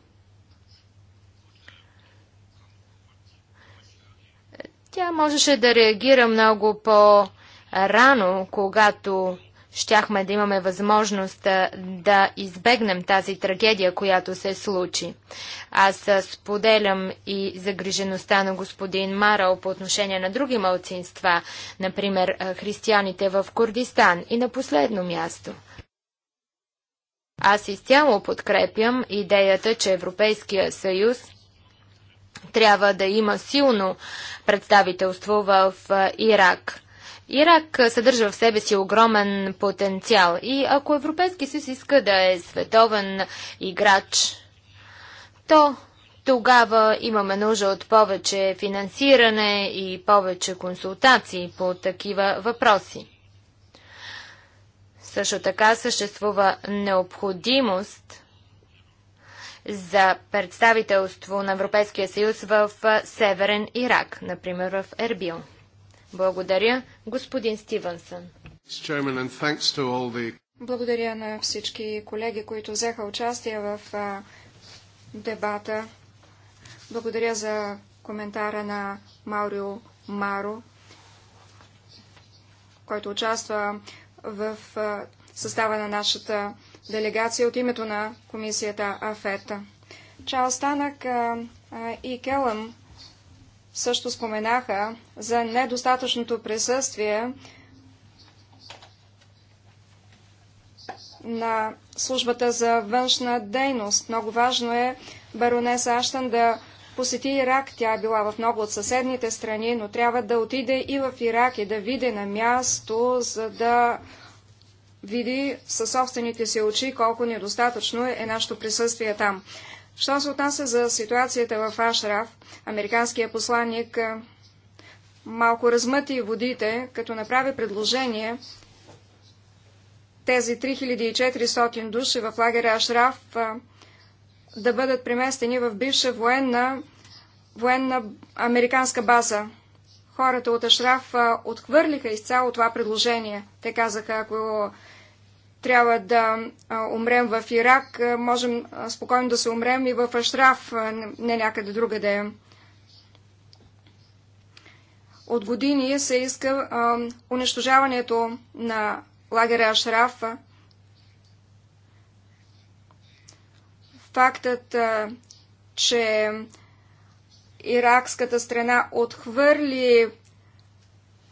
Speaker 3: Тя можеше да реагира много по-рано, когато щяхме да имаме възможност да избегнем тази трагедия, която се случи. Аз споделям и загрижеността на господин Марал по отношение на други малцинства, например християните в Курдистан и на последно място. Аз изцяло подкрепям идеята, че Европейския съюз трябва да има силно представителство в Ирак. Ирак съдържа в себе си огромен потенциал и ако Европейски съюз иска да е световен играч, то тогава имаме нужда от повече финансиране и повече консултации по такива въпроси. Също така съществува необходимост за представителство на Европейския съюз в Северен Ирак, например в Ербил. Благодаря, господин Стивенсън. Благодаря
Speaker 1: на всички колеги, които взеха участие в дебата. Благодаря за коментара на Маурио Маро, който участва в състава на нашата делегация от името на комисията АФЕТА. Чао Станък и Келъм също споменаха за недостатъчното присъствие на службата за външна дейност. Много важно е баронеса Аштан да посети Ирак. Тя е била в много от съседните страни, но трябва да отиде и в Ирак и да види на място, за да види със собствените си очи колко недостатъчно е нашето присъствие там. Що се отнася за ситуацията в Ашраф, американският посланник малко размъти водите, като направи предложение тези 3400 души в лагеря Ашраф да бъдат преместени в бивша военна, военна американска база. Хората от Ашраф отхвърлиха изцяло това предложение. Те казаха, ако трябва да умрем в Ирак, можем спокойно да се умрем и в Ашраф, не някъде другаде. От години се иска а, унищожаването на лагеря Ашраф. Фактът, а, че иракската страна отхвърли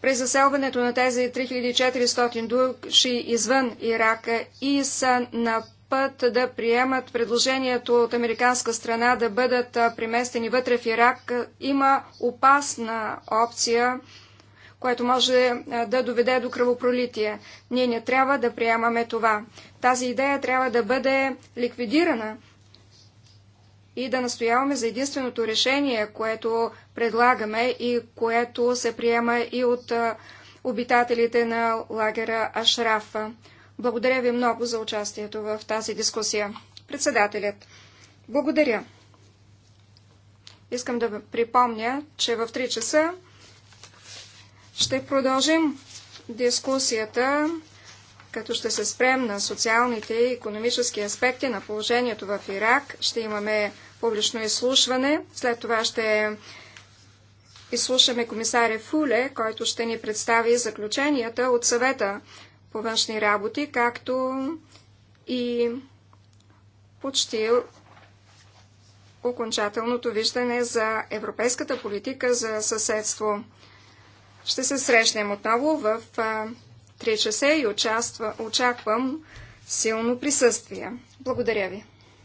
Speaker 1: при заселването на тези 3400 души извън Ирака и са на път да приемат предложението от американска страна да бъдат приместени вътре в Ирак, има опасна опция, което може да доведе до кръвопролитие. Ние не трябва да приемаме това. Тази идея трябва да бъде ликвидирана, и да настояваме за единственото решение, което предлагаме и което се приема и от обитателите на лагера Ашрафа. Благодаря ви много за участието в тази дискусия. Председателят, благодаря. Искам да припомня, че в 3 часа ще продължим дискусията като ще се спрем на социалните и економически аспекти на положението в Ирак. Ще имаме публично изслушване. След това ще изслушаме комисаря Фуле, който ще ни представи заключенията от съвета по външни работи, както и почти окончателното виждане за европейската политика за съседство. Ще се срещнем отново в 3 часа и участва, очаквам силно присъствие. Благодаря ви.